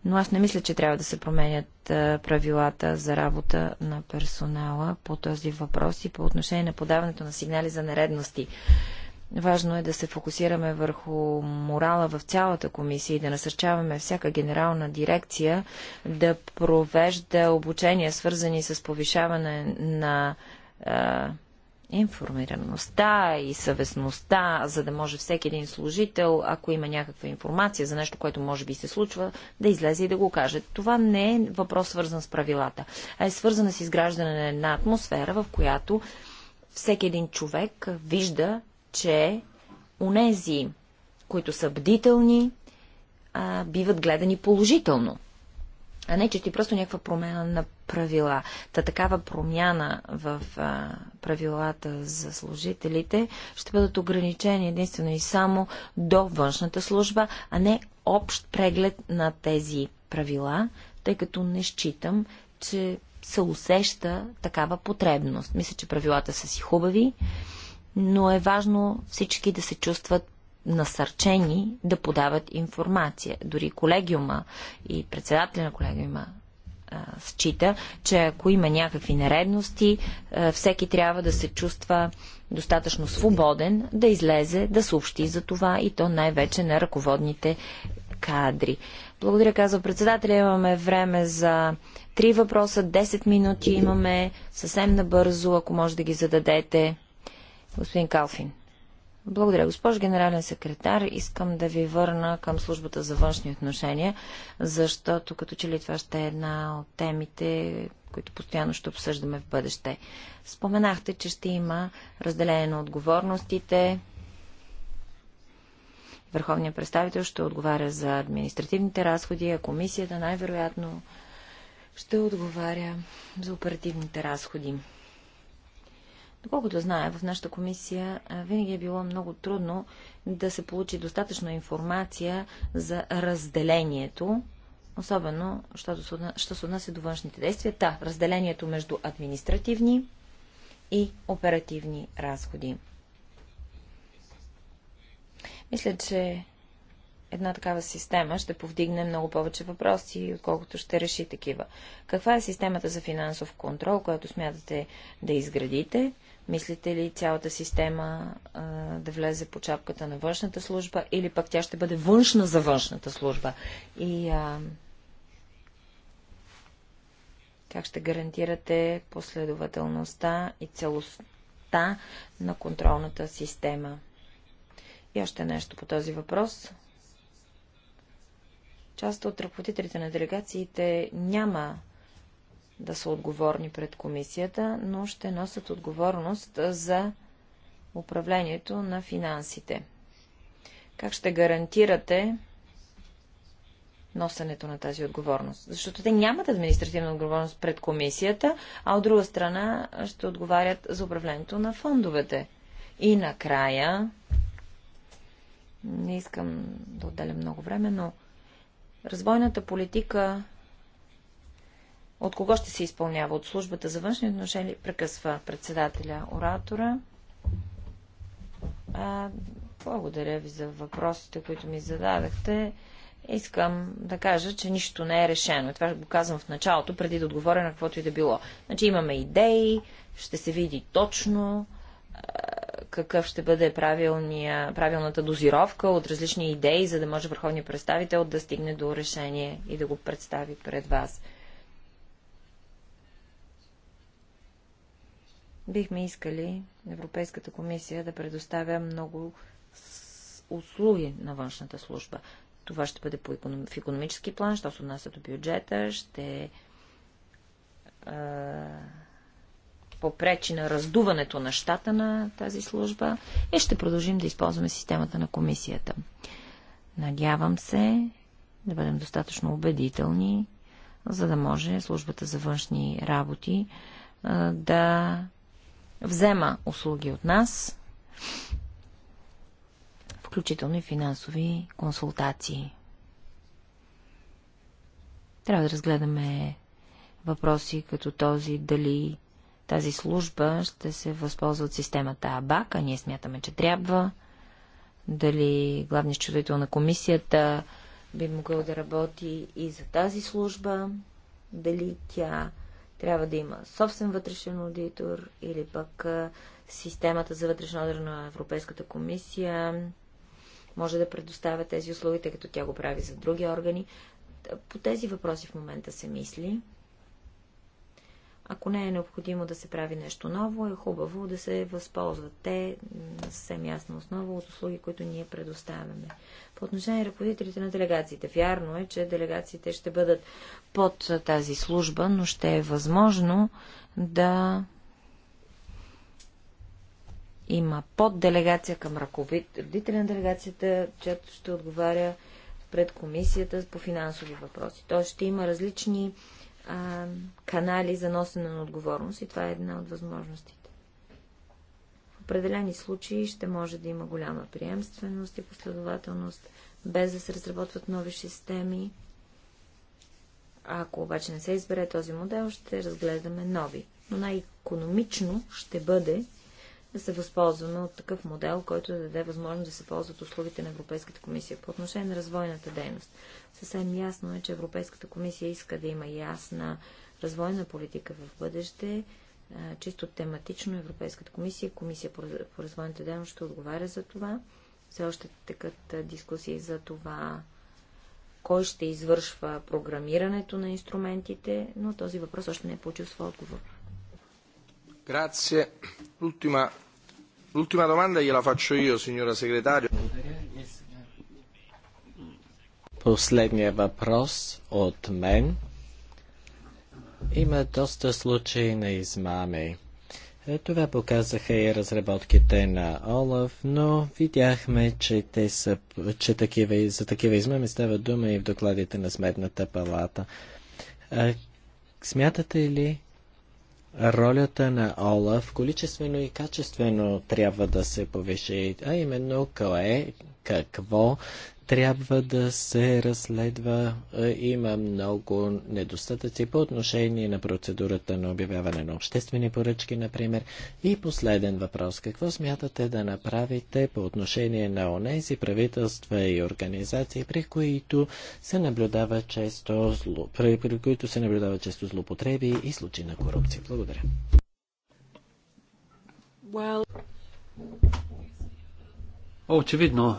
но аз не мисля, че трябва да се променят правилата за работа на персонала по този въпрос и по отношение на подаването на сигнали за нередности. Важно е да се фокусираме върху морала в цялата комисия и да насърчаваме всяка генерална дирекция да провежда обучения, свързани с повишаване на информираността и съвестността, за да може всеки един служител, ако има някаква информация за нещо, което може би се случва, да излезе и да го каже. Това не е въпрос свързан с правилата, а е свързан с изграждане на една атмосфера, в която всеки един човек вижда, че унези, които са бдителни, биват гледани положително а не че ти просто някаква промяна на правила. Та такава промяна в а, правилата за служителите ще бъдат ограничени единствено и само до външната служба, а не общ преглед на тези правила, тъй като не считам, че се усеща такава потребност. Мисля, че правилата са си хубави, но е важно всички да се чувстват насърчени да подават информация. Дори колегиума и председателя на колегиума счита, че ако има някакви нередности, всеки трябва да се чувства достатъчно свободен да излезе, да съобщи за това и то най-вече на ръководните кадри. Благодаря, казва председателя. Имаме време за три въпроса, 10 минути имаме съвсем набързо, ако може да ги зададете. Господин Калфин. Благодаря, госпожо генерален секретар. Искам да ви върна към службата за външни отношения, защото като че ли това ще е една от темите, които постоянно ще обсъждаме в бъдеще. Споменахте, че ще има разделение на отговорностите. Върховният представител ще отговаря за административните разходи, а комисията най-вероятно ще отговаря за оперативните разходи. Доколкото знае, в нашата комисия винаги е било много трудно да се получи достатъчно информация за разделението, особено, що се отнася до външните действия. Та, разделението между административни и оперативни разходи. Мисля, че една такава система ще повдигне много повече въпроси, отколкото ще реши такива. Каква е системата за финансов контрол, която смятате да изградите? Мислите ли цялата система а, да влезе по чапката на външната служба или пък тя ще бъде външна за външната служба? И а, как ще гарантирате последователността и целостта на контролната система? И още нещо по този въпрос. Част от ръководителите на делегациите няма да са отговорни пред комисията, но ще носят отговорност за управлението на финансите. Как ще гарантирате носенето на тази отговорност? Защото те нямат административна отговорност пред комисията, а от друга страна ще отговарят за управлението на фондовете. И накрая, не искам да отделя много време, но разбойната политика от кого ще се изпълнява? От службата за външни отношения прекъсва председателя оратора. А, благодаря ви за въпросите, които ми зададахте. Искам да кажа, че нищо не е решено. Това го казвам в началото, преди да отговоря на каквото и да било. Значи имаме идеи, ще се види точно какъв ще бъде правилната дозировка от различни идеи, за да може върховният представител да стигне до решение и да го представи пред вас. Бихме искали Европейската комисия да предоставя много услуги на външната служба. Това ще бъде по економ... в економически план, що се отнася до бюджета, ще е... попречи на раздуването на щата на тази служба и ще продължим да използваме системата на комисията. Надявам се да бъдем достатъчно убедителни, за да може службата за външни работи да взема услуги от нас, включително и финансови консултации. Трябва да разгледаме въпроси като този дали тази служба ще се възползва от системата АБАК, а ние смятаме, че трябва. Дали главният счетоводител на комисията би могъл да работи и за тази служба, дали тя трябва да има собствен вътрешен аудитор или пък системата за вътрешен аудитор на Европейската комисия може да предоставя тези услуги, тъй като тя го прави за други органи. По тези въпроси в момента се мисли. Ако не е необходимо да се прави нещо ново, е хубаво да се възползват те на съвсем ясна основа от услуги, които ние предоставяме. По отношение на ръководителите на делегациите. Вярно е, че делегациите ще бъдат под тази служба, но ще е възможно да има подделегация към ръководителя на делегацията, чето ще отговаря пред комисията по финансови въпроси. Тоест ще има различни а, канали за носене на отговорност и това е една от възможностите. В определени случаи ще може да има голяма приемственост и последователност, без да се разработват нови системи. Ако обаче не се избере този модел, ще разгледаме нови. Но най-економично ще бъде да се възползваме от такъв модел, който да даде възможност да се ползват услугите на Европейската комисия. По отношение на развойната дейност, съвсем ясно е, че Европейската комисия иска да има ясна развойна политика в бъдеще. Чисто тематично Европейската комисия, Комисия по, развойната дейност ще отговаря за това. Все още текат дискусии за това, кой ще извършва програмирането на инструментите, но този въпрос още не е получил своя отговор. Grazie. L'ultima, l'ultima domanda gliela faccio io, signora segretario. Последния въпрос от мен. Има доста случаи на измами. Е, това показаха и разработките на Олаф, но видяхме, че, те са, че такива, за такива измами става дума и в докладите на Сметната палата. А, е, смятате ли, ролята на ОЛАФ количествено и качествено трябва да се повиши, а именно кое, какво трябва да се разследва. Е, има много недостатъци по отношение на процедурата на обявяване на обществени поръчки, например. И последен въпрос. Какво смятате да направите по отношение на онези правителства и организации, при които се наблюдава често, зло... при, при които се наблюдава често злопотреби и случаи на корупция? Благодаря. Well... Очевидно,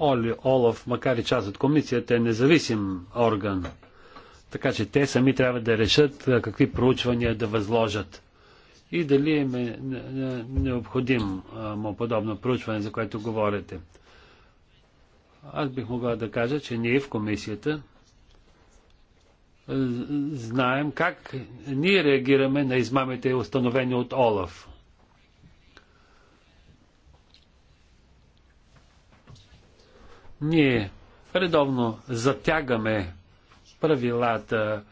Оли, Олаф, макар и част от комисията, е независим орган. Така че те сами трябва да решат какви проучвания да възложат. И дали им е необходим му подобно проучване, за което говорите. Аз бих могла да кажа, че ние в комисията знаем как ние реагираме на измамите, установени от Олаф. Ние редовно затягаме правилата,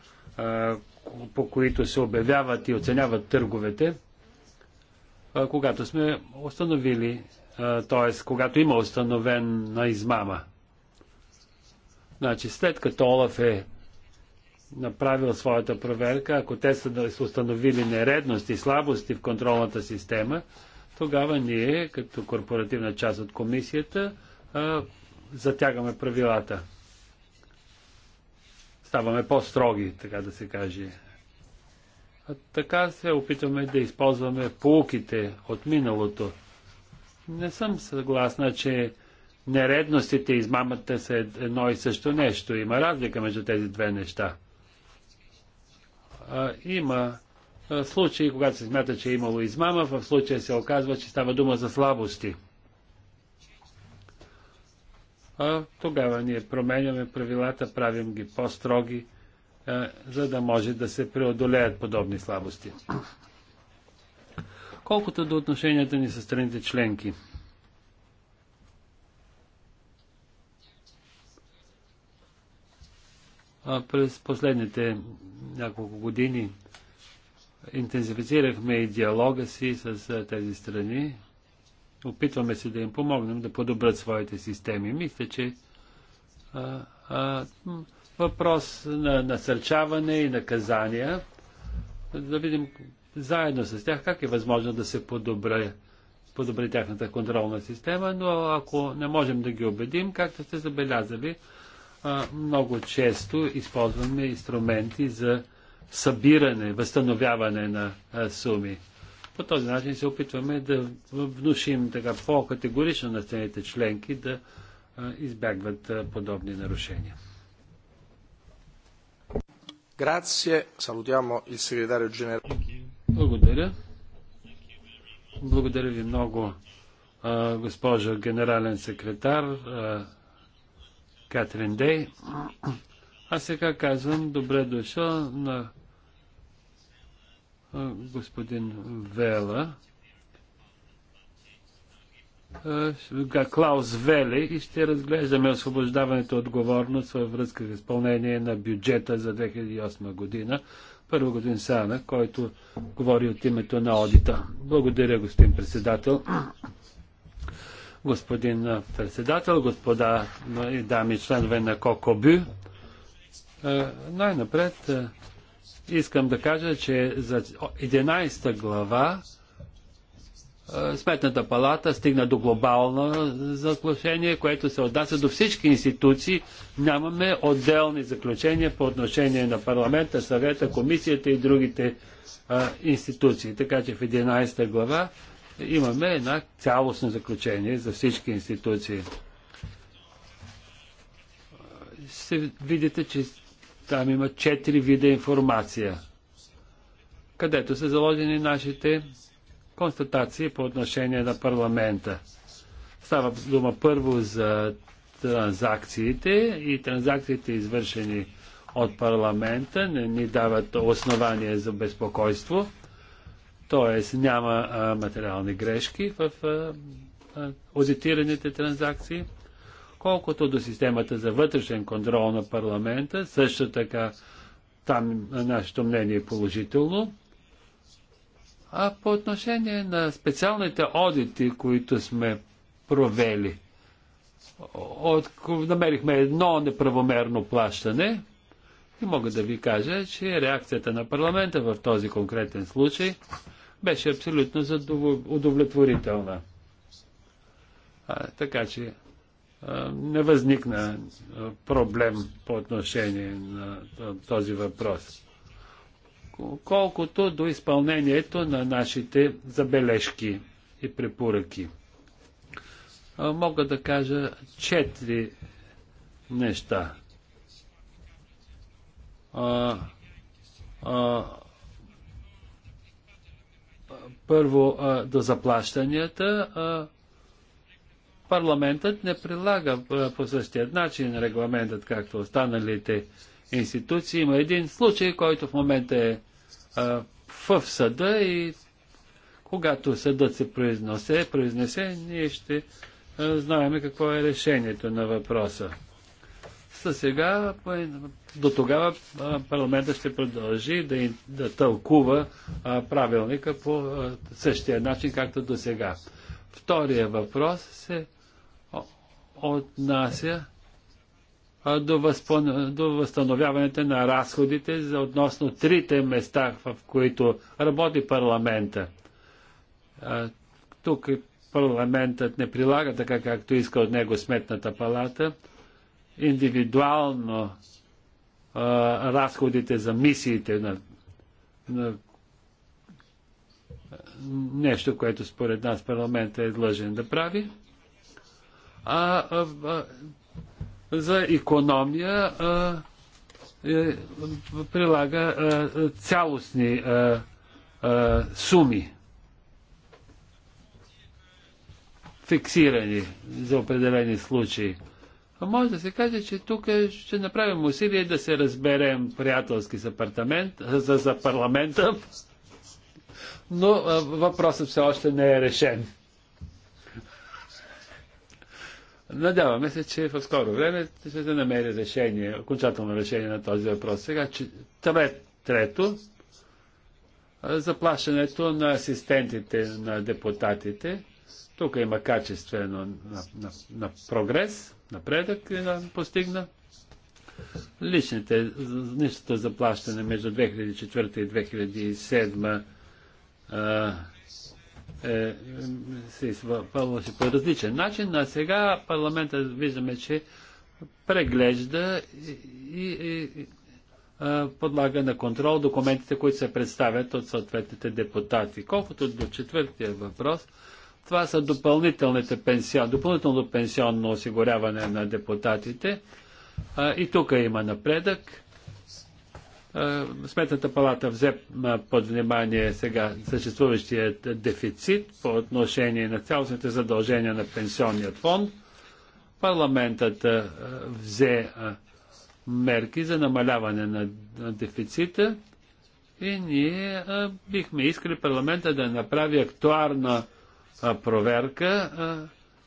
по които се обявяват и оценяват търговете, когато сме установили, т.е. когато има установена измама. Значи след като Олаф е направил своята проверка, ако те са установили нередности и слабости в контролната система, тогава ние, като корпоративна част от комисията, затягаме правилата. Ставаме по-строги, така да се каже. А така се опитваме да използваме полуките от миналото. Не съм съгласна, че нередностите и измамата са едно и също нещо. Има разлика между тези две неща. А, има случаи, когато се смята, че е имало измама, в случая се оказва, че става дума за слабости – а, тогава ние променяме правилата, правим ги по-строги, е, за да може да се преодолеят подобни слабости. Колкото до отношенията ни с страните членки. А през последните няколко години интензифицирахме и диалога си с е, тези страни, Опитваме се да им помогнем да подобрят своите системи. Мисля, че а, а, въпрос на насърчаване и наказания, да видим заедно с тях как е възможно да се подобре, подобре тяхната контролна система, но ако не можем да ги убедим, както сте забелязали, много често използваме инструменти за събиране, възстановяване на суми. По този начин се опитваме да внушим така по-категорично на страните членки да избягват подобни нарушения. Grazie, salutiamo il segretario generale. Благодаря. Благодаря ви много, госпожо генерален секретар Катрин Дей. А сега казвам добре дошъл на господин Вела. Клаус Вели, и ще разглеждаме освобождаването отговорност във връзка с изпълнение на бюджета за 2008 година. Първо годин Сана, който говори от името на одита. Благодаря, господин председател. Господин председател, господа и дами членове на Кокобю, най-напред Искам да кажа, че за 11 глава Сметната палата стигна до глобално заключение, което се отнася до всички институции. Нямаме отделни заключения по отношение на парламента, съвета, комисията и другите а, институции. Така че в 11 глава имаме една цялостно заключение за всички институции. Ще видите, че там има четири вида информация, където са заложени нашите констатации по отношение на парламента. Става дума първо за транзакциите и транзакциите извършени от парламента не ни дават основание за безпокойство, т.е. няма а, материални грешки в а, а, аудитираните транзакции. Колкото до системата за вътрешен контрол на парламента, също така там нашето мнение е положително. А по отношение на специалните одити, които сме провели, от, намерихме едно неправомерно плащане и мога да ви кажа, че реакцията на парламента в този конкретен случай беше абсолютно удовлетворителна. А, така че не възникна проблем по отношение на този въпрос. Колкото до изпълнението на нашите забележки и препоръки. Мога да кажа четири неща. А, а, първо а, до заплащанията. А, парламентът не прилага е, по същия начин регламентът, както останалите институции. Има един случай, който в момента е, е в съда и когато съдът се произнесе, произнесе ние ще е, знаем какво е решението на въпроса. Със сега, до тогава парламента ще продължи да, да тълкува правилника по същия начин, както до сега. Втория въпрос се отнася до, възпон... до възстановяването на разходите за относно трите места, в които работи парламента. Тук парламентът не прилага така, както иска от него сметната палата. Индивидуално разходите за мисиите на, на нещо, което според нас парламентът е длъжен да прави а, а, а за економия а, е, прилага а, цялостни а, а, суми, фиксирани за определени случаи. А може да се каже, че тук е, ще направим усилие да се разберем приятелски с, апартамент, за, за парламента, но въпросът все още не е решен. Надяваме се, че в скоро време ще се намери решение, окончателно решение на този въпрос. Сега, че, трето, заплащането на асистентите на депутатите. Тук има качествено на, на, на прогрес, напредък и на постигна. Личните, личното заплащане между 2004 и 2007 а, е, се изпълно си по различен начин, а сега парламента виждаме, че преглежда и, и, и подлага на контрол документите, които се представят от съответните депутати. Колкото до четвъртия въпрос, това са допълнителните пенсион, допълнително пенсионно осигуряване на депутатите. И тук има напредък. Сметната палата взе под внимание сега съществуващия дефицит по отношение на цялостните задължения на пенсионният фонд. Парламентът взе мерки за намаляване на дефицита и ние бихме искали парламента да направи актуарна проверка,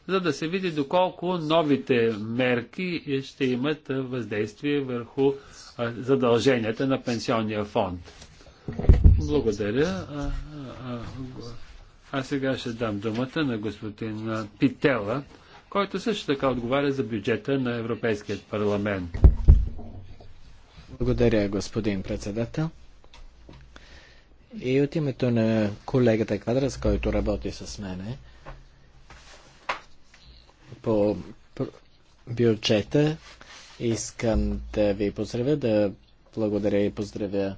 за да се види доколко новите мерки ще имат въздействие върху задълженията на пенсионния фонд. Благодаря. Аз сега ще дам думата на господин Питела, който също така отговаря за бюджета на Европейският парламент. Благодаря, господин председател. И от името на колегата Квадрас, който работи с мене по бюджета, Искам да ви поздравя, да благодаря и поздравя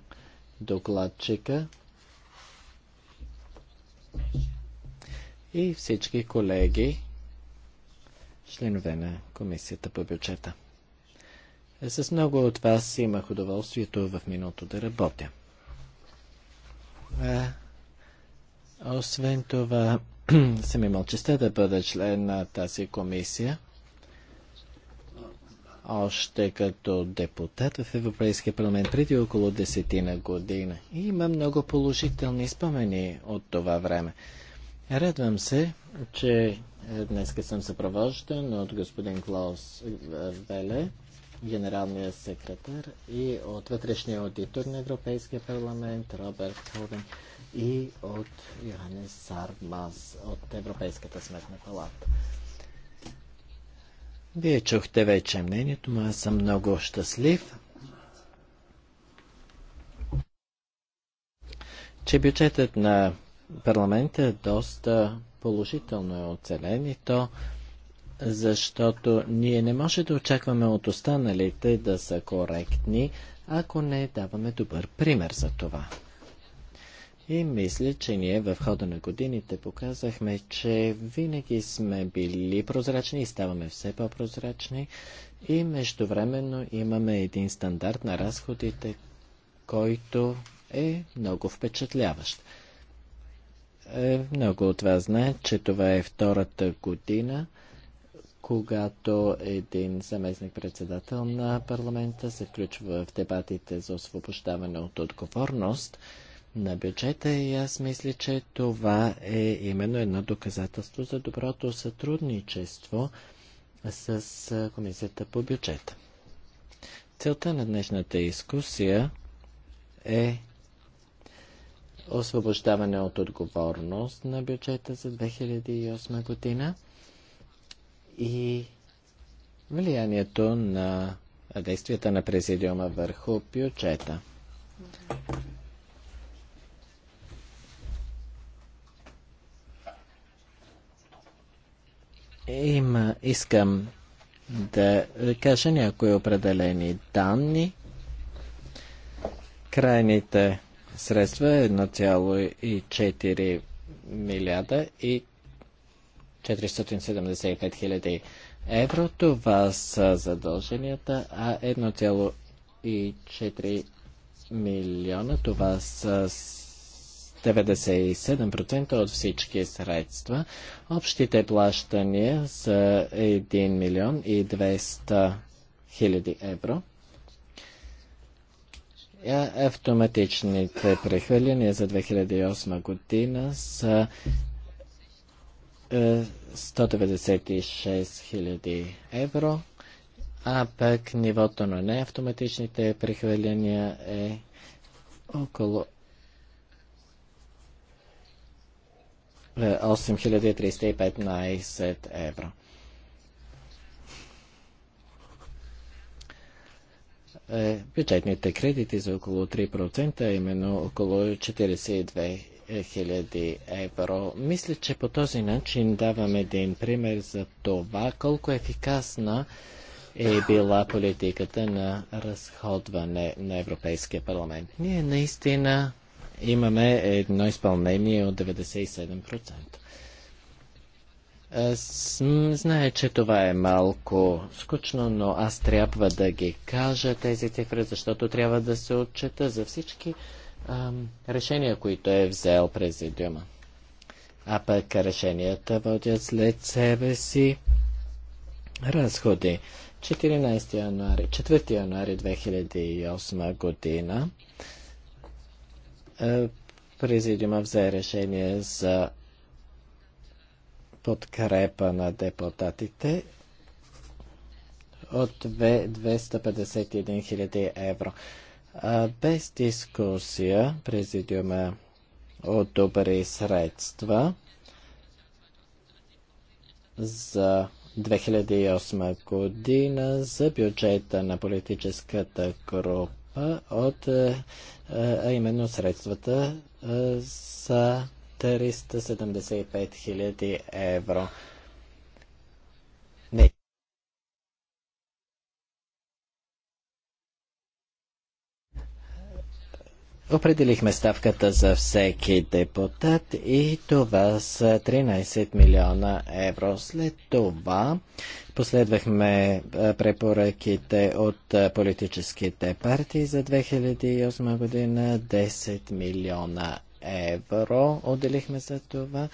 докладчика и всички колеги, членове на Комисията по бюджета. С много от вас имах удоволствието в миналото да работя. А, освен това, [CLEARS THROAT] съм имал честа да бъда член на тази комисия – още като депутат в Европейския парламент преди около десетина година. И има много положителни спомени от това време. Радвам се, че е, днес съм съпровождан от господин Клаус е, Веле, генералния секретар и от вътрешния аудитор на Европейския парламент Роберт Холден и от Йоханес Сармас от Европейската сметна палата. Вие чухте вече мнението, но аз съм много щастлив, че бюджетът на парламента е доста положително е оцелен и то защото ние не може да очакваме от останалите да са коректни, ако не даваме добър пример за това. И мисля, че ние в хода на годините показахме, че винаги сме били прозрачни и ставаме все по-прозрачни. И междувременно имаме един стандарт на разходите, който е много впечатляващ. Е, много от вас знаят, че това е втората година, когато един заместник-председател на парламента се включва в дебатите за освобождаване от отговорност – на бюджета и аз мисля, че това е именно едно доказателство за доброто сътрудничество с Комисията по бюджета. Целта на днешната дискусия е освобождаване от отговорност на бюджета за 2008 година и влиянието на действията на президиума върху бюджета. Има, искам да кажа някои определени данни. Крайните средства е 1,4 милиарда и 475 хиляди евро. Това са задълженията, а 1,4 милиона това са 97% от всички средства. Общите плащания са 1 милион и 200 хиляди евро. автоматичните прехвърляния за 2008 година са 196 е, 000 евро, а пък нивото на неавтоматичните прехвърляния е около 8315 евро. Е, бюджетните кредити за около 3%, а именно около 42 000 евро. Мисля, че по този начин давам един пример за това колко ефикасна е била политиката на разходване на Европейския парламент. Ние наистина имаме едно изпълнение от 97%. Е, знае, че това е малко скучно, но аз трябва да ги кажа тези цифри, защото трябва да се отчета за всички ам, решения, които е взел президиума. А пък решенията водят след себе си разходи. 14 януари, 4 януари 2008 година е, президиума взе решение за подкрепа на депутатите от 251 000 евро. Без дискусия президиума одобри средства за 2008 година за бюджета на политическата група от, е, е, а именно средствата за 375 000 евро. Определихме ставката за всеки депутат и това са 13 милиона евро. След това последвахме препоръките от политическите партии за 2008 година 10 милиона евро. Отделихме за това.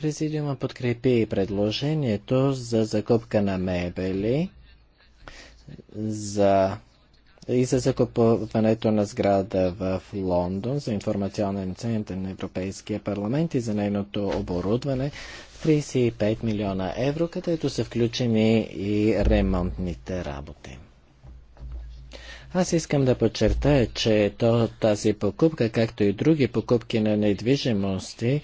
Президиума подкрепи предложението за закупка на мебели за и за закупуването на сграда в Лондон за информационен център на Европейския парламент и за нейното оборудване 35 милиона евро, където са включени и ремонтните работи. Аз искам да подчертая, че то, тази покупка, както и други покупки на недвижимости,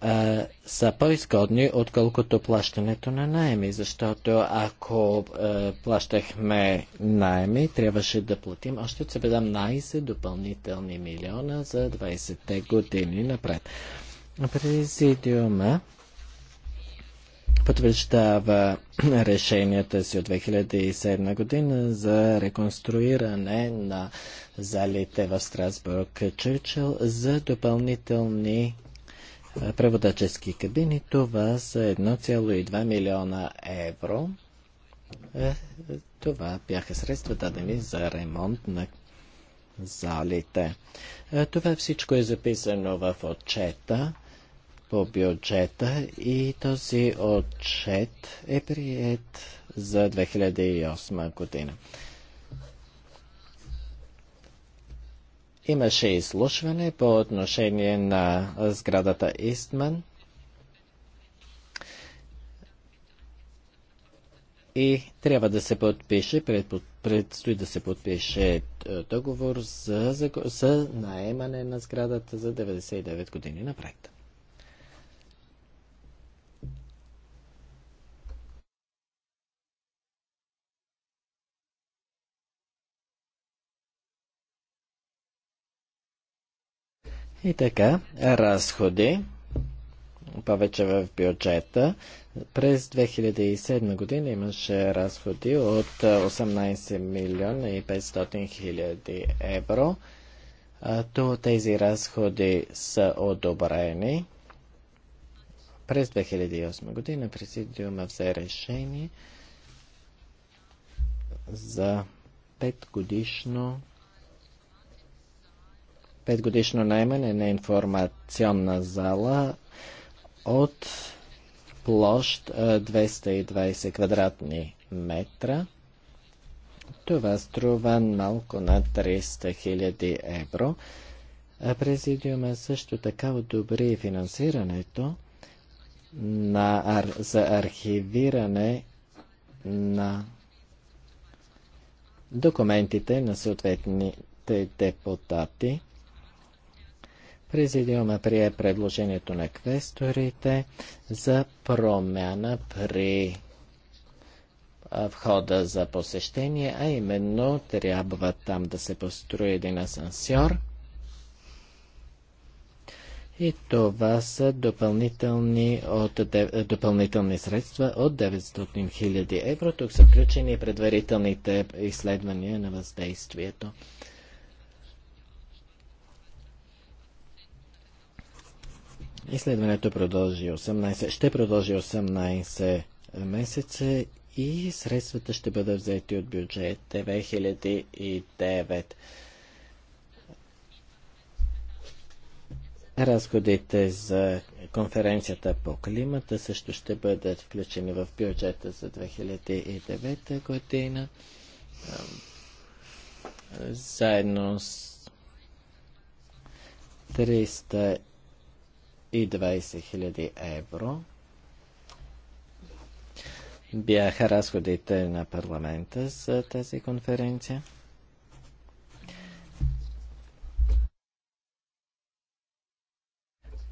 а, е, са по-изгодни, отколкото плащането на найеми, защото ако а, е, плащахме найеми, трябваше да платим още 17 допълнителни милиона за 20-те години напред. Президиума потвърждава [CLEARS THROAT] решенията си от 2007 година за реконструиране на залите в Страсбург Чърчил за допълнителни е, преводачески кабини. Това са 1,2 милиона евро. Е, е, това бяха средства дадени за ремонт на залите. Това всичко е записано в отчета по бюджета и този отчет е прият за 2008 година. Имаше изслушване по отношение на сградата Истман. И трябва да се подпише, пред, предстои да се подпише е, договор за, за, за наемане на сградата за 99 години напред. И така, разходи повече в бюджета. През 2007 година имаше разходи от 18 милиона и 500 хиляди евро. То тези разходи са одобрени. През 2008 година президиума взе решение за 5 годишно годишно найемане на информационна зала от площ 220 квадратни метра. Това струва малко над 300 000 евро. А президиума също така одобри финансирането на, ар, за архивиране на документите на съответните депутати. Президиума прие предложението на квесторите за промяна при входа за посещение, а именно трябва там да се построи един асансьор. И това са допълнителни, от, допълнителни средства от 900 000 евро. Тук са включени предварителните изследвания на въздействието. Изследването е продължи 18, ще продължи 18 месеца и средствата ще бъдат взети от бюджет 2009. Разходите за конференцията по климата също ще бъдат включени в бюджета за 2009 година. Заедно с и 20 000 евро бяха разходите на парламента за тази конференция.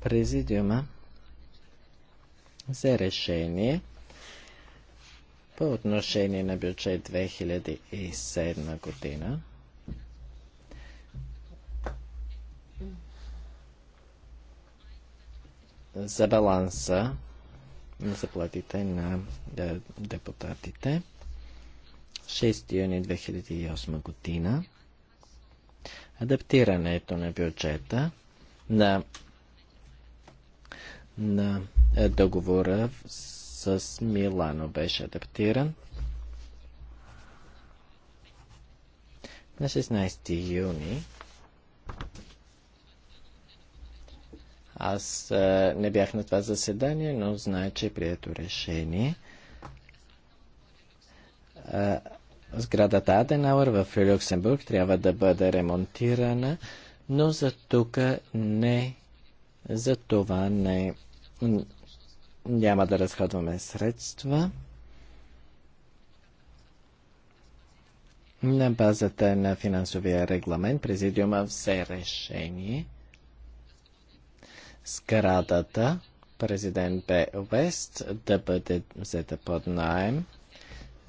Президиума за решение по отношение на бюджет 2007 година за баланса на заплатите на е, депутатите. 6 юни 2008 година. Адаптирането на бюджета на, на е, договора с Милано беше адаптиран. На 16 юни Аз а, е, не бях на това заседание, но знае, че е прието решение. А, е, сградата Аденауър в Люксембург трябва да бъде ремонтирана, но за тук не, за това не, няма да разходваме средства. На базата на финансовия регламент президиума взе решение – сградата, президент Б. Вест, да бъде взета под найем.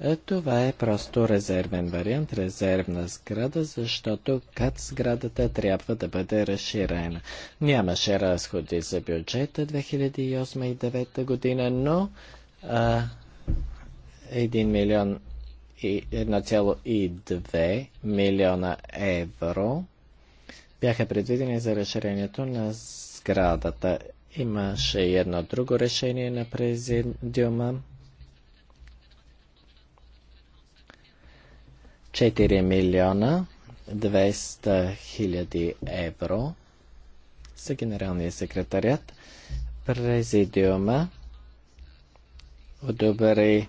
Е, това е просто резервен вариант, резервна сграда, защото кат сградата трябва да бъде разширена. Нямаше разходи за бюджета 2008 и 2009 година, но а, 1 милион и 1,2 милиона евро бяха предвидени за разширението на сградата. Имаше и едно друго решение на президиума. 4 милиона 200 хиляди евро за генералния секретарят. Президиума одобри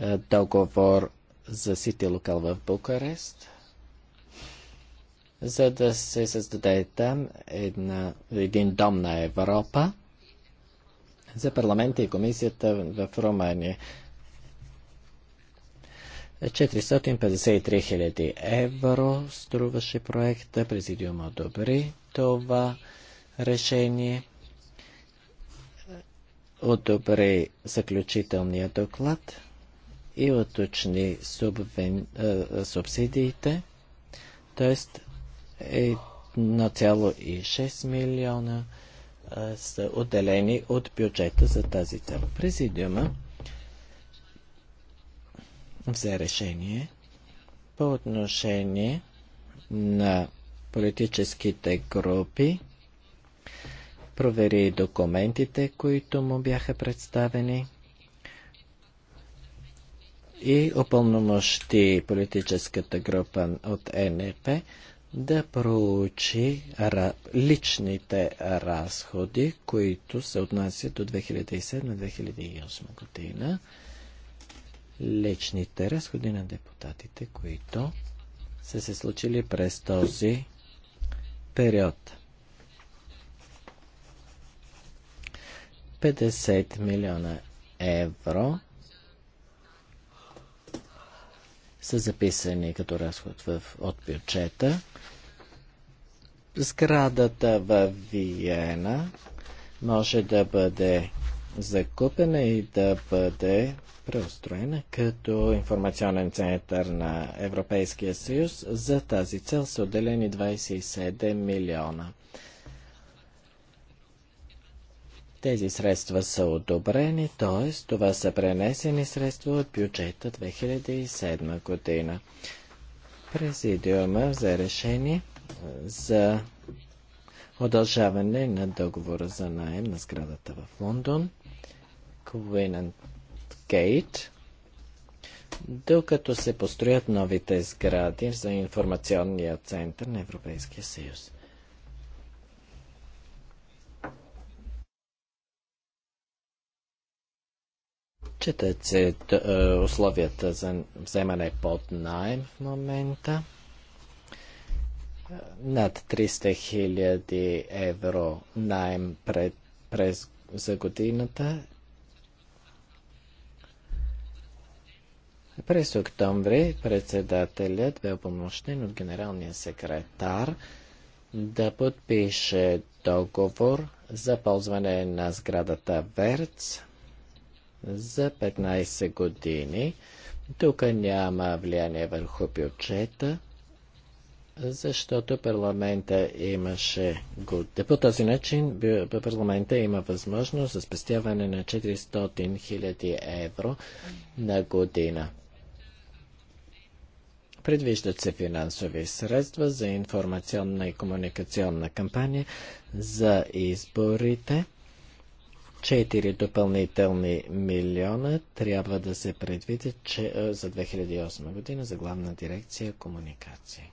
е, договор за Сити Локал в Букарест – за да се създаде там една, един дом на Европа за парламента и комисията в Румъния. 453 хиляди евро струваше проекта. Президиума одобри това решение. Одобри заключителния доклад и уточни субвен... субсидиите, т.е. 1,6 милиона са отделени от бюджета за тази цел. Президиума взе решение по отношение на политическите групи, провери документите, които му бяха представени и опълномощи политическата група от НРП да проучи личните разходи, които се отнасят до 2007-2008 година, личните разходи на депутатите, които са се случили през този период. 50 милиона евро са записани като разход в, от бюджета сградата в Виена може да бъде закупена и да бъде преустроена като информационен център на Европейския съюз. За тази цел са отделени 27 милиона. Тези средства са одобрени, т.е. това са пренесени средства от бюджета 2007 година. Президиума взе решение за удължаване на договора за найем на сградата в Лондон, Queen Gate, докато се построят новите сгради за информационния център на Европейския съюз. Четат се е, условията за вземане под найем в момента над 300 000 евро найем пред, през, за годината. През октомври председателят бе помощен от генералния секретар да подпише договор за ползване на сградата Верц за 15 години. Тук няма влияние върху бюджета защото парламента имаше по този начин парламента има възможност за спестяване на 400 000 евро на година. Предвиждат се финансови средства за информационна и комуникационна кампания за изборите. 4 допълнителни милиона трябва да се предвидят че, е, за 2008 година за главна дирекция комуникации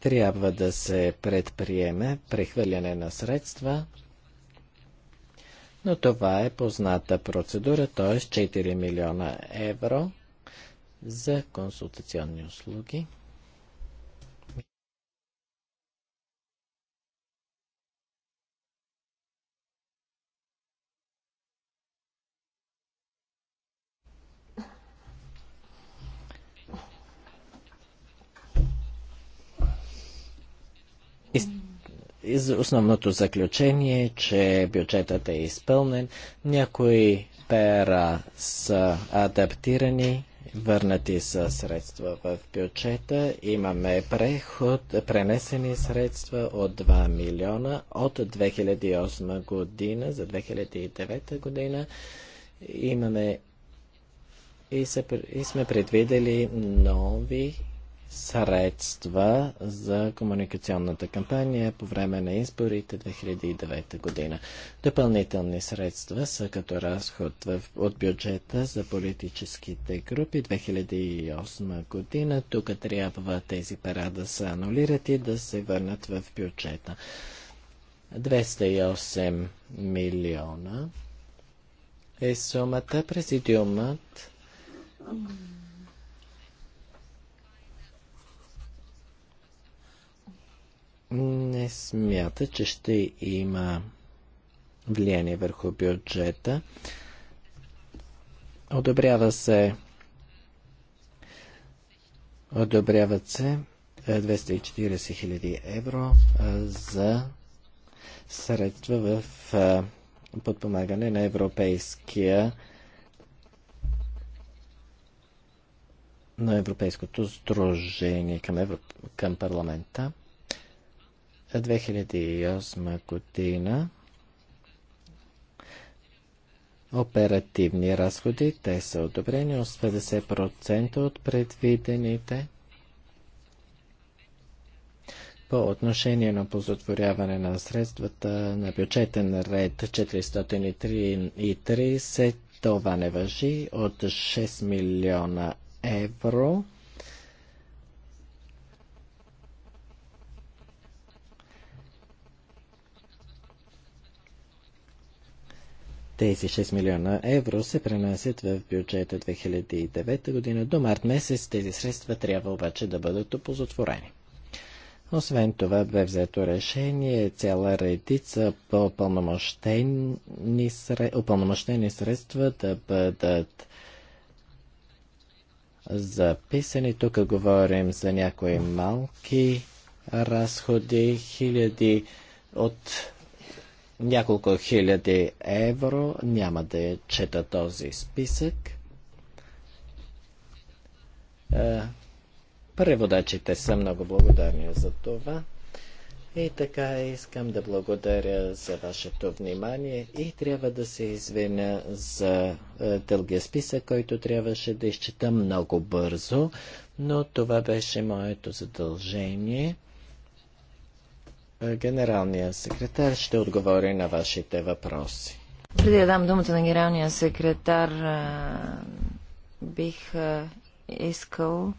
трябва да се предприеме прехвърляне на средства, но това е позната процедура, т.е. 4 милиона евро за консултационни услуги. Основното заключение е, че бюджетът е изпълнен, някои пера са адаптирани, върнати са средства в бюджета. Имаме преход, пренесени средства от 2 милиона от 2008 година за 2009 година. Имаме и, се, и сме предвидели нови средства за комуникационната кампания по време на изборите 2009 година. Допълнителни средства са като разход от бюджета за политическите групи 2008 година. Тук трябва тези пара да се анулират и да се върнат в бюджета. 208 милиона е сумата. Президиумът не смята, че ще има влияние върху бюджета. Одобрява се одобряват се 240 е, 000 евро е, за средства в е, подпомагане на европейския на Европейското сдружение към, Европ... към парламента. 2008 година оперативни разходи, те са одобрени 50% от предвидените по отношение на позатворяване на средствата на бюджетен ред 430, това не въжи от 6 милиона евро Тези 6 милиона евро се пренасят в бюджета 2009 година. До март месец тези средства трябва обаче да бъдат опозотворени. Освен това бе взето решение цяла редица по упълномощени, сред... средства да бъдат записани. Тук говорим за някои малки разходи, хиляди от няколко хиляди евро. Няма да я чета този списък. Е, преводачите са много благодарни за това. И така искам да благодаря за вашето внимание и трябва да се извиня за е, дългия списък, който трябваше да изчета много бързо, но това беше моето задължение. Е, генералният секретар ще отговори на вашите въпроси. Преди да дам думата на генералния секретар, е, бих е, искал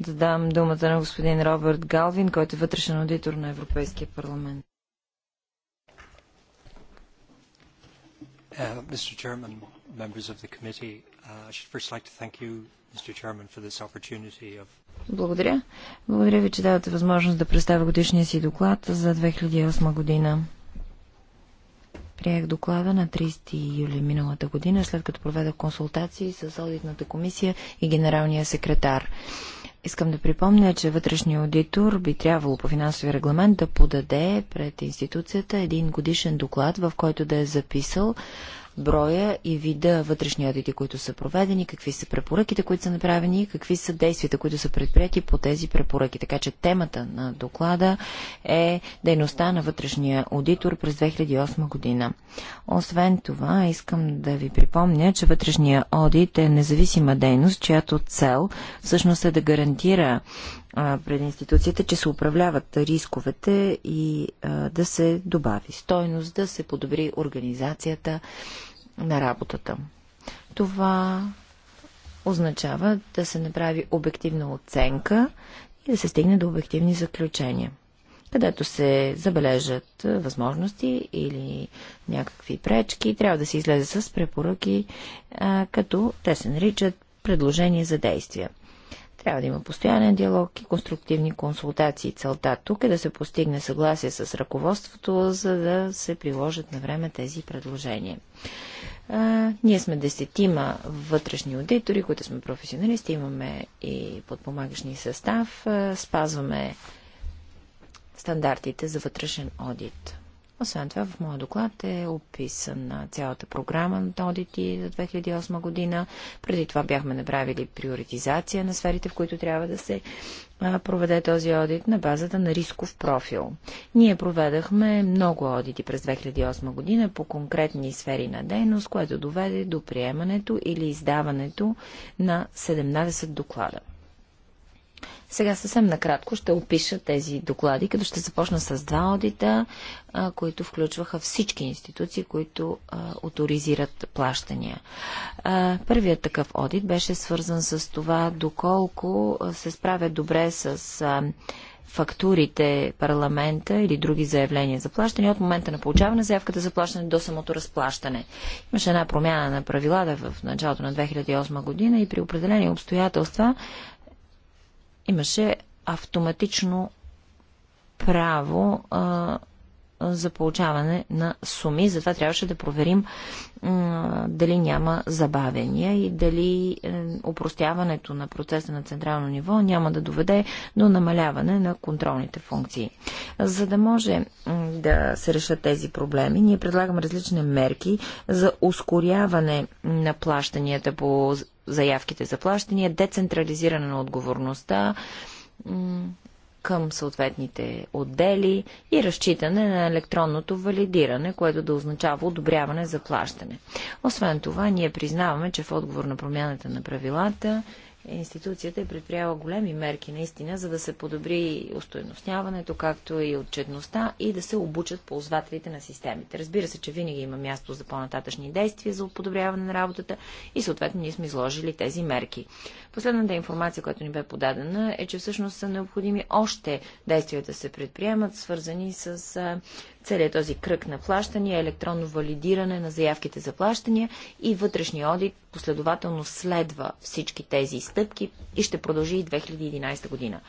да дам думата на господин Робърт Галвин, който е вътрешен аудитор на Европейския парламент. Uh, Mr. uh, like благодаря. Благодаря ви, че давате възможност да представя годишния си доклад за 2008 година. Приех доклада на 30 юли миналата година, след като проведах консултации с Одитната комисия и генералния секретар. Искам да припомня, че вътрешния аудитор би трябвало по финансови регламент да подаде пред институцията един годишен доклад, в който да е записал броя и вида вътрешни одити, които са проведени, какви са препоръките, които са направени какви са действията, които са предприяти по тези препоръки. Така че темата на доклада е дейността на вътрешния аудитор през 2008 година. Освен това, искам да ви припомня, че вътрешния одит е независима дейност, чиято цел всъщност е да гарантира пред институцията, че се управляват рисковете и а, да се добави стойност, да се подобри организацията на работата. Това означава да се направи обективна оценка и да се стигне до обективни заключения, където се забележат възможности или някакви пречки. Трябва да се излезе с препоръки, като те се наричат предложения за действия. Трябва да има постоянен диалог и конструктивни консултации. Целта тук е да се постигне съгласие с ръководството, за да се приложат на време тези предложения. А, ние сме десетима вътрешни аудитори, които сме професионалисти, имаме и подпомагащни състав, а, спазваме стандартите за вътрешен одит. Освен това, в моя доклад е описана цялата програма на одити за 2008 година. Преди това бяхме направили приоритизация на сферите, в които трябва да се проведе този одит на базата на рисков профил. Ние проведахме много одити през 2008 година по конкретни сфери на дейност, което доведе до приемането или издаването на 17 доклада. Сега съвсем накратко ще опиша тези доклади, като ще започна с два одита, а, които включваха всички институции, които а, авторизират плащания. А, първият такъв одит беше свързан с това доколко се справя добре с. А, фактурите парламента или други заявления за плащане от момента на получаване заявката за плащане до самото разплащане. Имаше една промяна на правилата в началото на 2008 година и при определени обстоятелства имаше автоматично право а, за получаване на суми. Затова трябваше да проверим а, дали няма забавения и дали опростяването упростяването на процеса на централно ниво няма да доведе до намаляване на контролните функции. За да може да се решат тези проблеми, ние предлагаме различни мерки за ускоряване на плащанията по заявките за плащания, децентрализиране на отговорността към съответните отдели и разчитане на електронното валидиране, което да означава одобряване за плащане. Освен това, ние признаваме, че в отговор на промяната на правилата институцията е предприяла големи мерки наистина, за да се подобри устойностяването, както и отчетността и да се обучат ползвателите на системите. Разбира се, че винаги има място за по-нататъчни действия за подобряване на работата и съответно ние сме изложили тези мерки. Последната информация, която ни бе подадена е, че всъщност са необходими още действия да се предприемат, свързани с целият този кръг на плащания, електронно валидиране на заявките за плащания и вътрешния одит последователно следва всички тези стъпки и ще продължи и 2011 година.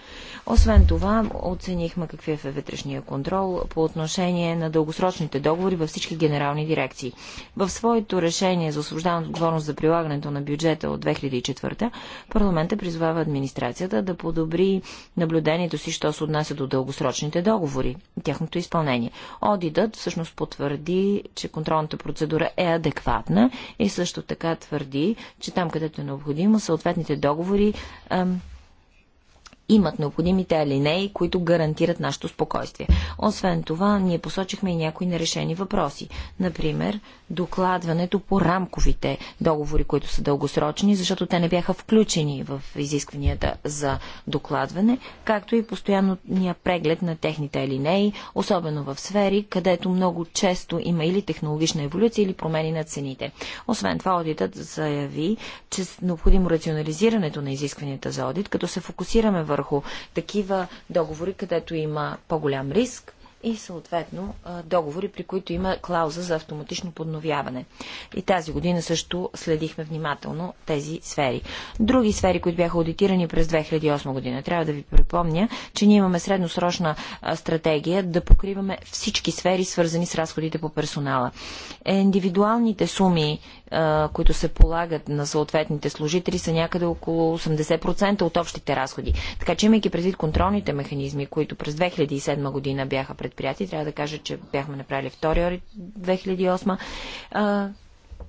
Освен това, оценихме какви е вътрешния контрол по отношение на дългосрочните договори във всички генерални дирекции. В своето решение за освобождаване отговорност за прилагането на бюджета от 2004 парламента призвава администрацията да подобри наблюдението си, що се отнася до дългосрочните договори и тяхното изпълнение. Одитът всъщност потвърди, че контролната процедура е адекватна и също така твърди, че там, където е необходимо, съответните договори ам, имат необходимите алинеи, които гарантират нашето спокойствие. Освен това, ние посочихме и някои нерешени въпроси. Например, докладването по рамковите договори, които са дългосрочни, защото те не бяха включени в изискванията за докладване, както и постоянния преглед на техните алинеи, особено в сфери, където много често има или технологична еволюция, или промени на цените. Освен това, аудитът заяви, че необходимо рационализирането на изискванията за одит, като се фокусираме в върху такива договори, където има по-голям риск, и съответно договори, при които има клауза за автоматично подновяване. И тази година също следихме внимателно тези сфери. Други сфери, които бяха аудитирани през 2008 година. Трябва да ви припомня, че ние имаме средносрочна стратегия да покриваме всички сфери, свързани с разходите по персонала. Индивидуалните суми, които се полагат на съответните служители, са някъде около 80% от общите разходи. Така че, имайки предвид контролните механизми, които през 2007 година бяха предприяти, предприятия. Трябва да кажа, че бяхме направили втори ори 2008, а,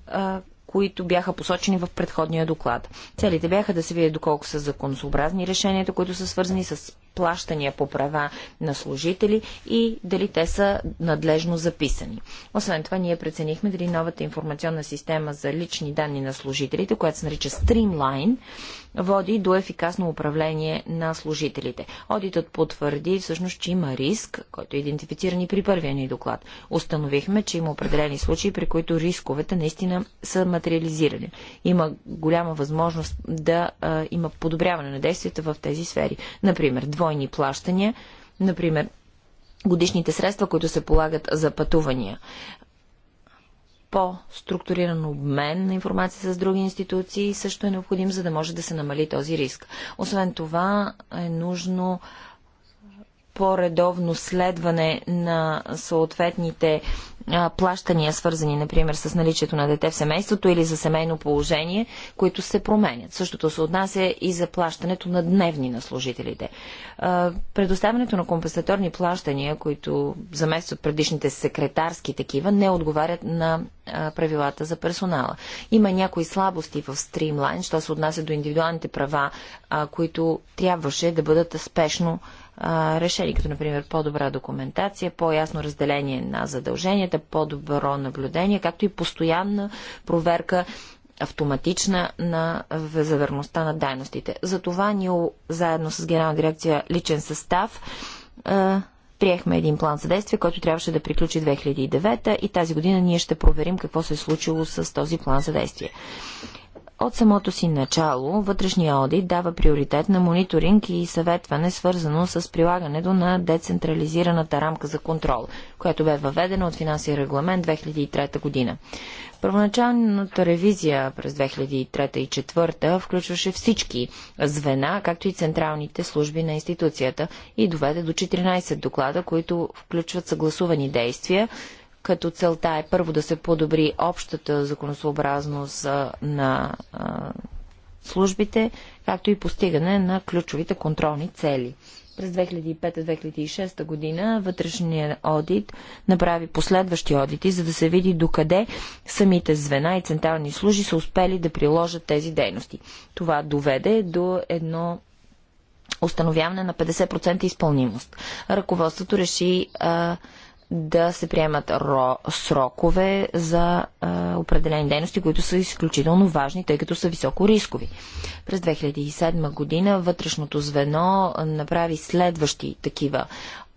а, които бяха посочени в предходния доклад. Целите бяха да се види доколко са законосообразни решенията, които са свързани с плащания по права на служители и дали те са надлежно записани. Освен това, ние преценихме дали новата информационна система за лични данни на служителите, която се нарича Streamline, води до ефикасно управление на служителите. Одитът потвърди всъщност, че има риск, който е идентифициран и при първия ни доклад. Установихме, че има определени случаи, при които рисковете наистина са материализирани. Има голяма възможност да а, има подобряване на действията в тези сфери. Например, двойно двойни плащания, например годишните средства, които се полагат за пътувания. По-структуриран обмен на информация с други институции също е необходим, за да може да се намали този риск. Освен това е нужно по-редовно следване на съответните плащания, свързани, например, с наличието на дете в семейството или за семейно положение, които се променят. Същото се отнася и за плащането на дневни на служителите. предоставянето на компенсаторни плащания, които заместват предишните секретарски такива, не отговарят на правилата за персонала. Има някои слабости в стримлайн, що се отнася до индивидуалните права, които трябваше да бъдат спешно а, решения, като например по-добра документация, по-ясно разделение на задълженията, по-добро наблюдение, както и постоянна проверка автоматична на заверността на дайностите. За това ние заедно с Генерална дирекция личен състав приехме един план за действие, който трябваше да приключи 2009 и тази година ние ще проверим какво се е случило с този план за действие. От самото си начало, вътрешния одит дава приоритет на мониторинг и съветване, свързано с прилагането на децентрализираната рамка за контрол, която бе въведена от финансия регламент 2003 година. Първоначалната ревизия през 2003 и 2004 включваше всички звена, както и централните служби на институцията и доведе до 14 доклада, които включват съгласувани действия, като целта е първо да се подобри общата законосообразност на службите, както и постигане на ключовите контролни цели. През 2005-2006 година вътрешният одит направи последващи одити, за да се види докъде самите звена и централни служи са успели да приложат тези дейности. Това доведе до едно установяване на 50% изпълнимост. Ръководството реши а, да се приемат ро, срокове за а, определени дейности, които са изключително важни, тъй като са високо рискови. През 2007 година вътрешното звено направи следващи такива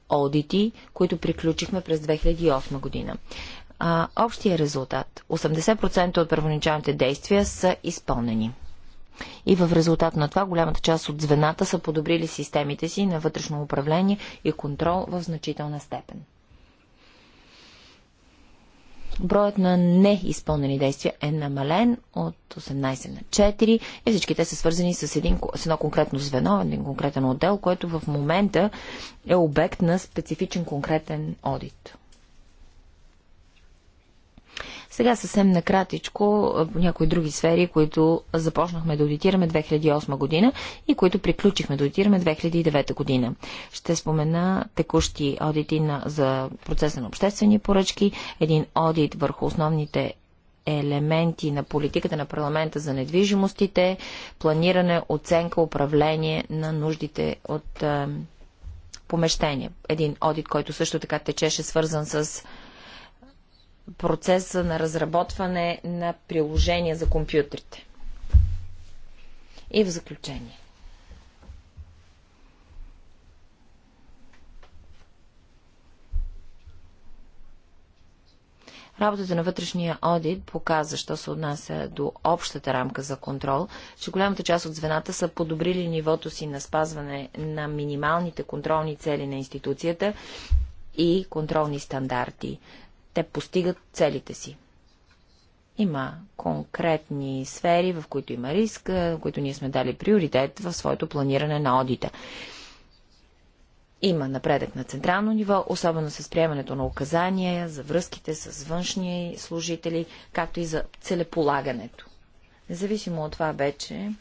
одити, които приключихме през 2008 година. А, общия резултат 80% от първоначалните действия са изпълнени. И в резултат на това голямата част от звената са подобрили системите си на вътрешно управление и контрол в значителна степен броят на неизпълнени действия е намален от 18 на 4 и всички те са свързани с, един, с едно конкретно звено, един конкретен отдел, който в момента е обект на специфичен конкретен одит. Сега съвсем накратичко по някои други сфери, които започнахме да аудитираме 2008 година и които приключихме да аудитираме 2009 година. Ще спомена текущи одити на, за процеса на обществени поръчки, един одит върху основните елементи на политиката на парламента за недвижимостите, планиране, оценка, управление на нуждите от помещения. Един одит, който също така течеше свързан с процеса на разработване на приложения за компютрите. И в заключение. Работата на вътрешния одит показва, що се отнася до общата рамка за контрол, че голямата част от звената са подобрили нивото си на спазване на минималните контролни цели на институцията и контролни стандарти те постигат целите си. Има конкретни сфери, в които има риск, в които ние сме дали приоритет в своето планиране на одита. Има напредък на централно ниво, особено с приемането на указания за връзките с външни служители, както и за целеполагането. Независимо от това вече,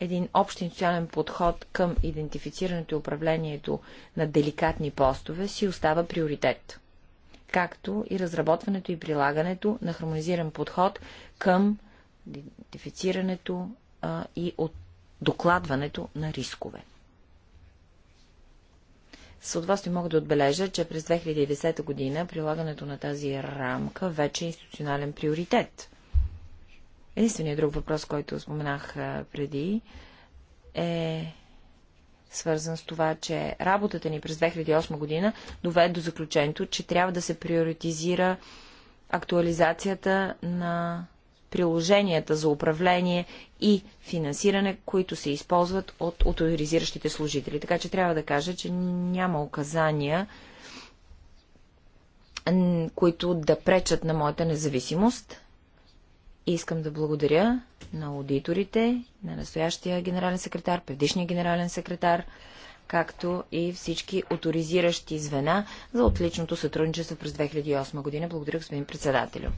един общ институционален подход към идентифицирането и управлението на деликатни постове си остава приоритет както и разработването и прилагането на хармонизиран подход към идентифицирането а, и от докладването на рискове. С ви мога да отбележа, че през 2010 година прилагането на тази рамка вече е институционален приоритет. Единственият друг въпрос, който споменах преди, е свързан с това, че работата ни през 2008 година доведе до заключението, че трябва да се приоритизира актуализацията на приложенията за управление и финансиране, които се използват от авторизиращите служители. Така че трябва да кажа, че няма указания, които да пречат на моята независимост. Искам да благодаря на аудиторите, на настоящия генерален секретар, предишния генерален секретар, както и всички авторизиращи звена за отличното сътрудничество през 2008 година. Благодаря, господин председателю.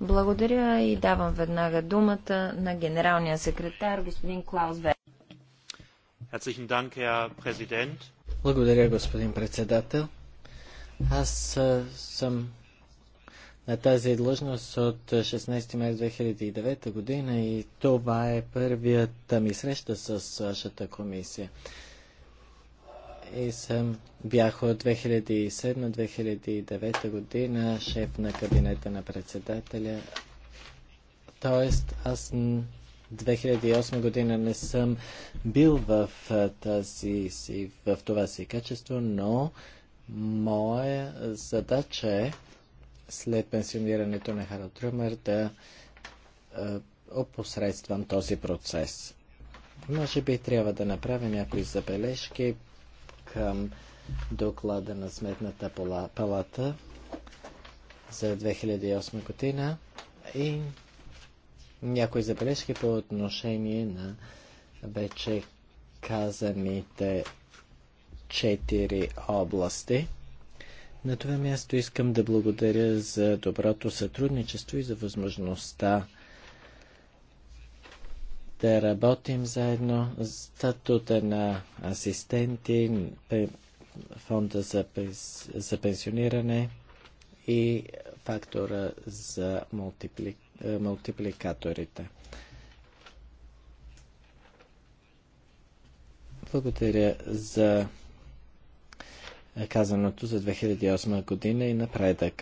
Благодаря и давам веднага думата на генералния секретар, господин Клаус Вер. Благодаря, господин председател. Аз съм на тази длъжност от 16 май 2009 година и това е първията ми среща с вашата комисия. И съм бях от 2007-2009 година шеф на кабинета на председателя. Тоест, аз 2008 година не съм бил в, тази в това си качество, но моя задача е след пенсионирането на Харал Трюмер да опосредствам този процес. Може би трябва да направя някои забележки към доклада на Сметната палата за 2008 година и някои забележки по отношение на вече казаните четири области. На това място искам да благодаря за доброто сътрудничество и за възможността да работим заедно. с Статута на асистенти, фонда за, пенс... за пенсиониране и фактора за мултипли... Е, мултипликаторите. Благодаря за е казаното за 2008 година и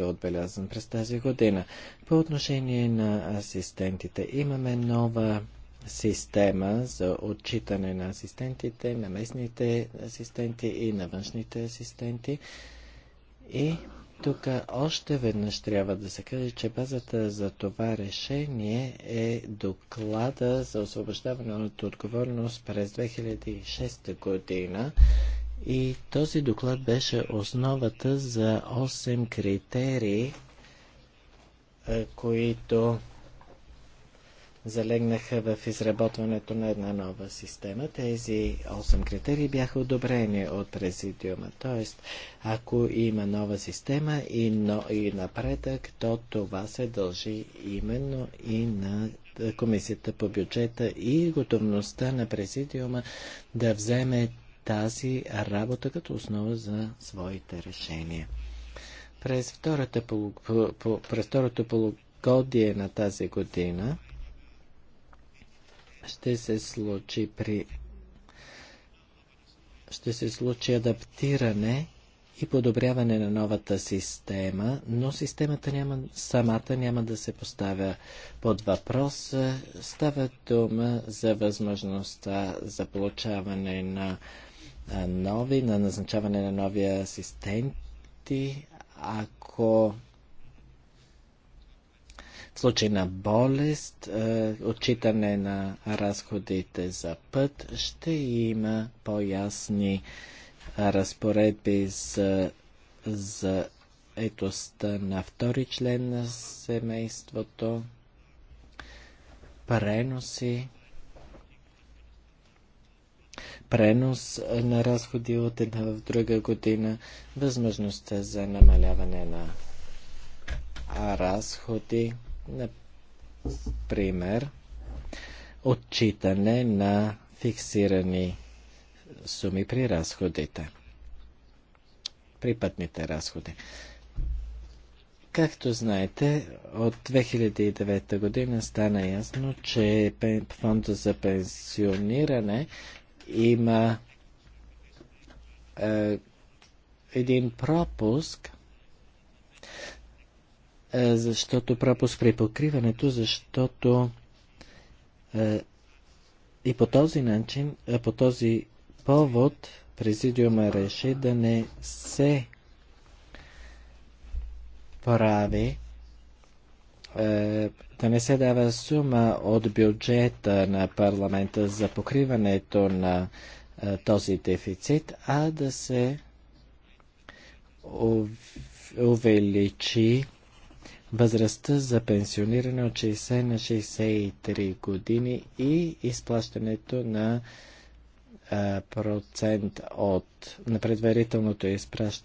е отбелязан през тази година. По отношение на асистентите имаме нова система за отчитане на асистентите, на местните асистенти и на външните асистенти. И тук още веднъж трябва да се каже, че базата за това решение е доклада за освобождаване от отговорност през 2006 година и този доклад беше основата за 8 критерии, които залегнаха в изработването на една нова система. Тези 8 критерии бяха одобрени от президиума. Тоест, ако има нова система и, но, и напредък, то това се дължи именно и на Комисията по бюджета и готовността на президиума да вземе тази работа като основа за своите решения. През, втората полу... по... през второто полугодие на тази година ще се случи при ще се случи адаптиране и подобряване на новата система, но системата няма, самата няма да се поставя под въпрос. Става дума за възможността за получаване на нови, на назначаване на нови асистенти, ако в случай на болест, отчитане на разходите за път, ще има по-ясни разпоредби за, за етостта на втори член на семейството, преноси пренос на разходи от една в друга година, възможността за намаляване на разходи, например, отчитане на фиксирани суми при разходите, при пътните разходи. Както знаете, от 2009 година стана ясно, че фонда за пенсиониране има е, един пропуск, е, защото пропуск при покриването, защото е, и по този начин, е, по този повод, президиума реши да не се прави е, да не се дава сума от бюджета на парламента за покриването на е, този дефицит, а да се увеличи възрастта за пенсиониране от 60 на 63 години и изплащането на е, процент от на предварителното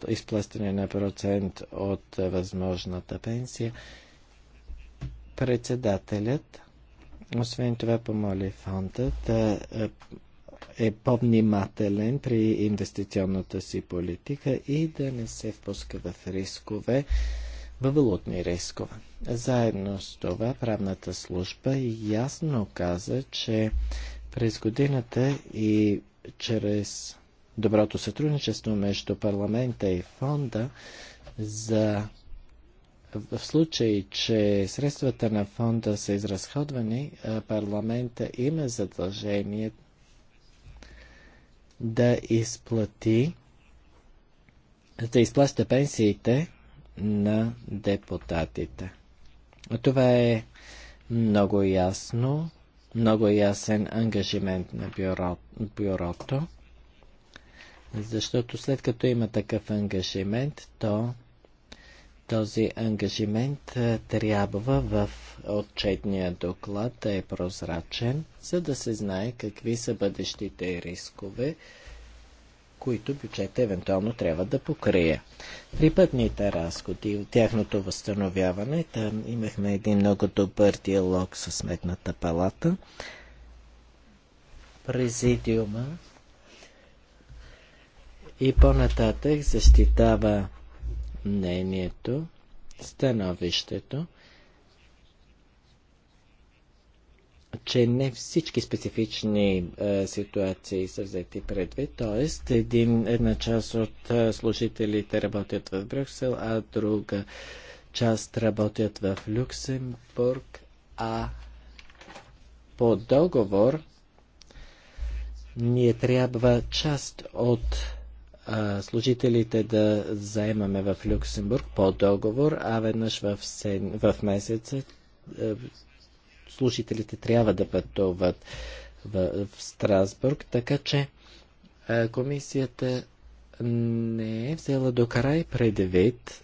изплащане на процент от възможната пенсия. Председателят, освен това, помоли фонда да е, е по-внимателен при инвестиционната си политика и да не се впуска в рискове, в валутни рискове. Заедно с това правната служба ясно каза, че през годината и чрез доброто сътрудничество между парламента и фонда за в случай, че средствата на фонда са изразходвани, парламента има задължение да изплати, да изплаща пенсиите на депутатите. Това е много ясно, много ясен ангажимент на бюро, бюрото, защото след като има такъв ангажимент, то този ангажимент е, трябва в отчетния доклад да е прозрачен, за да се знае какви са бъдещите рискове, които бюджет евентуално трябва да покрие. При пътните разходи и тяхното възстановяване, там имахме един много добър диалог с Сметната палата. Президиума и по-нататък защитава мнението, становището, че не всички специфични е, ситуации са взети предвид, т.е. Един, една част от е, служителите работят в Брюксел, а друга част работят в Люксембург, а по договор ние трябва част от служителите да заемаме в Люксембург по договор, а веднъж в, сен... в месеца служителите трябва да пътуват в, в Страсбург, така че комисията не е взела до край предвид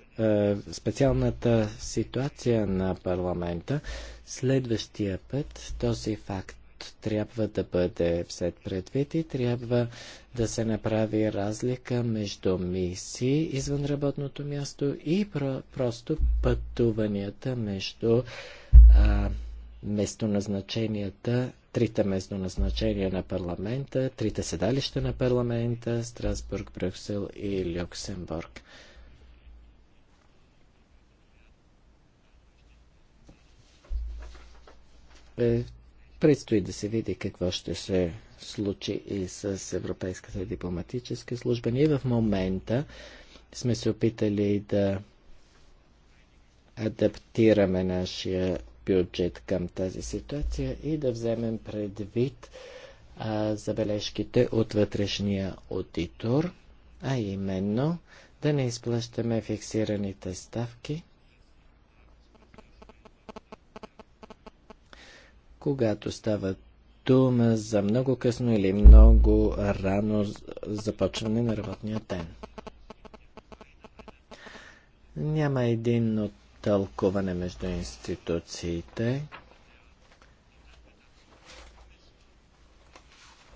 специалната ситуация на парламента. Следващия път този факт трябва да бъде взет предвид и трябва да се направи разлика между мисии извън работното място и про- просто пътуванията между а, местоназначенията, трите местоназначения на парламента, трите седалища на парламента, Страсбург, Брюксел и Люксембург. Е, Предстои да се види какво ще се случи и с Европейската дипломатическа служба. Ние в момента сме се опитали да адаптираме нашия бюджет към тази ситуация и да вземем предвид а, забележките от вътрешния аудитор, а именно да не изплащаме фиксираните ставки – когато става дума за много късно или много рано започване на работния ден. Няма единно тълкуване между институциите.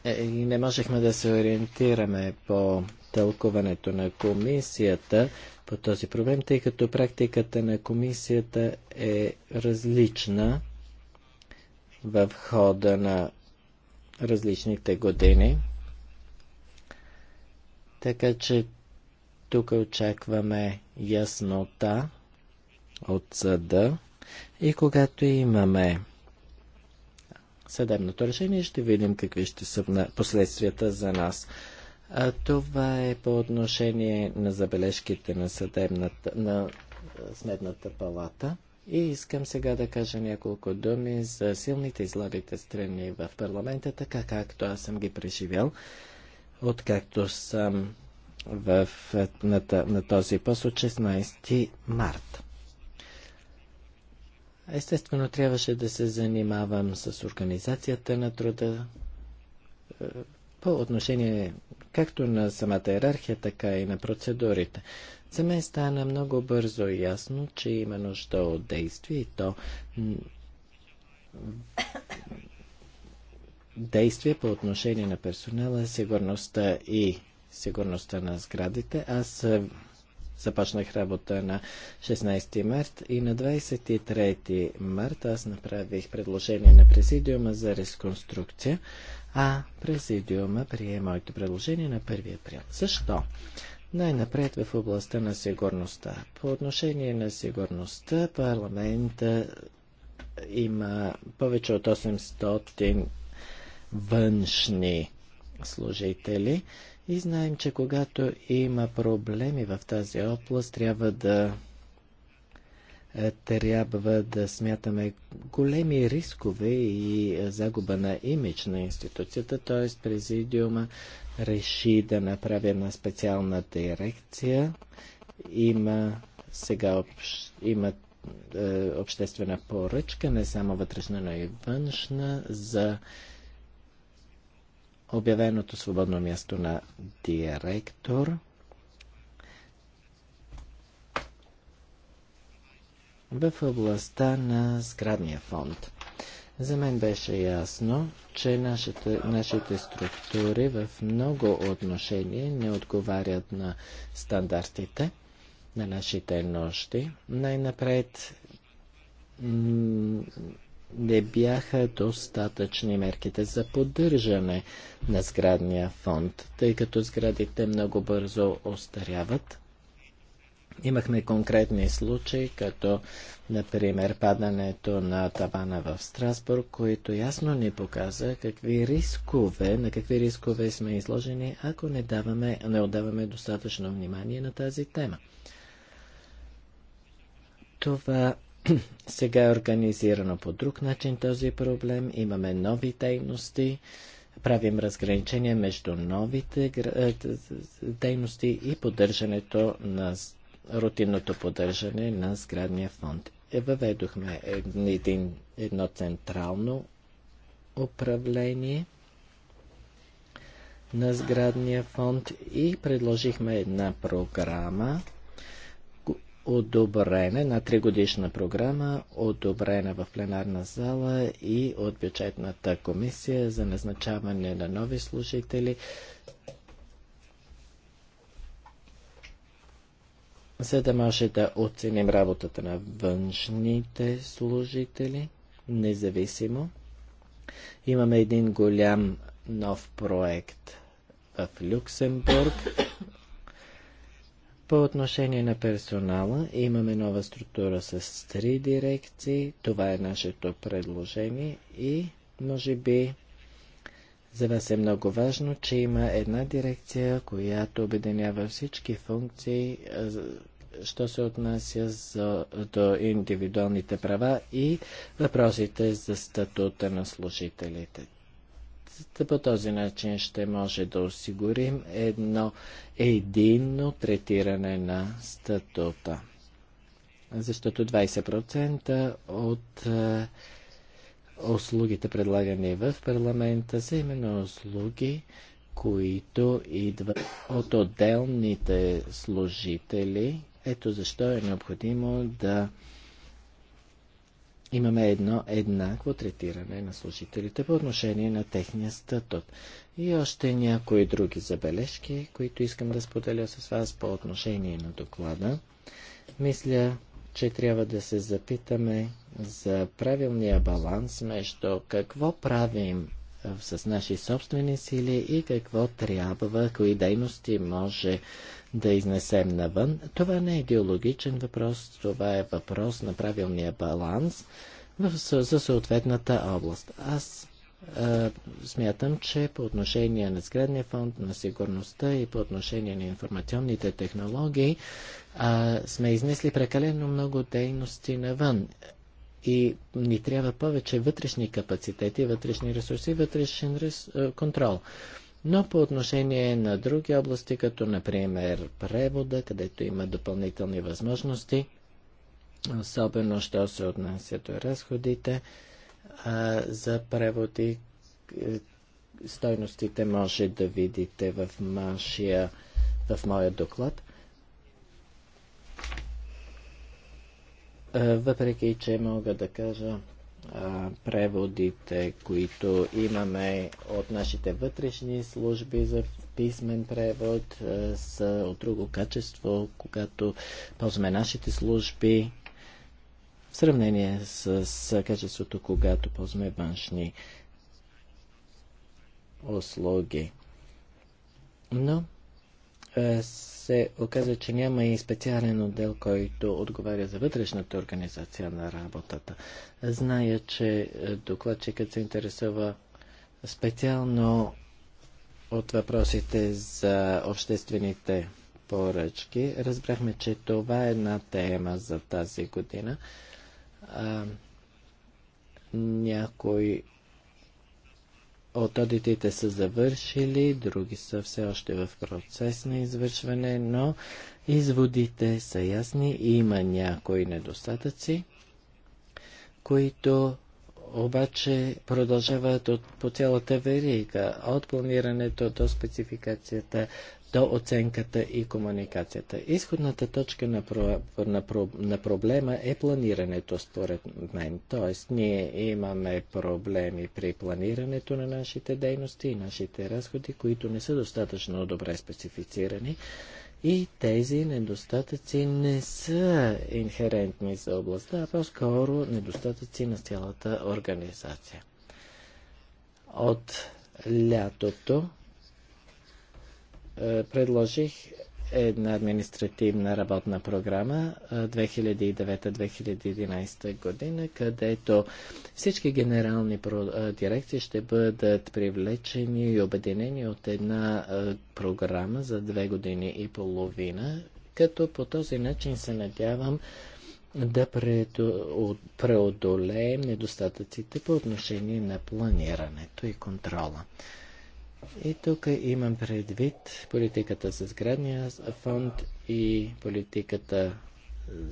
Е, и не можехме да се ориентираме по тълкуването на комисията по този проблем, тъй като практиката на комисията е различна в хода на различните години. Така че тук очакваме яснота от съда и когато имаме съдебното решение, ще видим какви ще са последствията за нас. А това е по отношение на забележките на, съдебната, на Сметната палата. И искам сега да кажа няколко думи за силните и слабите страни в парламента, така както аз съм ги преживял, откакто съм в, на, на този пост от 16 март. Естествено, трябваше да се занимавам с организацията на труда е, по отношение както на самата иерархия, така и на процедурите. За мен стана много бързо ясно, че има нужда от действие и то действие по отношение на персонала, сигурността и сигурността на сградите. Аз започнах работа на 16 март и на 23 март аз направих предложение на президиума за реконструкция, а президиума прие моето предложение на 1 април. Защо? Най-напред в областта на сигурността. По отношение на сигурността, парламента има повече от 800 външни служители и знаем, че когато има проблеми в тази област, трябва да е, трябва да смятаме големи рискове и загуба на имидж на институцията, т.е. президиума реши да направи една специална дирекция. Има сега общ, има е, обществена поръчка, не само вътрешна, но и външна, за обявеното свободно място на директор – в областта на сградния фонд. За мен беше ясно, че нашите, нашите структури в много отношения не отговарят на стандартите на нашите нощи. Най-напред не бяха достатъчни мерките за поддържане на сградния фонд, тъй като сградите много бързо остаряват. Имахме конкретни случаи, като например падането на тавана в Страсбург, който ясно ни показа какви рискове, на какви рискове сме изложени, ако не, даваме, не отдаваме достатъчно внимание на тази тема. Това [CLEARS THROAT] сега е организирано по друг начин този проблем. Имаме нови дейности правим разграничение между новите е, дейности и поддържането на рутинното поддържане на сградния фонд. Е, въведохме един, едно централно управление на сградния фонд и предложихме една програма, одобрена, на тригодишна програма, одобрена в пленарна зала и от бюджетната комисия за назначаване на нови служители за да може да оценим работата на външните служители, независимо. Имаме един голям нов проект в Люксембург. По отношение на персонала имаме нова структура с три дирекции. Това е нашето предложение и може би за вас е много важно, че има една дирекция, която обединява всички функции, що се отнася за, до индивидуалните права и въпросите за статута на служителите. По този начин ще може да осигурим едно единно третиране на статута. Защото 20% от е, услугите, предлагани в парламента, са именно услуги, които идват от отделните служители ето защо е необходимо да имаме едно еднакво третиране на служителите по отношение на техния статут. И още някои други забележки, които искам да споделя с вас по отношение на доклада. Мисля, че трябва да се запитаме за правилния баланс между какво правим с наши собствени сили и какво трябва, кои дейности може да изнесем навън. Това не е идеологичен въпрос, това е въпрос на правилния баланс за съответната област. Аз а, смятам, че по отношение на сградния фонд, на сигурността и по отношение на информационните технологии а, сме изнесли прекалено много дейности навън и ни трябва повече вътрешни капацитети, вътрешни ресурси, вътрешен рес... Е, контрол. Но по отношение на други области, като например превода, където има допълнителни възможности, особено що се отнася до разходите а, е, за преводи, е, стойностите може да видите в, машия, в моя доклад. Въпреки, че мога да кажа, преводите, които имаме от нашите вътрешни служби за писмен превод, са от друго качество, когато ползваме нашите служби в сравнение с, с качеството, когато ползваме външни услуги. Но се оказа, че няма и специален отдел, който отговаря за вътрешната организация на работата. Зная, че е, докладчикът се интересува специално от въпросите за обществените поръчки. Разбрахме, че това е една тема за тази година. А, от одитите са завършили, други са все още в процес на извършване, но изводите са ясни и има някои недостатъци, които обаче продължават от, по цялата верига, от планирането до спецификацията, до оценката и комуникацията. Изходната точка на, про, на, про, на проблема е планирането, според мен. Тоест, ние имаме проблеми при планирането на нашите дейности и нашите разходи, които не са достатъчно добре специфицирани. И тези недостатъци не са инхерентни за областта, а по-скоро недостатъци на цялата организация. От лятото е, предложих една административна работна програма 2009-2011 е, година, където всички генерални е, дирекции ще бъдат привлечени и обединени от една програма за две години и половина, като по този начин се надявам да преодолеем недостатъците по отношение на планирането и контрола. И тук имам предвид политиката за сградния фонд и политиката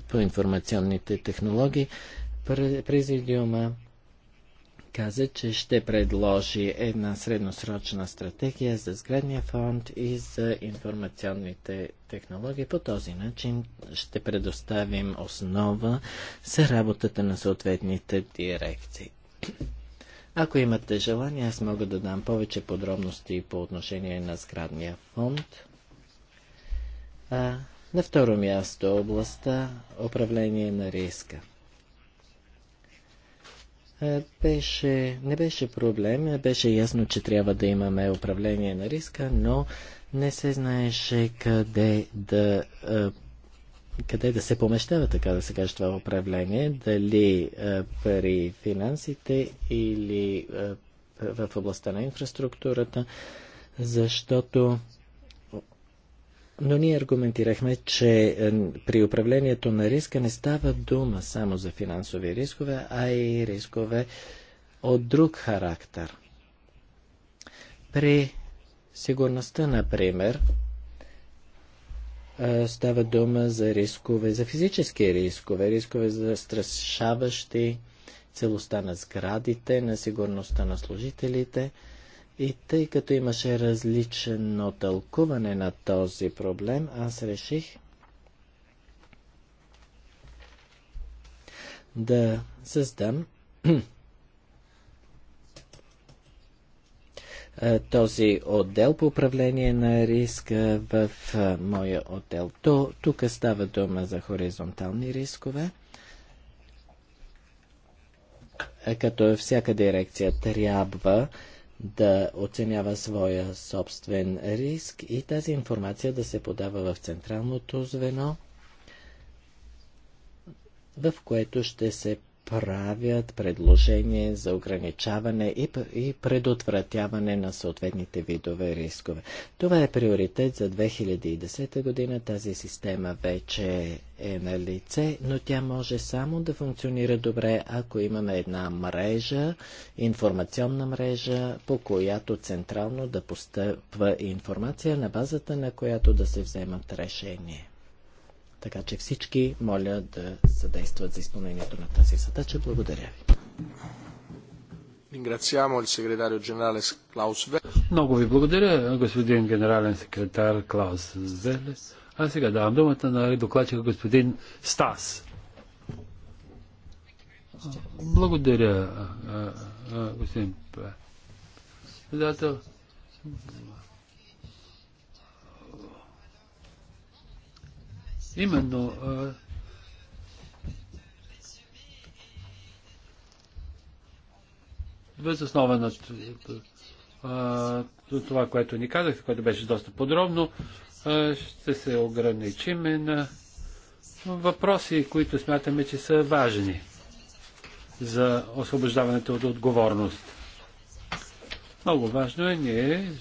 по информационните технологии. Президиума каза, че ще предложи една средносрочна стратегия за сградния фонд и за информационните технологии. По този начин ще предоставим основа за работата на съответните дирекции. Ако имате желание, аз мога да дам повече подробности по отношение на сградния фонд. А, на второ място областта управление на риска. Беше, не беше проблем, беше ясно, че трябва да имаме управление на риска, но не се знаеше къде да къде да се помещава, така да се каже, това управление, дали а, е, при финансите или а, е, в областта на инфраструктурата, защото но ние аргументирахме, че е, при управлението на риска не става дума само за финансови рискове, а и рискове от друг характер. При сигурността, например, става дума за рискове, за физически рискове, рискове за страшаващи целостта на сградите, на сигурността на служителите. И тъй като имаше различно тълкуване на този проблем, аз реших да създам Е, този отдел по управление на риска в е, моя отдел. То, тук става дума за хоризонтални рискове, е, като всяка дирекция трябва да оценява своя собствен риск и тази информация да се подава в централното звено, в което ще се правят предложение за ограничаване и, и предотвратяване на съответните видове рискове. Това е приоритет за 2010 година. Тази система вече е на лице, но тя може само да функционира добре, ако имаме една мрежа, информационна мрежа, по която централно да постъпва информация, на базата на която да се вземат решения. Така че всички моля да съдействат за изпълнението на тази задача. Благодаря ви. Много ви благодаря, господин генерален секретар Клаус Велес. А сега давам думата на докладчика господин Стас. Благодаря, господин председател. Именно Без основа на това, което ни казахте, което беше доста подробно, ще се ограничим на въпроси, които смятаме, че са важни за освобождаването от отговорност. Много важно е ние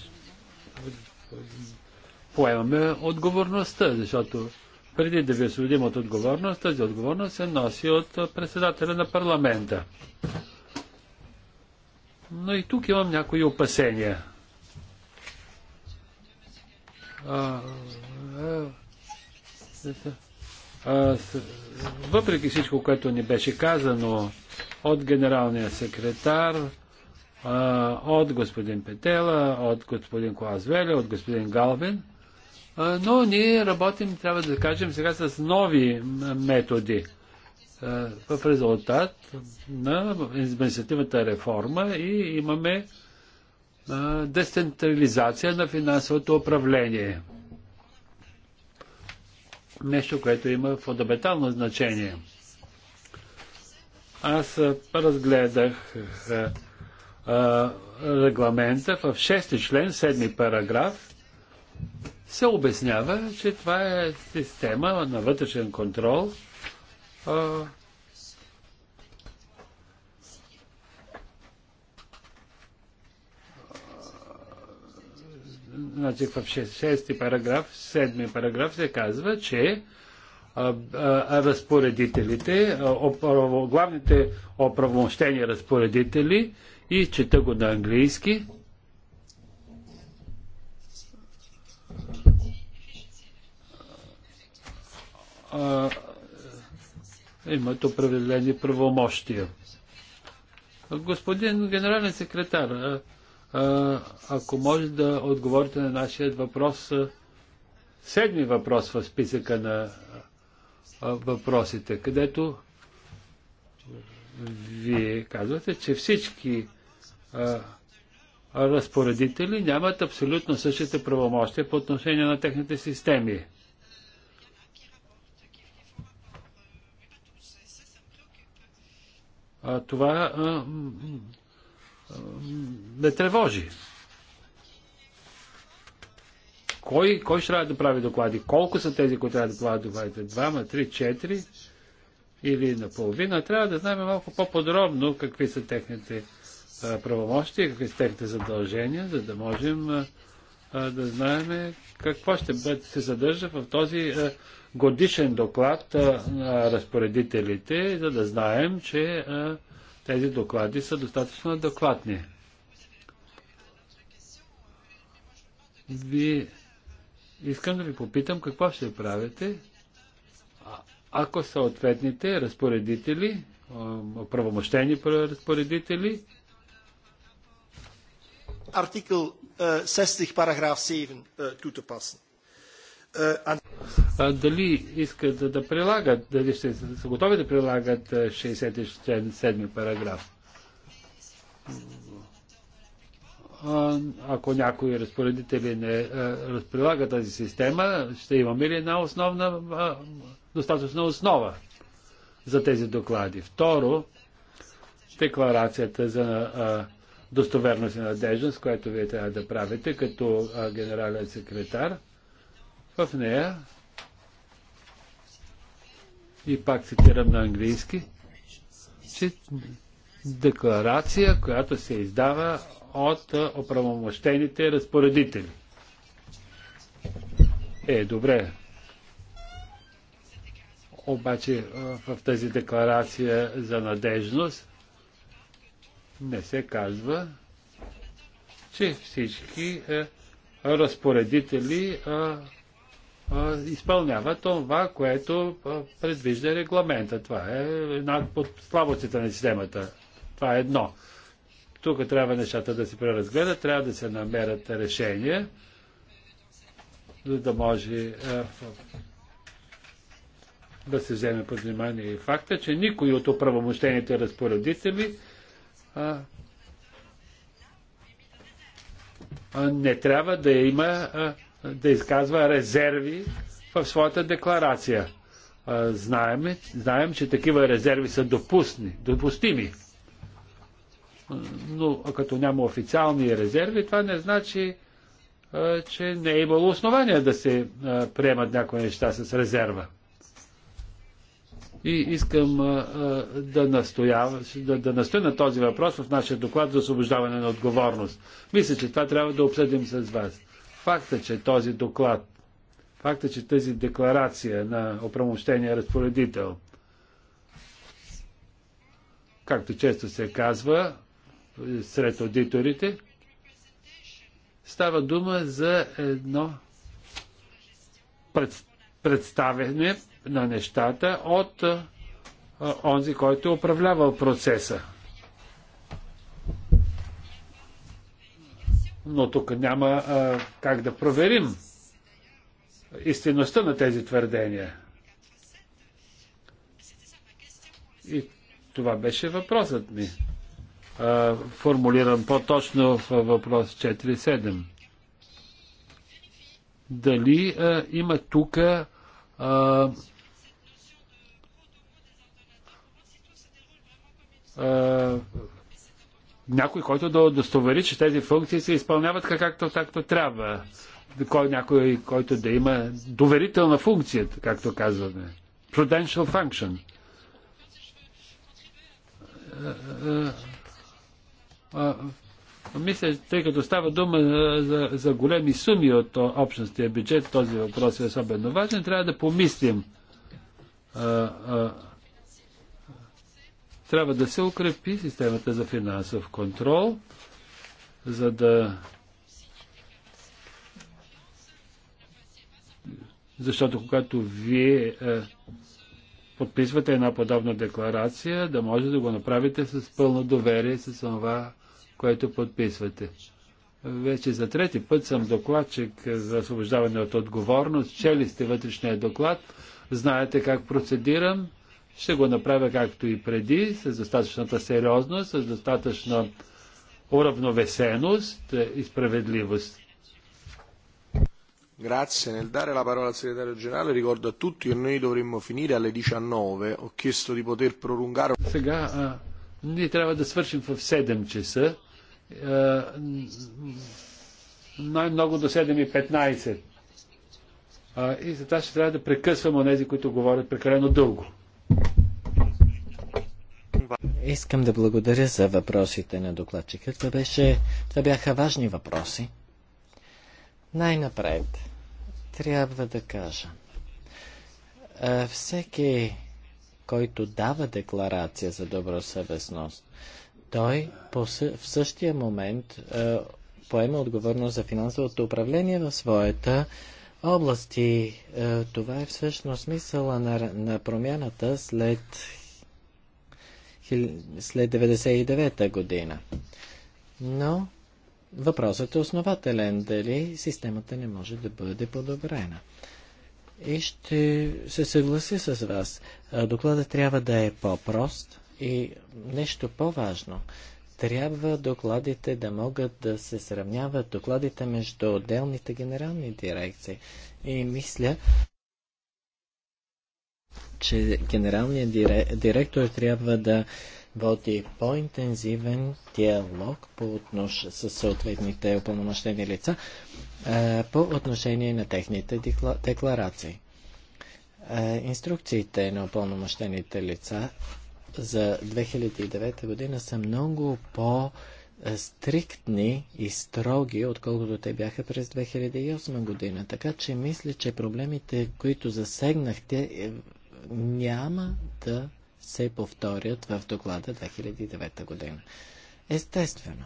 поемаме отговорността, защото преди да ви освободим от отговорност, тази отговорност се носи от председателя на парламента. Но и тук имам някои опасения. въпреки всичко, което ни беше казано от генералния секретар, от господин Петела, от господин Клазвеля, от господин Галвин, но ние работим, трябва да кажем сега, с нови методи в резултат на административната реформа и имаме децентрализация на финансовото управление. Нещо, което има фундаментално значение. Аз разгледах регламента в 6 член, 7 параграф се обяснява, че това е система на вътрешен контрол, а, значи в 6 параграф, 7 параграф се казва, че а, а, разпоредителите, оправо, главните оправомощени разпоредители, и чета го на английски, имат определени правомощия. Господин генерален секретар, а, а, ако може да отговорите на нашия въпрос, седми въпрос в списъка на въпросите, където вие казвате, че всички а, разпоредители нямат абсолютно същите правомощия по отношение на техните системи. това не тревожи. Кой, кой ще трябва да прави доклади? Колко са тези, които трябва да правят докладите? Двама, три, четири или наполовина? Трябва да знаем малко по-подробно какви са техните правомощия, какви са техните задължения, за да можем да знаем какво ще бъде, се задържа в този годишен доклад на разпоредителите, за да знаем, че тези доклади са достатъчно адекватни. Ви искам да ви попитам какво ще правите, ако съответните разпоредители, правомощени разпоредители, Артикъл 60 eh, paragraaf 7 eh, toe te passen. Eh, дали искат да прилагат, дали ще са готови да прилагат 67 е, параграф? Ако някои разпоредители не е, разприлага тази система, ще имаме ли една основна, достатъчна основа за тези доклади? Второ, декларацията за достоверност и надежност, което вие трябва да правите като генерален секретар. В нея, и пак цитирам на английски, че декларация, която се издава от оправомощените разпоредители. Е, добре. Обаче в тази декларация за надежност не се казва, че всички е, разпоредители е, е, изпълняват това, което е, предвижда регламента. Това е една от слабостите на системата. Това е едно. Тук трябва нещата да се преразгледат, трябва да се намерят решения, за да може е, да се вземе под внимание и факта, че никой от оправомощените разпоредители а, а не трябва да има, а, да изказва резерви в своята декларация. А, знаем, знаем, че такива резерви са допусни, допустими. Но като няма официални резерви, това не значи, а, че не е имало основания да се а, приемат някои неща с резерва. И искам а, да, настоя, да, да настоя на този въпрос в нашия доклад за освобождаване на отговорност. Мисля, че това трябва да обсъдим с вас. Факта, че този доклад, факта, че тази декларация на оправомощения разпоредител, както често се казва сред аудиторите, става дума за едно пред, представяне, на нещата от онзи, който е управлявал процеса. Но тук няма а, как да проверим истинността на тези твърдения. И това беше въпросът ми. А, формулиран по-точно в въпрос 4.7. Дали а, има тук а, а, някой, който да удостовери, че тези функции се изпълняват както, както трябва. Кой, някой, който да има доверителна функция, както казваме. Prudential function. А, а, а, мисля, тъй като става дума за, за големи суми от общностия бюджет, този въпрос е особено важен, трябва да помислим. А, а, трябва да се укрепи системата за финансов контрол, за да. Защото когато вие а, подписвате една подобна декларация, да може да го направите с пълно доверие, с това което подписвате. Вече за трети път съм докладчик за освобождаване от отговорност. Чели сте вътрешния доклад, знаете как процедирам. Ще го направя както и преди, с достатъчната сериозност, с достатъчна уравновесеност и справедливост. Grazie. Nel dare la parola al segretario generale ricordo a tutti che noi dovremmo finire alle 19. Ho chiesto di poter prolungare. Сега а, ние трябва да свършим в 7 часа. Е, най-много до 7.15. И за това ще трябва да прекъсвам онези, които говорят прекалено дълго. Искам да благодаря за въпросите на докладчика. Това, беше, това бяха важни въпроси. Най-напред трябва да кажа. Всеки, който дава декларация за добросъвестност, той по, в същия момент е, поема отговорност за финансовото управление в своята област. И е, това е всъщност смисъла на, на промяната след, след 99-та година. Но въпросът е основателен дали системата не може да бъде подобрена. И ще се съгласи с вас. Е, докладът трябва да е по-прост, и нещо по-важно, трябва докладите да могат да се сравняват, докладите между отделните генерални дирекции. И мисля, че генералният директор трябва да води по-интензивен диалог по отнош... с съответните опълномощени лица по отношение на техните декла... декларации. инструкциите на опълномощените лица за 2009 година са много по- стриктни и строги, отколкото те бяха през 2008 година. Така че мисля, че проблемите, които засегнахте, е, няма да се повторят в доклада 2009 година. Естествено.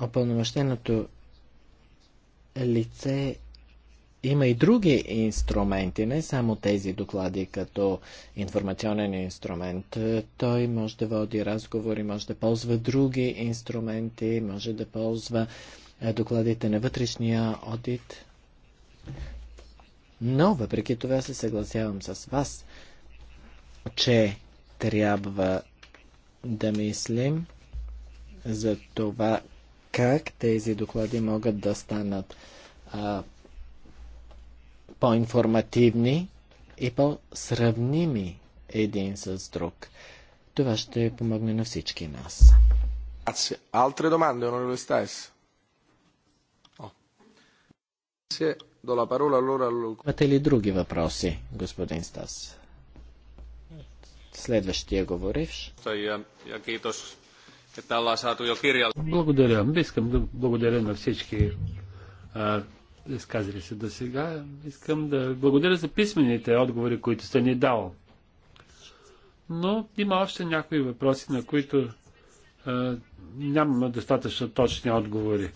Опълномощеното лице има и други инструменти, не само тези доклади като информационен инструмент. Е, той може да води разговори, може да ползва други инструменти, може да ползва е, докладите на вътрешния одит. Но, въпреки това, се съгласявам с вас, че трябва да мислим за това как тези доклади могат да станат а, по-информативни и по-сравними един с друг. Това ще помогне на всички нас. Altre domande, onorevole Staes? Имате ли други въпроси, господин Стас? Следващия говориш. Е, е, е, благодаря. Искам да благодаря на всички изказали се до сега. Искам да благодаря за писмените отговори, които сте ни дал. Но има още някои въпроси, на които а, нямаме достатъчно точни отговори.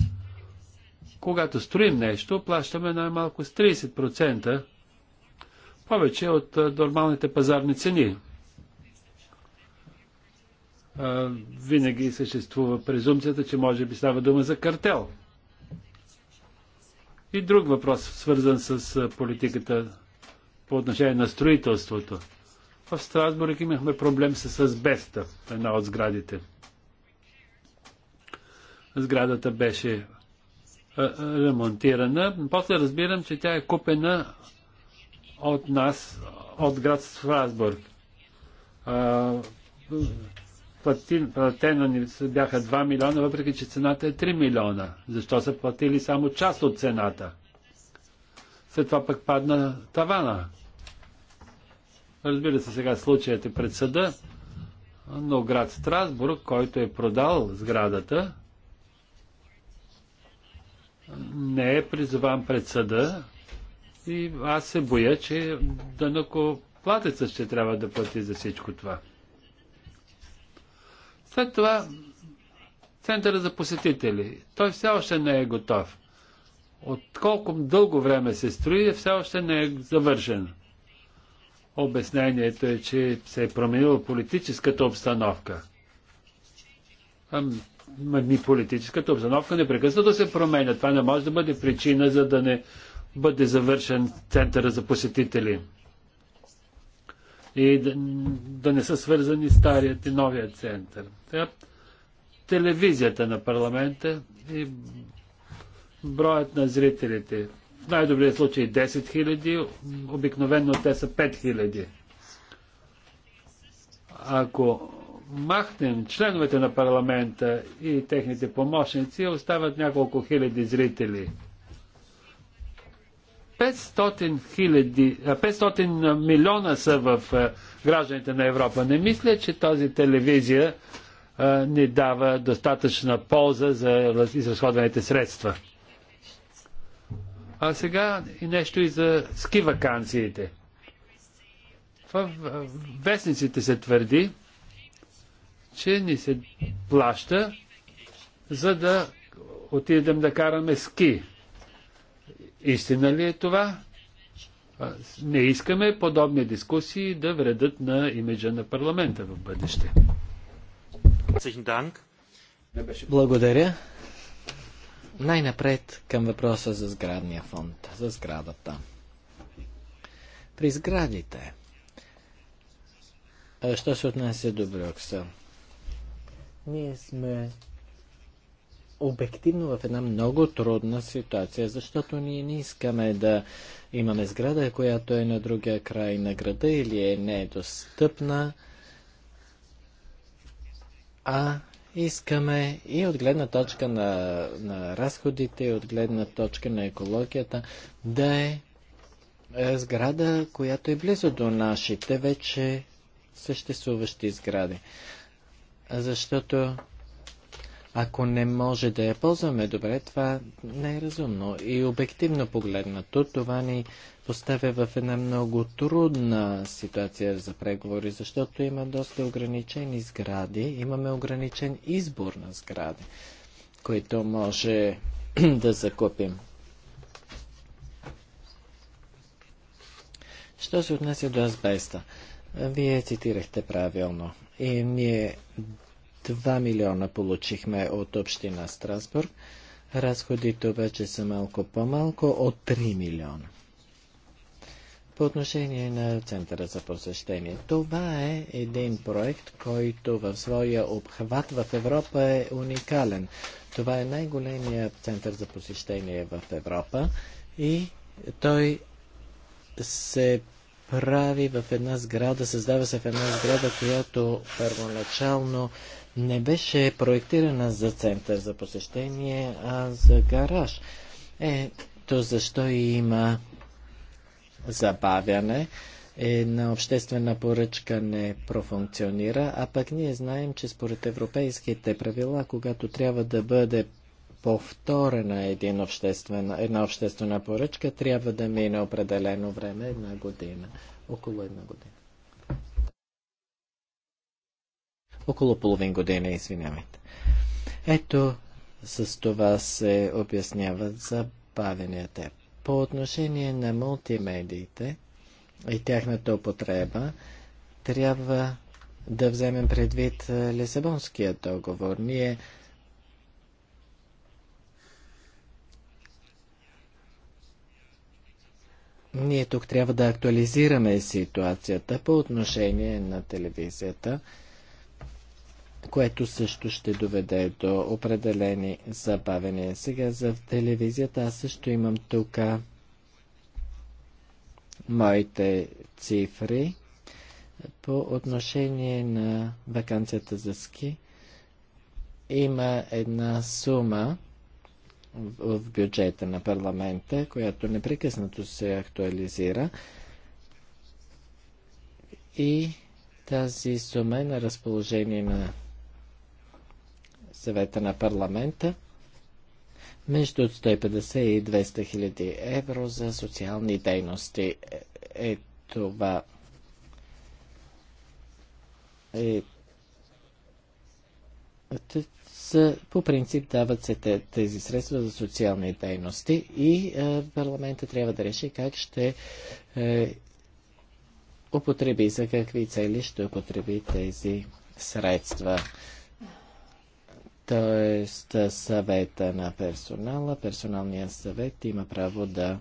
Когато строим нещо, плащаме най-малко с 30% повече от а, нормалните пазарни цени. А, винаги съществува презумцията, че може би става дума за картел – и друг въпрос, свързан с политиката по отношение на строителството. В Страсбург имахме проблем с беста в една от сградите. Сградата беше ремонтирана. После разбирам, че тя е купена от нас, от град Страсбург платен, платено ни бяха 2 милиона, въпреки че цената е 3 милиона. Защо са платили само част от цената? След това пък падна тавана. Разбира се, сега случаят е пред съда, но град Страсбург, който е продал сградата, не е призован пред съда и аз се боя, че платеца ще трябва да плати за всичко това. След това центъра за посетители. Той все още не е готов. От колко дълго време се строи, е все още не е завършен. Обяснението е, че се е променила политическата обстановка. Ами политическата обстановка непрекъснато се променя. Това не може да бъде причина, за да не бъде завършен центъра за посетители и да, да не са свързани старият и новият център. телевизията на парламента и броят на зрителите. В най-добрия случай 10 000, обикновено те са 5 000. Ако махнем членовете на парламента и техните помощници, остават няколко хиляди зрители – 500, хиляди, 500 милиона са в гражданите на Европа. Не мисля, че тази телевизия ни дава достатъчна полза за изразходваните средства. А сега и нещо и за ски вакансиите. В вестниците се твърди, че ни се плаща, за да отидем да караме ски. Истина ли е това? Не искаме подобни дискусии да вредат на имиджа на парламента в бъдеще. Благодаря. Най-напред към въпроса за сградния фонд, за сградата. При сградите, що се отнася до Брюксел, ние сме обективно в една много трудна ситуация, защото ние не искаме да имаме сграда, която е на другия край на града или е недостъпна, а искаме и от гледна точка на, на разходите, и от гледна точка на екологията да е, е сграда, която е близо до нашите вече съществуващи сгради. Защото ако не може да я ползваме добре, това не е разумно. И обективно погледнато, това ни поставя в една много трудна ситуация за преговори, защото има доста ограничени сгради, имаме ограничен избор на сгради, които може [CLEARS THROAT] да закупим. Що се отнася до азбеста? Вие цитирахте правилно. И ние 2 милиона получихме от община Страсбург. Разходите обаче са малко по-малко от 3 милиона. По отношение на Центъра за посещение, това е един проект, който в своя обхват в Европа е уникален. Това е най-големият център за посещение в Европа и той се прави в една сграда, създава се в една сграда, която първоначално не беше проектирана за център за посещение, а за гараж. Ето защо и има забавяне. Една обществена поръчка не профункционира, а пък ние знаем, че според европейските правила, когато трябва да бъде повторена един обществена, една обществена поръчка, трябва да мине определено време, една година, около една година. около половин година, извинявайте. Ето, с това се обясняват забавенията. По отношение на мултимедиите и тяхната употреба, трябва да вземем предвид Лисабонския договор. Ние Ние тук трябва да актуализираме ситуацията по отношение на телевизията което също ще доведе до определени забавения. Сега за телевизията аз също имам тук моите цифри по отношение на вакансията за ски. Има една сума в бюджета на парламента, която непрекъснато се актуализира и тази сума е на разположение на съвета на парламента между 150 и 200 хиляди евро за социални дейности. Е, е това е, по принцип дават се тези средства за социални дейности и е, парламента трябва да реши как ще е, употреби, за какви цели ще употреби тези средства т.е. съвета на персонала. Персоналният съвет има право да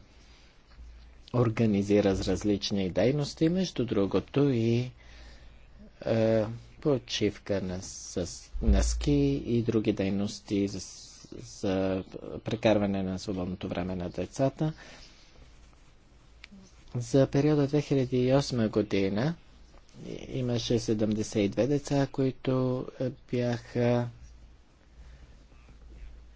организира различни дейности, между другото и е, почивка на, с, на ски и други дейности за, за прекарване на свободното време на децата. За периода 2008 година имаше 72 деца, които бяха